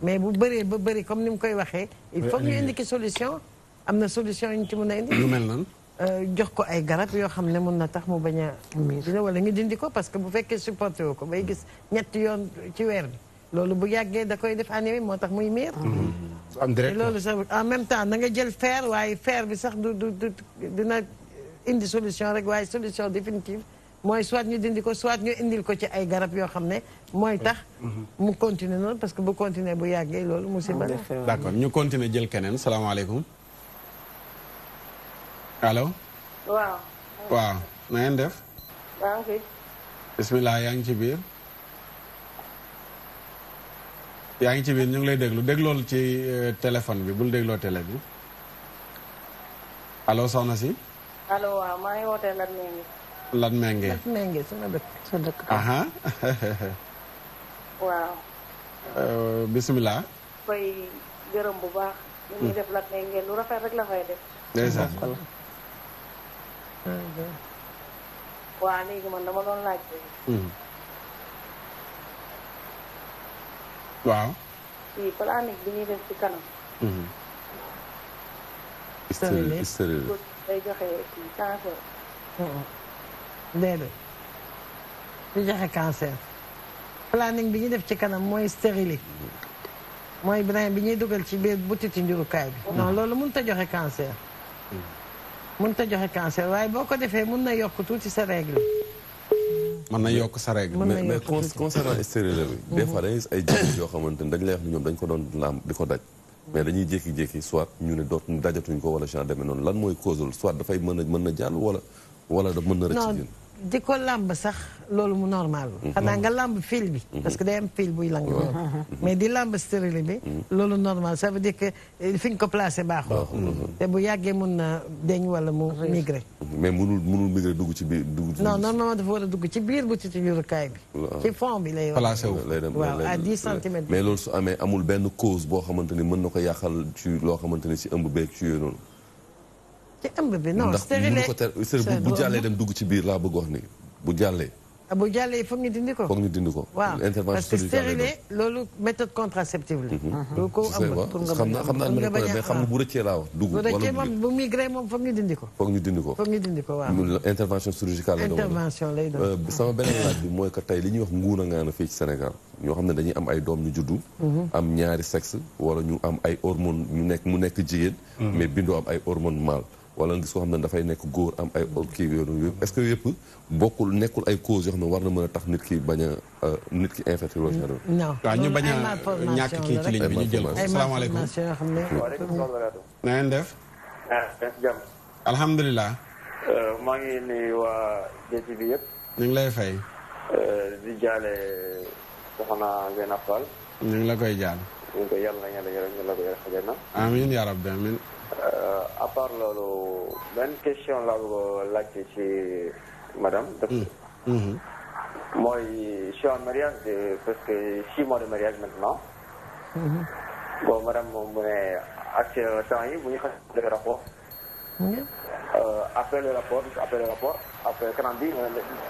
S9: mais bu bëree ba bëri comme ni mu koy waxee il faut ñu indi ki solution am na solution yu ñu ci mën a indi. lu mel nan. Euh, jox ko ay garab yoo xam ne mën na tax mu bañ a. dina wala nga dindi ko parce que bu fekkee supporté wu ko bay gis ñetti yoon ci weer bi. loolu bu yàggee da koy def anémie moo tax muy miir. Mm-hmm. am direct loolu sax en même temps na nga jël fer waaye fer bi sax du du du dina indi solution rek waaye solution définitive mooy soit ñu dindi ko soit ñu indil ko ci ay garab yoo xam ne mooy tax. Mm-hmm. mu continuer noonu parce que bu continuer bu yàggee loolu musiba la. d'accord
S5: ñu continuer jël keneen salaamaaleykum. allo. waaw. na ngeen def. yaa ngi fi. yaa ngi ci biir. yaa ngi ci biir ñu ngi lay déglu déglool ci euh, téléphone bi bul dégloo télé bi allo soxna si.
S12: waaw maa ngi wootee Lat Mengue.
S5: Lat Mengue. Lat
S9: Mengue dëkk
S5: sama
S12: waaw.
S5: Euh, bisimilah.
S12: fay gërëm bu baax. ñu ngi hmm. def Lat Mengue lu rafet rek la fay def.
S8: ndeysaan
S12: waa léegi man dama doon laajte. waaw. fii planique bi ñuy def ci kanam.
S9: stérile stérile.
S12: day joxe kii cancer.
S9: déedéet. planning bi ñuy def ci kanam mooy stérile. Mm-hmm. mooy beneen bi ñuy dugal ci biir butitu njurukaay bi. Mm-hmm. non loolu mënut joxe cancer. Mm-hmm. mën ta joxe cancer waaye boo ko defee mën na yokk tuuti sa règle.
S6: mën na yokk sa règle. mën na yokk tuuti mais mais concernant stérilé bi. Mhm. des fois dañuy gis ay jigéen xamante ne dañ lay wax ñoom dañ ko doon laam di ko daj. mais dañuy jékki-jékki soit ñu ne dootuñu dajatuñ ko wala genre deme noonu lan mooy cause soit dafay mën a mën na jàll wala wala da mën na rëcc
S9: di ko lamba sax loolu mu normal mhm. xanaa nga làmb fil bi mhm. parce que day am fil buy lang mais di làmb stérile bi mhm. loolu normal ça veut dire que eh, fi ñu ko placé baaxul te bu yàggee mun na deñ wala mu migré
S6: mais munul munul migré dugg ci biir dugg
S9: non normalement dafa war a dugg ci biir bu ci jurukaay bi ci bi lay placé wu waaw à dix mais
S6: loolu su amee amul benn cause boo xamante ni mën na ko yàqal ci loo xamante ni si ëmb beeg ci yooyu
S9: ci ëmb bi non stérilé ndax stérilé bu jàllee
S6: dem dugg ci biir laa bëgg wax ni bu jàllee.
S9: Ah, bu jàllee il foog ñu dindi ko. foog
S6: ñu dindi ko. waaw parce que stérilé
S9: mhm. a xam naa mais xam nga bu
S6: bu rëccee moom
S9: bu moom foog ñu dindi ko. foog ñu dindi ko. foog ñu dindi ko waaw.
S6: intervention chirurgicale la intervention lay doon euh, sama beneen laaj bi mooy que tey li ñuy wax nguuna ngaana fii ci Sénégal. ñoo xam ne dañuy am ay doom ñu juddu. Mhm. am ñaari sexe wala ñu am ay hormone ñu nekk mu nekk jigéen. Mhm. mais bindoo am ay hormone mâle wala nga gis xam ne dafay nekk góor am ay kii yooyu est que yëpp bokkul nekkul ay causes yoo xam ne war na mën a tax nit ki bañ a euh, nit ki infertilité. non waaw ñu bañ a ñàkk kii ci ligne bi ñu jël ko. asalaamaaleykum na
S5: ah,
S13: euh, maa ngi nuyu waa ñu ngi lay fay. Euh, di jaale soxna Zeyna Fall.
S5: ñu ngi la koy jaal.
S13: ñu yàlla na ñu la koy yàlla xajana.
S5: amiin yaa rabbi amiin.
S13: Euh, à part loolu benn question laa bëgg laajte ci madame. Mm. Mm-hmm. mooy je suis en mariage de que six mois de mariage maintenant. Mm-hmm. bon madame moom mu ne ak euh, temps yi bu ñu xasee def rapport. Mm-hmm. Euh, après le rapport après le rapport après kanam bi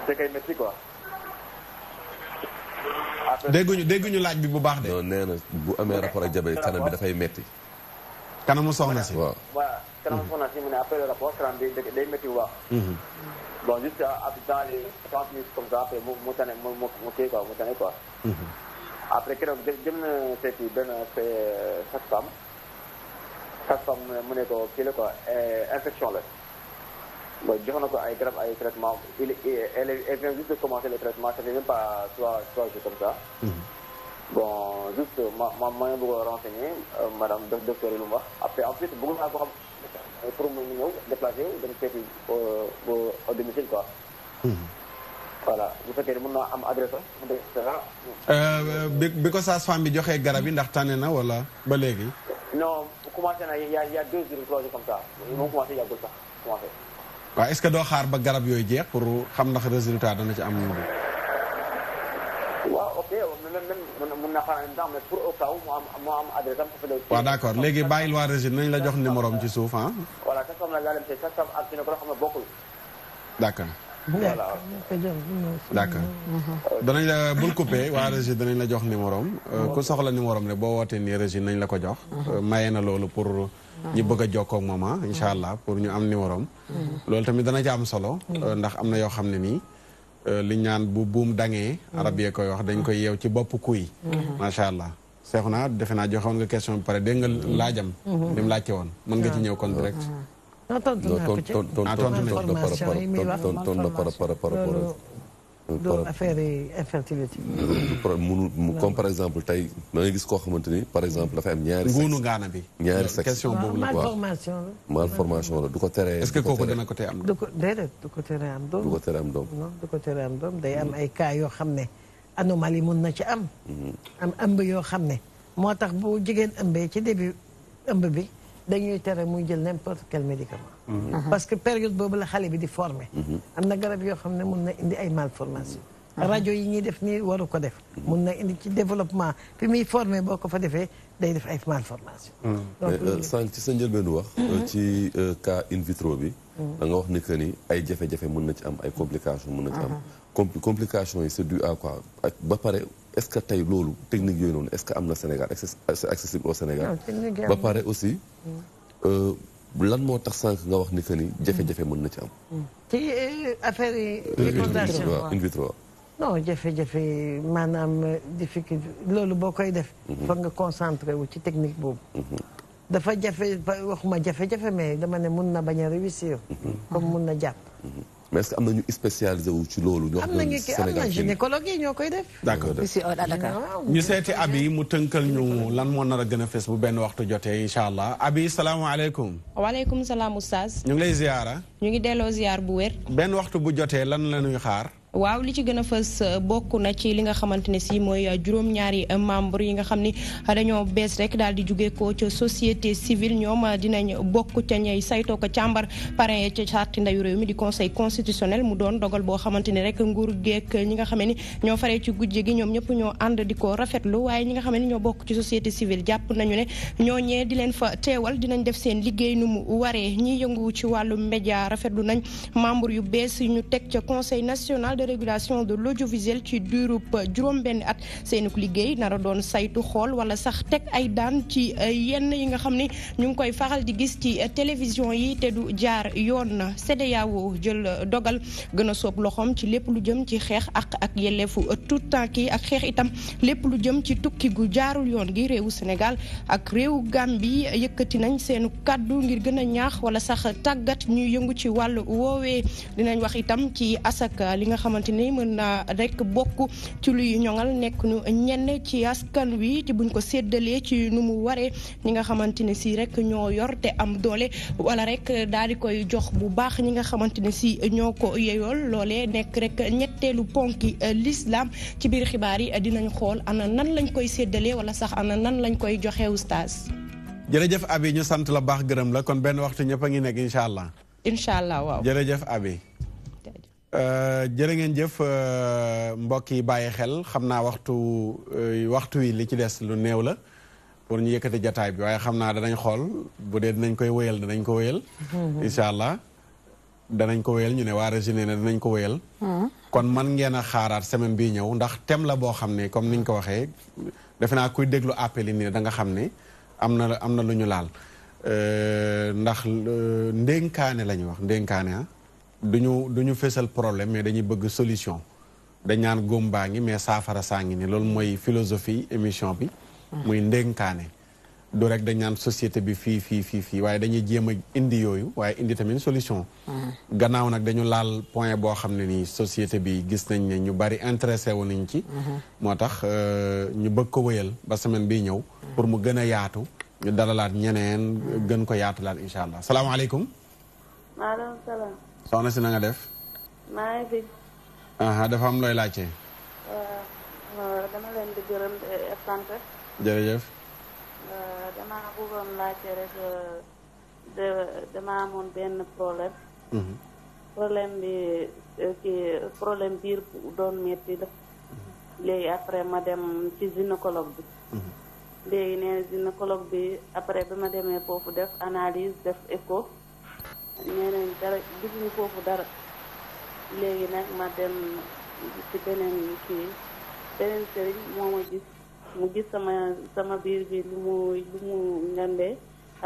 S13: da koy métti quoi. après
S9: dégguñu dégguñu laaj
S6: bi bu baax dé non néna bu amé rapport ak jabar kanam bi fay métti. kanamu soxna si waaw.
S13: voilà kanamu soxna si mu ne après le rapport kanam day day métti bu mhm. baax. mu mu tane mu mu mu kii mu ne ko kii la quoi euh, infection ko ay garab ay traitement il elle vient commencer le traitement ça fait même pas trois trois jours bon juste ma ma ma nga bëggoon renseigner euh, madame docteur yi lu mu wax après ensuite bëgg naa ko xam pour mu ñëw déplacé wu dem euh, hmm. voilà bu fekkee mën naa am adresse am.
S5: Euh, bi bi ko sage-femme bi joxe garab yi ndax tànne na wala ba léegi.
S13: non commencé na y a y a deux jours trois jours comme ça moom
S5: est-ce que doo xaar ba garab yooyu jeex pour xam ndax résultat dana ci am.
S13: waaw ok naqaraan sax waaw d' accord léegi bàyyil waa régie nañ la jox numéro am ci suuf ah. voilà d' accord. voilà d' euh,
S5: danañ la bul coupé waa régie danañ la jox numéro am euh, ku soxla numéro am rek boo wootee nii régie nañ la ko jox. Uh-huh. Euh, maye na loolu pour. ñu bëgg a jokkoo ak moom ah, uh-huh. allah pour ñu am numéro uh-huh. loolu tamit dana ci am solo. ndax am na yoo xam ne nii. li ñaan bu buum dangee arab yee koy wax dañ koy yeew ci bopp kuy macha allah seexu naa defe naa joxewoon nga question bi pare dégg nga laajam li mu laajte woon mën nga ci
S6: ñëw kon direct
S9: tontu naa ko ci information yi muy wax donc affaire yi infertilité.
S6: mu comme par exemple tey da ngay gis koo xamante ni par exemple dafa am ñaari. nguunu gaana bi ñaari sexe question boobu la
S9: malformation
S6: la. malformation la du ko teree. est-ce que kooku dana ko teree am doom. du
S9: ko déedéet du ko teree am doom. du ko teree am doom. non du ko teree am doom day am ay cas yoo xam ne anomalie mun na ci am. Mm-hmm. am ëmb yoo xam ne. moo tax bu jigéen ëmbee ci début ëmb bi dañuy tere muy jël n'importe quel médicament. Mhm. parce que période boobu la xale bi di formé. Mhm. am na garab yoo xam ne mun na indi ay malformation mhm. rajo yi ñuy def nii waru ko def. mun na indi ci développement fi muy formé boo ko fa defee day def ay malformation
S6: donc euh, sànq ci sa njëlbeenu wax. Euh, ci euh, cas in vitro bi. da wax ni que ni ay jafe-jafe mun na ci am ay complications mun na ci am. complication yi c'est dû à quoi ba pare est-ce que tey loolu technique yooyu noonu est-ce que am na Sénégal accessible au Sénégal. ba pare aussi. lan mo tax sank nga wax ni que ni jafé jafé mën na ci am.
S9: ci euh, affaire yi.
S6: fécondation euh, waaw in vitro
S9: non jafé jafe maanaam euh, difficulté lolu bokoy def. Mhm. fa nga concentrer wu ci technique boobu. Mhm. dafa jafé waxuma jafé jafé mais dama né mën na baña réussir. Mhm. comme mën na japp
S6: mais est que am na ñu spécialisé wu ci loolu. ñoo xam ne Sénégal
S9: koy def. d'accord ici à ah, Dakar. Ah, ñu
S6: seeti
S5: Abi mu tënkal ñu lan moo nar a gën a fes bu benn waxtu jote incha allah Abi salaamaaleykum.
S1: waaleykum salaam oustaz.
S5: ñu ngi lay ziara.
S1: ñu ngi delloo ziar bu wér.
S5: benn waxtu bu jotee lan la ñuy xaar.
S1: waaw li ci gëna fess euh, bokk na ci li nga xamantene si mooy euh, ñaari euh, membre yi nga xamni dañoo bees rek daal di jugee ko ci société civile ñoom dinañ bokk ca ñay sayto ko chamber parrain ya ci charte ndayu réew mi di conseil constitutionnel mu doon dogal bo xamantene rek nguur geek ñi nga xamni ñoo faré ci gujje gi ñoom ñëpp ñoo and di ko rafetlu waye ñi nga xamni ñoo bokk ci société civile japp nañu ne ñooñee di leen fa téwal dinañ def seen liggéey nu mu waré ñi yëngu ci walu média rafetlu nañ membre yu bees yu ñu tek ci conseil national de régulation de l'audiovisuel ci durub juróom-benn at seen liggéey nara doon saytu xool wala sax teg ay daan ci eh, yenn yi nga xam ne ñu ngi koy faral di gis ci eh, télévision yi te du jaar yoon na CEDEAO jël eh, dogal gën a soob loxoom ci lépp lu jëm ci xeex ak ak yelleefu tout temps yi ak xeex itam lépp lu jëm ci tukki gu jaarul yoon gi réewu Sénégal ak réewu Gambie yëkkati nañ seen kàddu ngir gën a ñaax wala sax tàggat ñuy yëngu ci wàll woowee dinañ wax xamante ni mën naa rekk bokk ci luy ñoŋal nekk ñenn ci askan wi ci buñ ko seddalee ci nu mu waree ñi nga xamante ne si rek ñoo yor te am doole wala rek daal di koy jox bu baax ñi nga xamante ne si ñoo ko yeyool loole nekk rek ñetteelu ponk ponki euh, l'islam ci biir xibaar yi euh, dinañ xool ana nan lañ koy séddalee wala sax ana nan lañ koy joxe oustaz.
S5: jërëjëf Abi ñu sant la baax gërëm la kon benn waxtu ñëpp a ngi nekk incha allah.
S1: incha allah waaw
S5: jërëjëf Abi. Euh, jërë ngeen jëf euh, mbokk yi bàyyi xel xam naa waxtu euh, waxtu wi li ci des lu néew la pour ñu yëkkati jataay bi waaye xam naa danañ xool bu dee dinañ koy wéyal danañ ko wéyal. Mhm. allah danañ ko wéyal ñu ne waa Réginé ne danañ ko wéyal. Mhm. kon man ngeen a xaaraat semaine bii ñëw ndax thème la boo xam ne comme niñ ko waxee defe naa kuy déglu appel yi nii da nga xam ne am na am na lu ñu laal ndax ndénkaane la ñu wax ndénkaane ah. duñu du ñu fésal problème mais dañuy bëgg solution dañ naan góom baa ngi mais saafara saa ngi ni loolu mooy philosophie émission bi muy ndénkaane du rek dañ naan société bi fii fii fii fii waaye dañuy jéem a indi yooyu waaye indi tamit solution gannaaw nag dañu laal point boo xam ne nii société bi gis nañ ne ñu bari intéressé wu nañ ci moo tax euh, ñu bëgg ko wëyal ba semaine bi ñëw pour mu gën a yaatu ñu dalalaat ñeneen gën ko yaatu yaatulaat incha allah salaamaaleykum soxna si na nga def. maa ngi fi. dafa am looy laajte.
S12: dama leen di gërëm sant. jërëjëf. dama bëggoon laajte rek dama amoon benn problème. Mhm. problème bi kii problème biir doon metti la. léegi après ma dem ci gynécologue bi. Mhm. léegi nee gynécologue bi après bi ma demee foofu def analyse def écho. nee nañ dara gisuñu foofu dara léegi nag ma dem ci beneen kii beneen sëriñ moo ma gis mu gis sama sama biir bi lu mu lu mu ngandee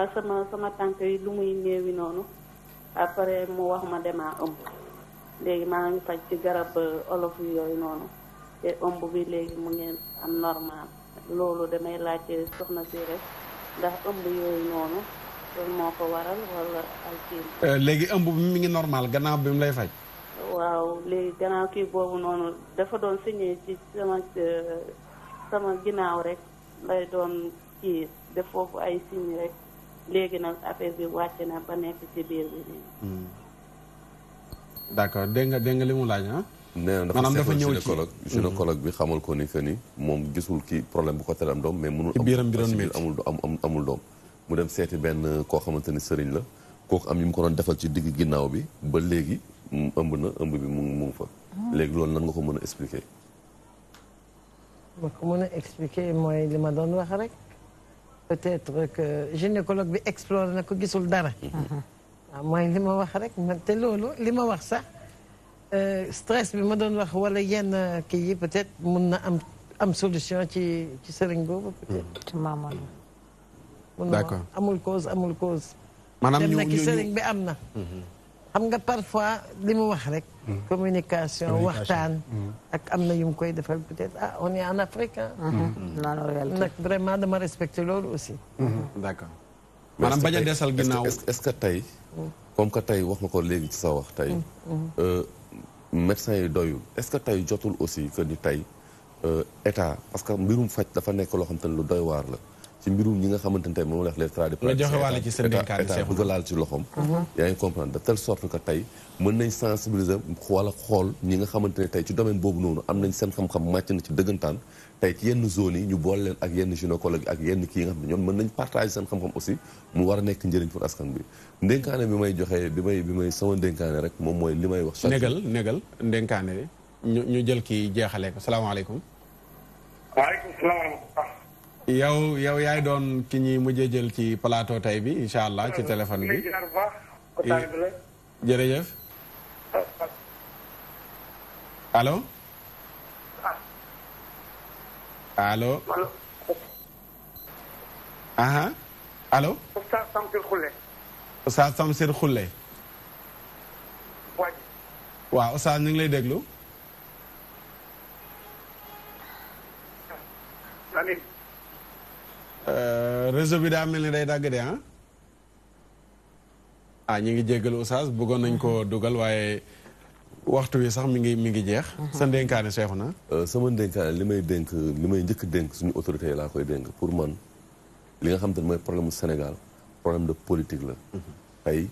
S12: ak sama sama tànk yi lu muy néewi noonu après mu wax ma demaa ëmb léegi maa ngi faj ci garab euh, olof yooyu noonu te ëmb bi léegi mu ngeen am normal loolu damay laajte soxna si rek ndax ëmb yooyu noonu Euh,
S5: léegi ëmb bi mi ngi normal gannaaw bi mu lay faj.
S12: waaw léegi gannaaw kii boobu noonu dafa doon sañee ci sama euh, sama ginnaaw rek lay doon kii def foofu ay signe rek léegi nag affaire bi wàcc na ba nekk ci biir bi nii.
S6: Hmm.
S5: d'accord dégg nga dégg nga li mu laaj ah.
S6: dafa seetlu gynécologue hmm. gynécologue bi xamal ko ni que ni moom gisul kii problème bu ko tere am doom mais mënul. amul doom. mu dem seeti benn koo xamante ni sëriñ la kooku am ñu mu ko doon defal ci digg ginnaaw bi ba léegi ëmb na ëmb bi mu mu ngi fa. Ah. léegi loolu nan ko mën a expliquer.
S9: ko mën a mooy li ma doon wax rek. peut-être que gynécologue bi explore na ko gisul dara. waaw mhm. ah, mooy li ma wax rek man te loolu li ma wax sax euh, stress bi ma doon wax wala yenn kii yi peut-être mun na am am solution ci ci sëriñ boobu peut-être. d'accord amul cause amul cause. maanaam ñu dem na ci sëriñ bi am na. xam nga parfois li mu wax rek. communication waxtaan. ak am na yu mu koy defal peut-être ah on est en Afrique ah. non non réalité nag vraiment dama respecté loolu aussi. d'accord maanaam bañ a desal
S5: ginnaaw
S6: est-ce que tey. comme que tey wax nga ko léegi ci sa wax tey. médecins yi doyul est-ce que tey jotul aussi que ni tey état parce que mbirum faj dafa nekk loo xam te ne lu doy waar la. ci mbirum ñi nga xamante ne tey moom la wax les tradipraticiens mhm. ñi nga xamante ne tey ci domaine boobu noonu am nañ seen xam-xam màcc na ci dëggantaan tey ci yenn zone yi ñu leen yenn gynécologue ak yenn kii nga xam ne ñoom mën nañ partager seen xam-xam aussi mu a nekk njëriñ pour askan bi ndénkaane bi may joxee bi may bi may sama ndénkaane rek moom mooy li may wax négal négal ndénkaane
S5: ñu ñu jël kii jeexalee ko salaamaaleykum waaleykum salaam yow yow yaay doon ki ñuy mujjee jël ci plateau tey bi incha allah ci téléphone bi. jërëjëf. allo. allo. aha allo. Oustaz Samsir Khoule. Oustaz Samsir ñu ngi lay déglu. Euh, réseau bi daa mel ni day dàgg de ah. ah ñu ngi jéggal oustaz bëggoon nañ ko dugal waaye waxtu wi sax mi ngi mu ngi jeex. Mhm. sa ndénkaane seexu na.
S6: Euh, sama ndénkaane li may dénk li may njëkk dénk suñu autorité yi laa koy dénk pour man li nga xam te mooy problème Sénégal problème de politique la. Mhm. tey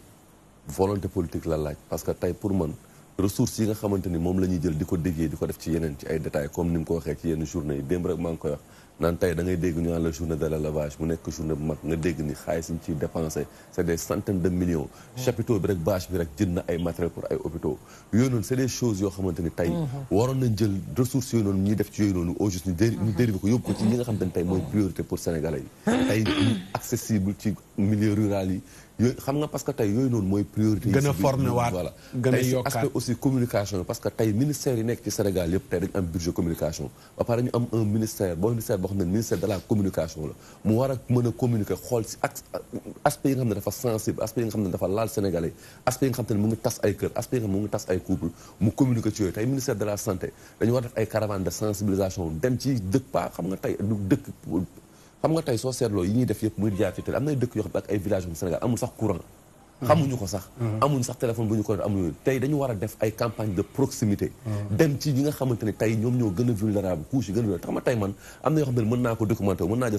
S6: volonté la laaj parce que tey pour moom la ñuy jël di ko déggee di ko def ci yeneen ci ay détails comme ni mu ko waxee ci yenn journée yi démb rek maa ngi koy wax. naan tey da ngay dégg ñu naan la journée de l'élevage mu nekk journée bu mag nga dégg ni xaalis ñu ciy dépensé c'est des centaines de millions chapiteau bi rek bâche bi rek jënd na ay matériel pour ay hôpitaux yooyu noonu c'est des choses yoo xamante ni tey mm-hmm. waroon nañ jël ressources yooyu noonu def ci yooyu noonu au juste ñu mm-hmm. dérivé ko yóbbu ko ci ñi nga xamante ni tey mooy priorité pour sénégalais yi tey accessible ci milieu rural yi yooyu xam nga parce que tey yooyu noonu mooy priorité gën a formé waat voilà a yokkaat aspect aussi communication parce que tey ministère yi nekk ci Sénégal yëpp tey dañu am budget communication ba pare ñu am ministère boo ministère boo xam ne ministère communication la mu war a mën a communiquer xool si ak aspect yi nga xam ne dafa sensible aspect yi nga xam ne dafa laal sénégalais aspect yi nga xam te ne mu ngi tas ay kër aspect yi nga xam ne mu ngi tas ay couple mu communiquer a def ay caravane de dem ci dëkk paa xam nga tey xam nga tey soo seetloo yi ñuy def yëpp muy jaar ci télé am nay dëkk yoo xam ne ak ay village yu Sénégal amul sax courant xamuñu ko sax mm-hmm. amuñu sax téléphone bu ñu ko a def ay mm-hmm. ñoom ñoo gën a vulnérable couche yi a vulnérable xam nga tey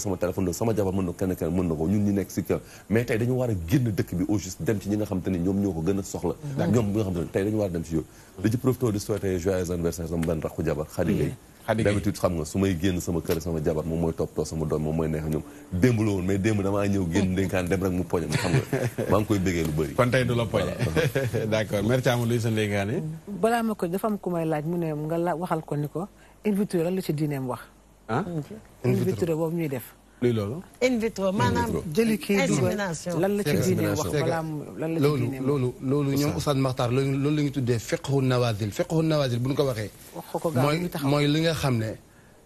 S6: sama téléphone do ñu nekk si kër mais tey dañu war a génn dëkk bi au juste dem ci ñi nga xamante ne ñoom ñoo ko gën a soxla ñoom ñi nga xamante tey dañu war a dem ci yooyu da ci profité di souhaiter joyeux anniversaire sama benn rakku jabar Khady Gueye mm-hmm. d'habitude xam nga su may génn sama kër sama jabar moom mooy toppatoo sama doom moom mooy neex ñoom démb la woon mais démb damaa ñëw génn dénkaan dem rek mu poñe mu xam nga maa ngi koy bégee lu bëri kon tey du la poñe d'accord merci Amady luy sa ndénkaane
S2: balaa ma ko dafa am ku may laaj mu ne nga la waxal ko ni ko invité la lu ci diineem wax ah invité boobu ñuy def luy loolu. in vitro maanaam jëli kii insémination lan la ci diine wax balaa
S9: mu lan
S1: la ci diine
S7: loolu loolu ñoom Oustaz Makhtar loolu loolu la ñuy tuddee fiqhu nawazil fiqhu nawazil bu ñu ko waxee. mooy mooy li nga xam ne.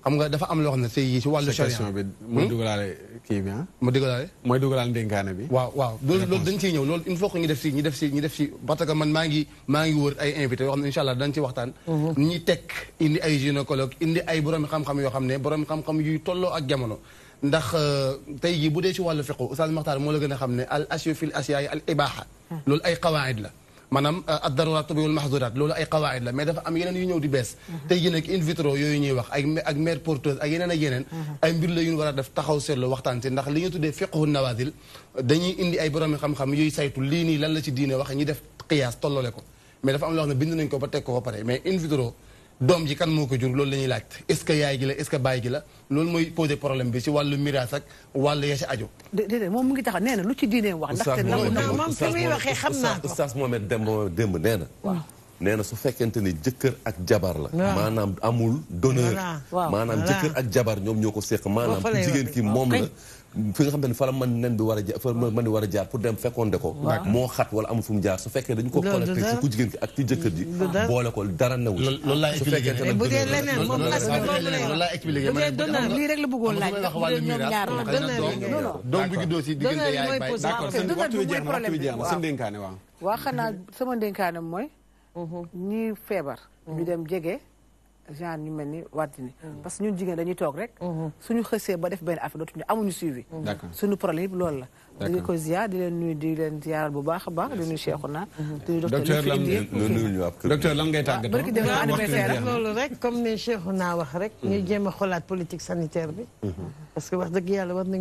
S7: xam nga dafa am loo xam ne tey jii si wàllu. charia bi mooy hmm? dugalaale
S5: kii bi ah. mooy dugalaale. mooy dugalaal ndénkaane bi. waaw waaw
S7: loolu loolu dañ ciy ñëw loolu il ñu def si ñu def si ñu def si parce que man maa ngi maa ngi wër ay invité yoo xam ne incha allah dañ ci waxtaan. Mhm. ñi tekk indi ay gynécologue indi ay borom xam-xam yoo xam ne borom xam-xam yuy tolloo ak jamono ndax tey jii bu dee ci wàllu fiqu Oustaz Maxtaar moo la gën a xam ne al asyu fil asyaay al ibaha loolu ay qawaid la maanaam ad darurat wal mahdurat loolu ay qawaid la mais dafa am yeneen yu ñëw di bees tey jii nag in vitro yooyu ñuy wax ak ak mère porteuse ak yeneen ak yeneen ay mbir la yu ñu war a def taxaw seetlu waxtaan si ndax li ñu tuddee fiqhu nawasil dañuy indi ay boroomi xam-xam yuy saytu lii nii lan la ci diine wax ñi def qiyaas tolloole ko mais dafa am loo xam ne bind nañ ko ba teg ko ba pare mais in vitro doom ji kan moo ko jur loolu la ñuy laaj est-ce que yaay gi la est-ce que baay gi la loolu mooy poser problème bi
S6: ci wàllu miraas ak wàllu ya ci
S2: aju. déedéet moom mu ngi taxaw nee na lu ci diine wax. ndaxte nangu na ko moom fi muy waxee xam naa ko
S6: na. waaw na su fekkente ni jëkkër ak jabar la. maanaam amul donneur. maanaam jëkkër ak jabar ñoom ñoo ko seq maanaam jigéen ki moom la. fi nga xam ne fa la mën nen bi war a jaar fa mën war a jaar pour dem fekkoonde ko moo xat wala amul fu mu jaar su fekkee dañu ko collecté ci ku jigéen ki ak ci jëkkër ji boole dara newu loolu laa expliqué
S2: bu dee leneen moom as bi moom laa la bëggoon laaj ñoom ñaar la donneur doom xanaa sama dénkaane mooy mhm. ñi feebar ñu mhm. dem jege genre ñu mel ni wàddini mm-hmm. parce que ñun jigéen dañuy toog rek mm-hmm. suñu xësee ba def benn affaire dootuñu amuñu suivi mm-hmm. suñu problème yëpp loolu la di leen nuyu bu baax a baax di nuyu Cheikh Ouna di nuyu docteur docteur lan
S5: ngay tàggatoo barki dem anniversaire loolu
S9: rek comme ne Cheikh Ouna wax rek ñu jéem a politique sanitaire bi parce que wax dëgg yàlla war nañ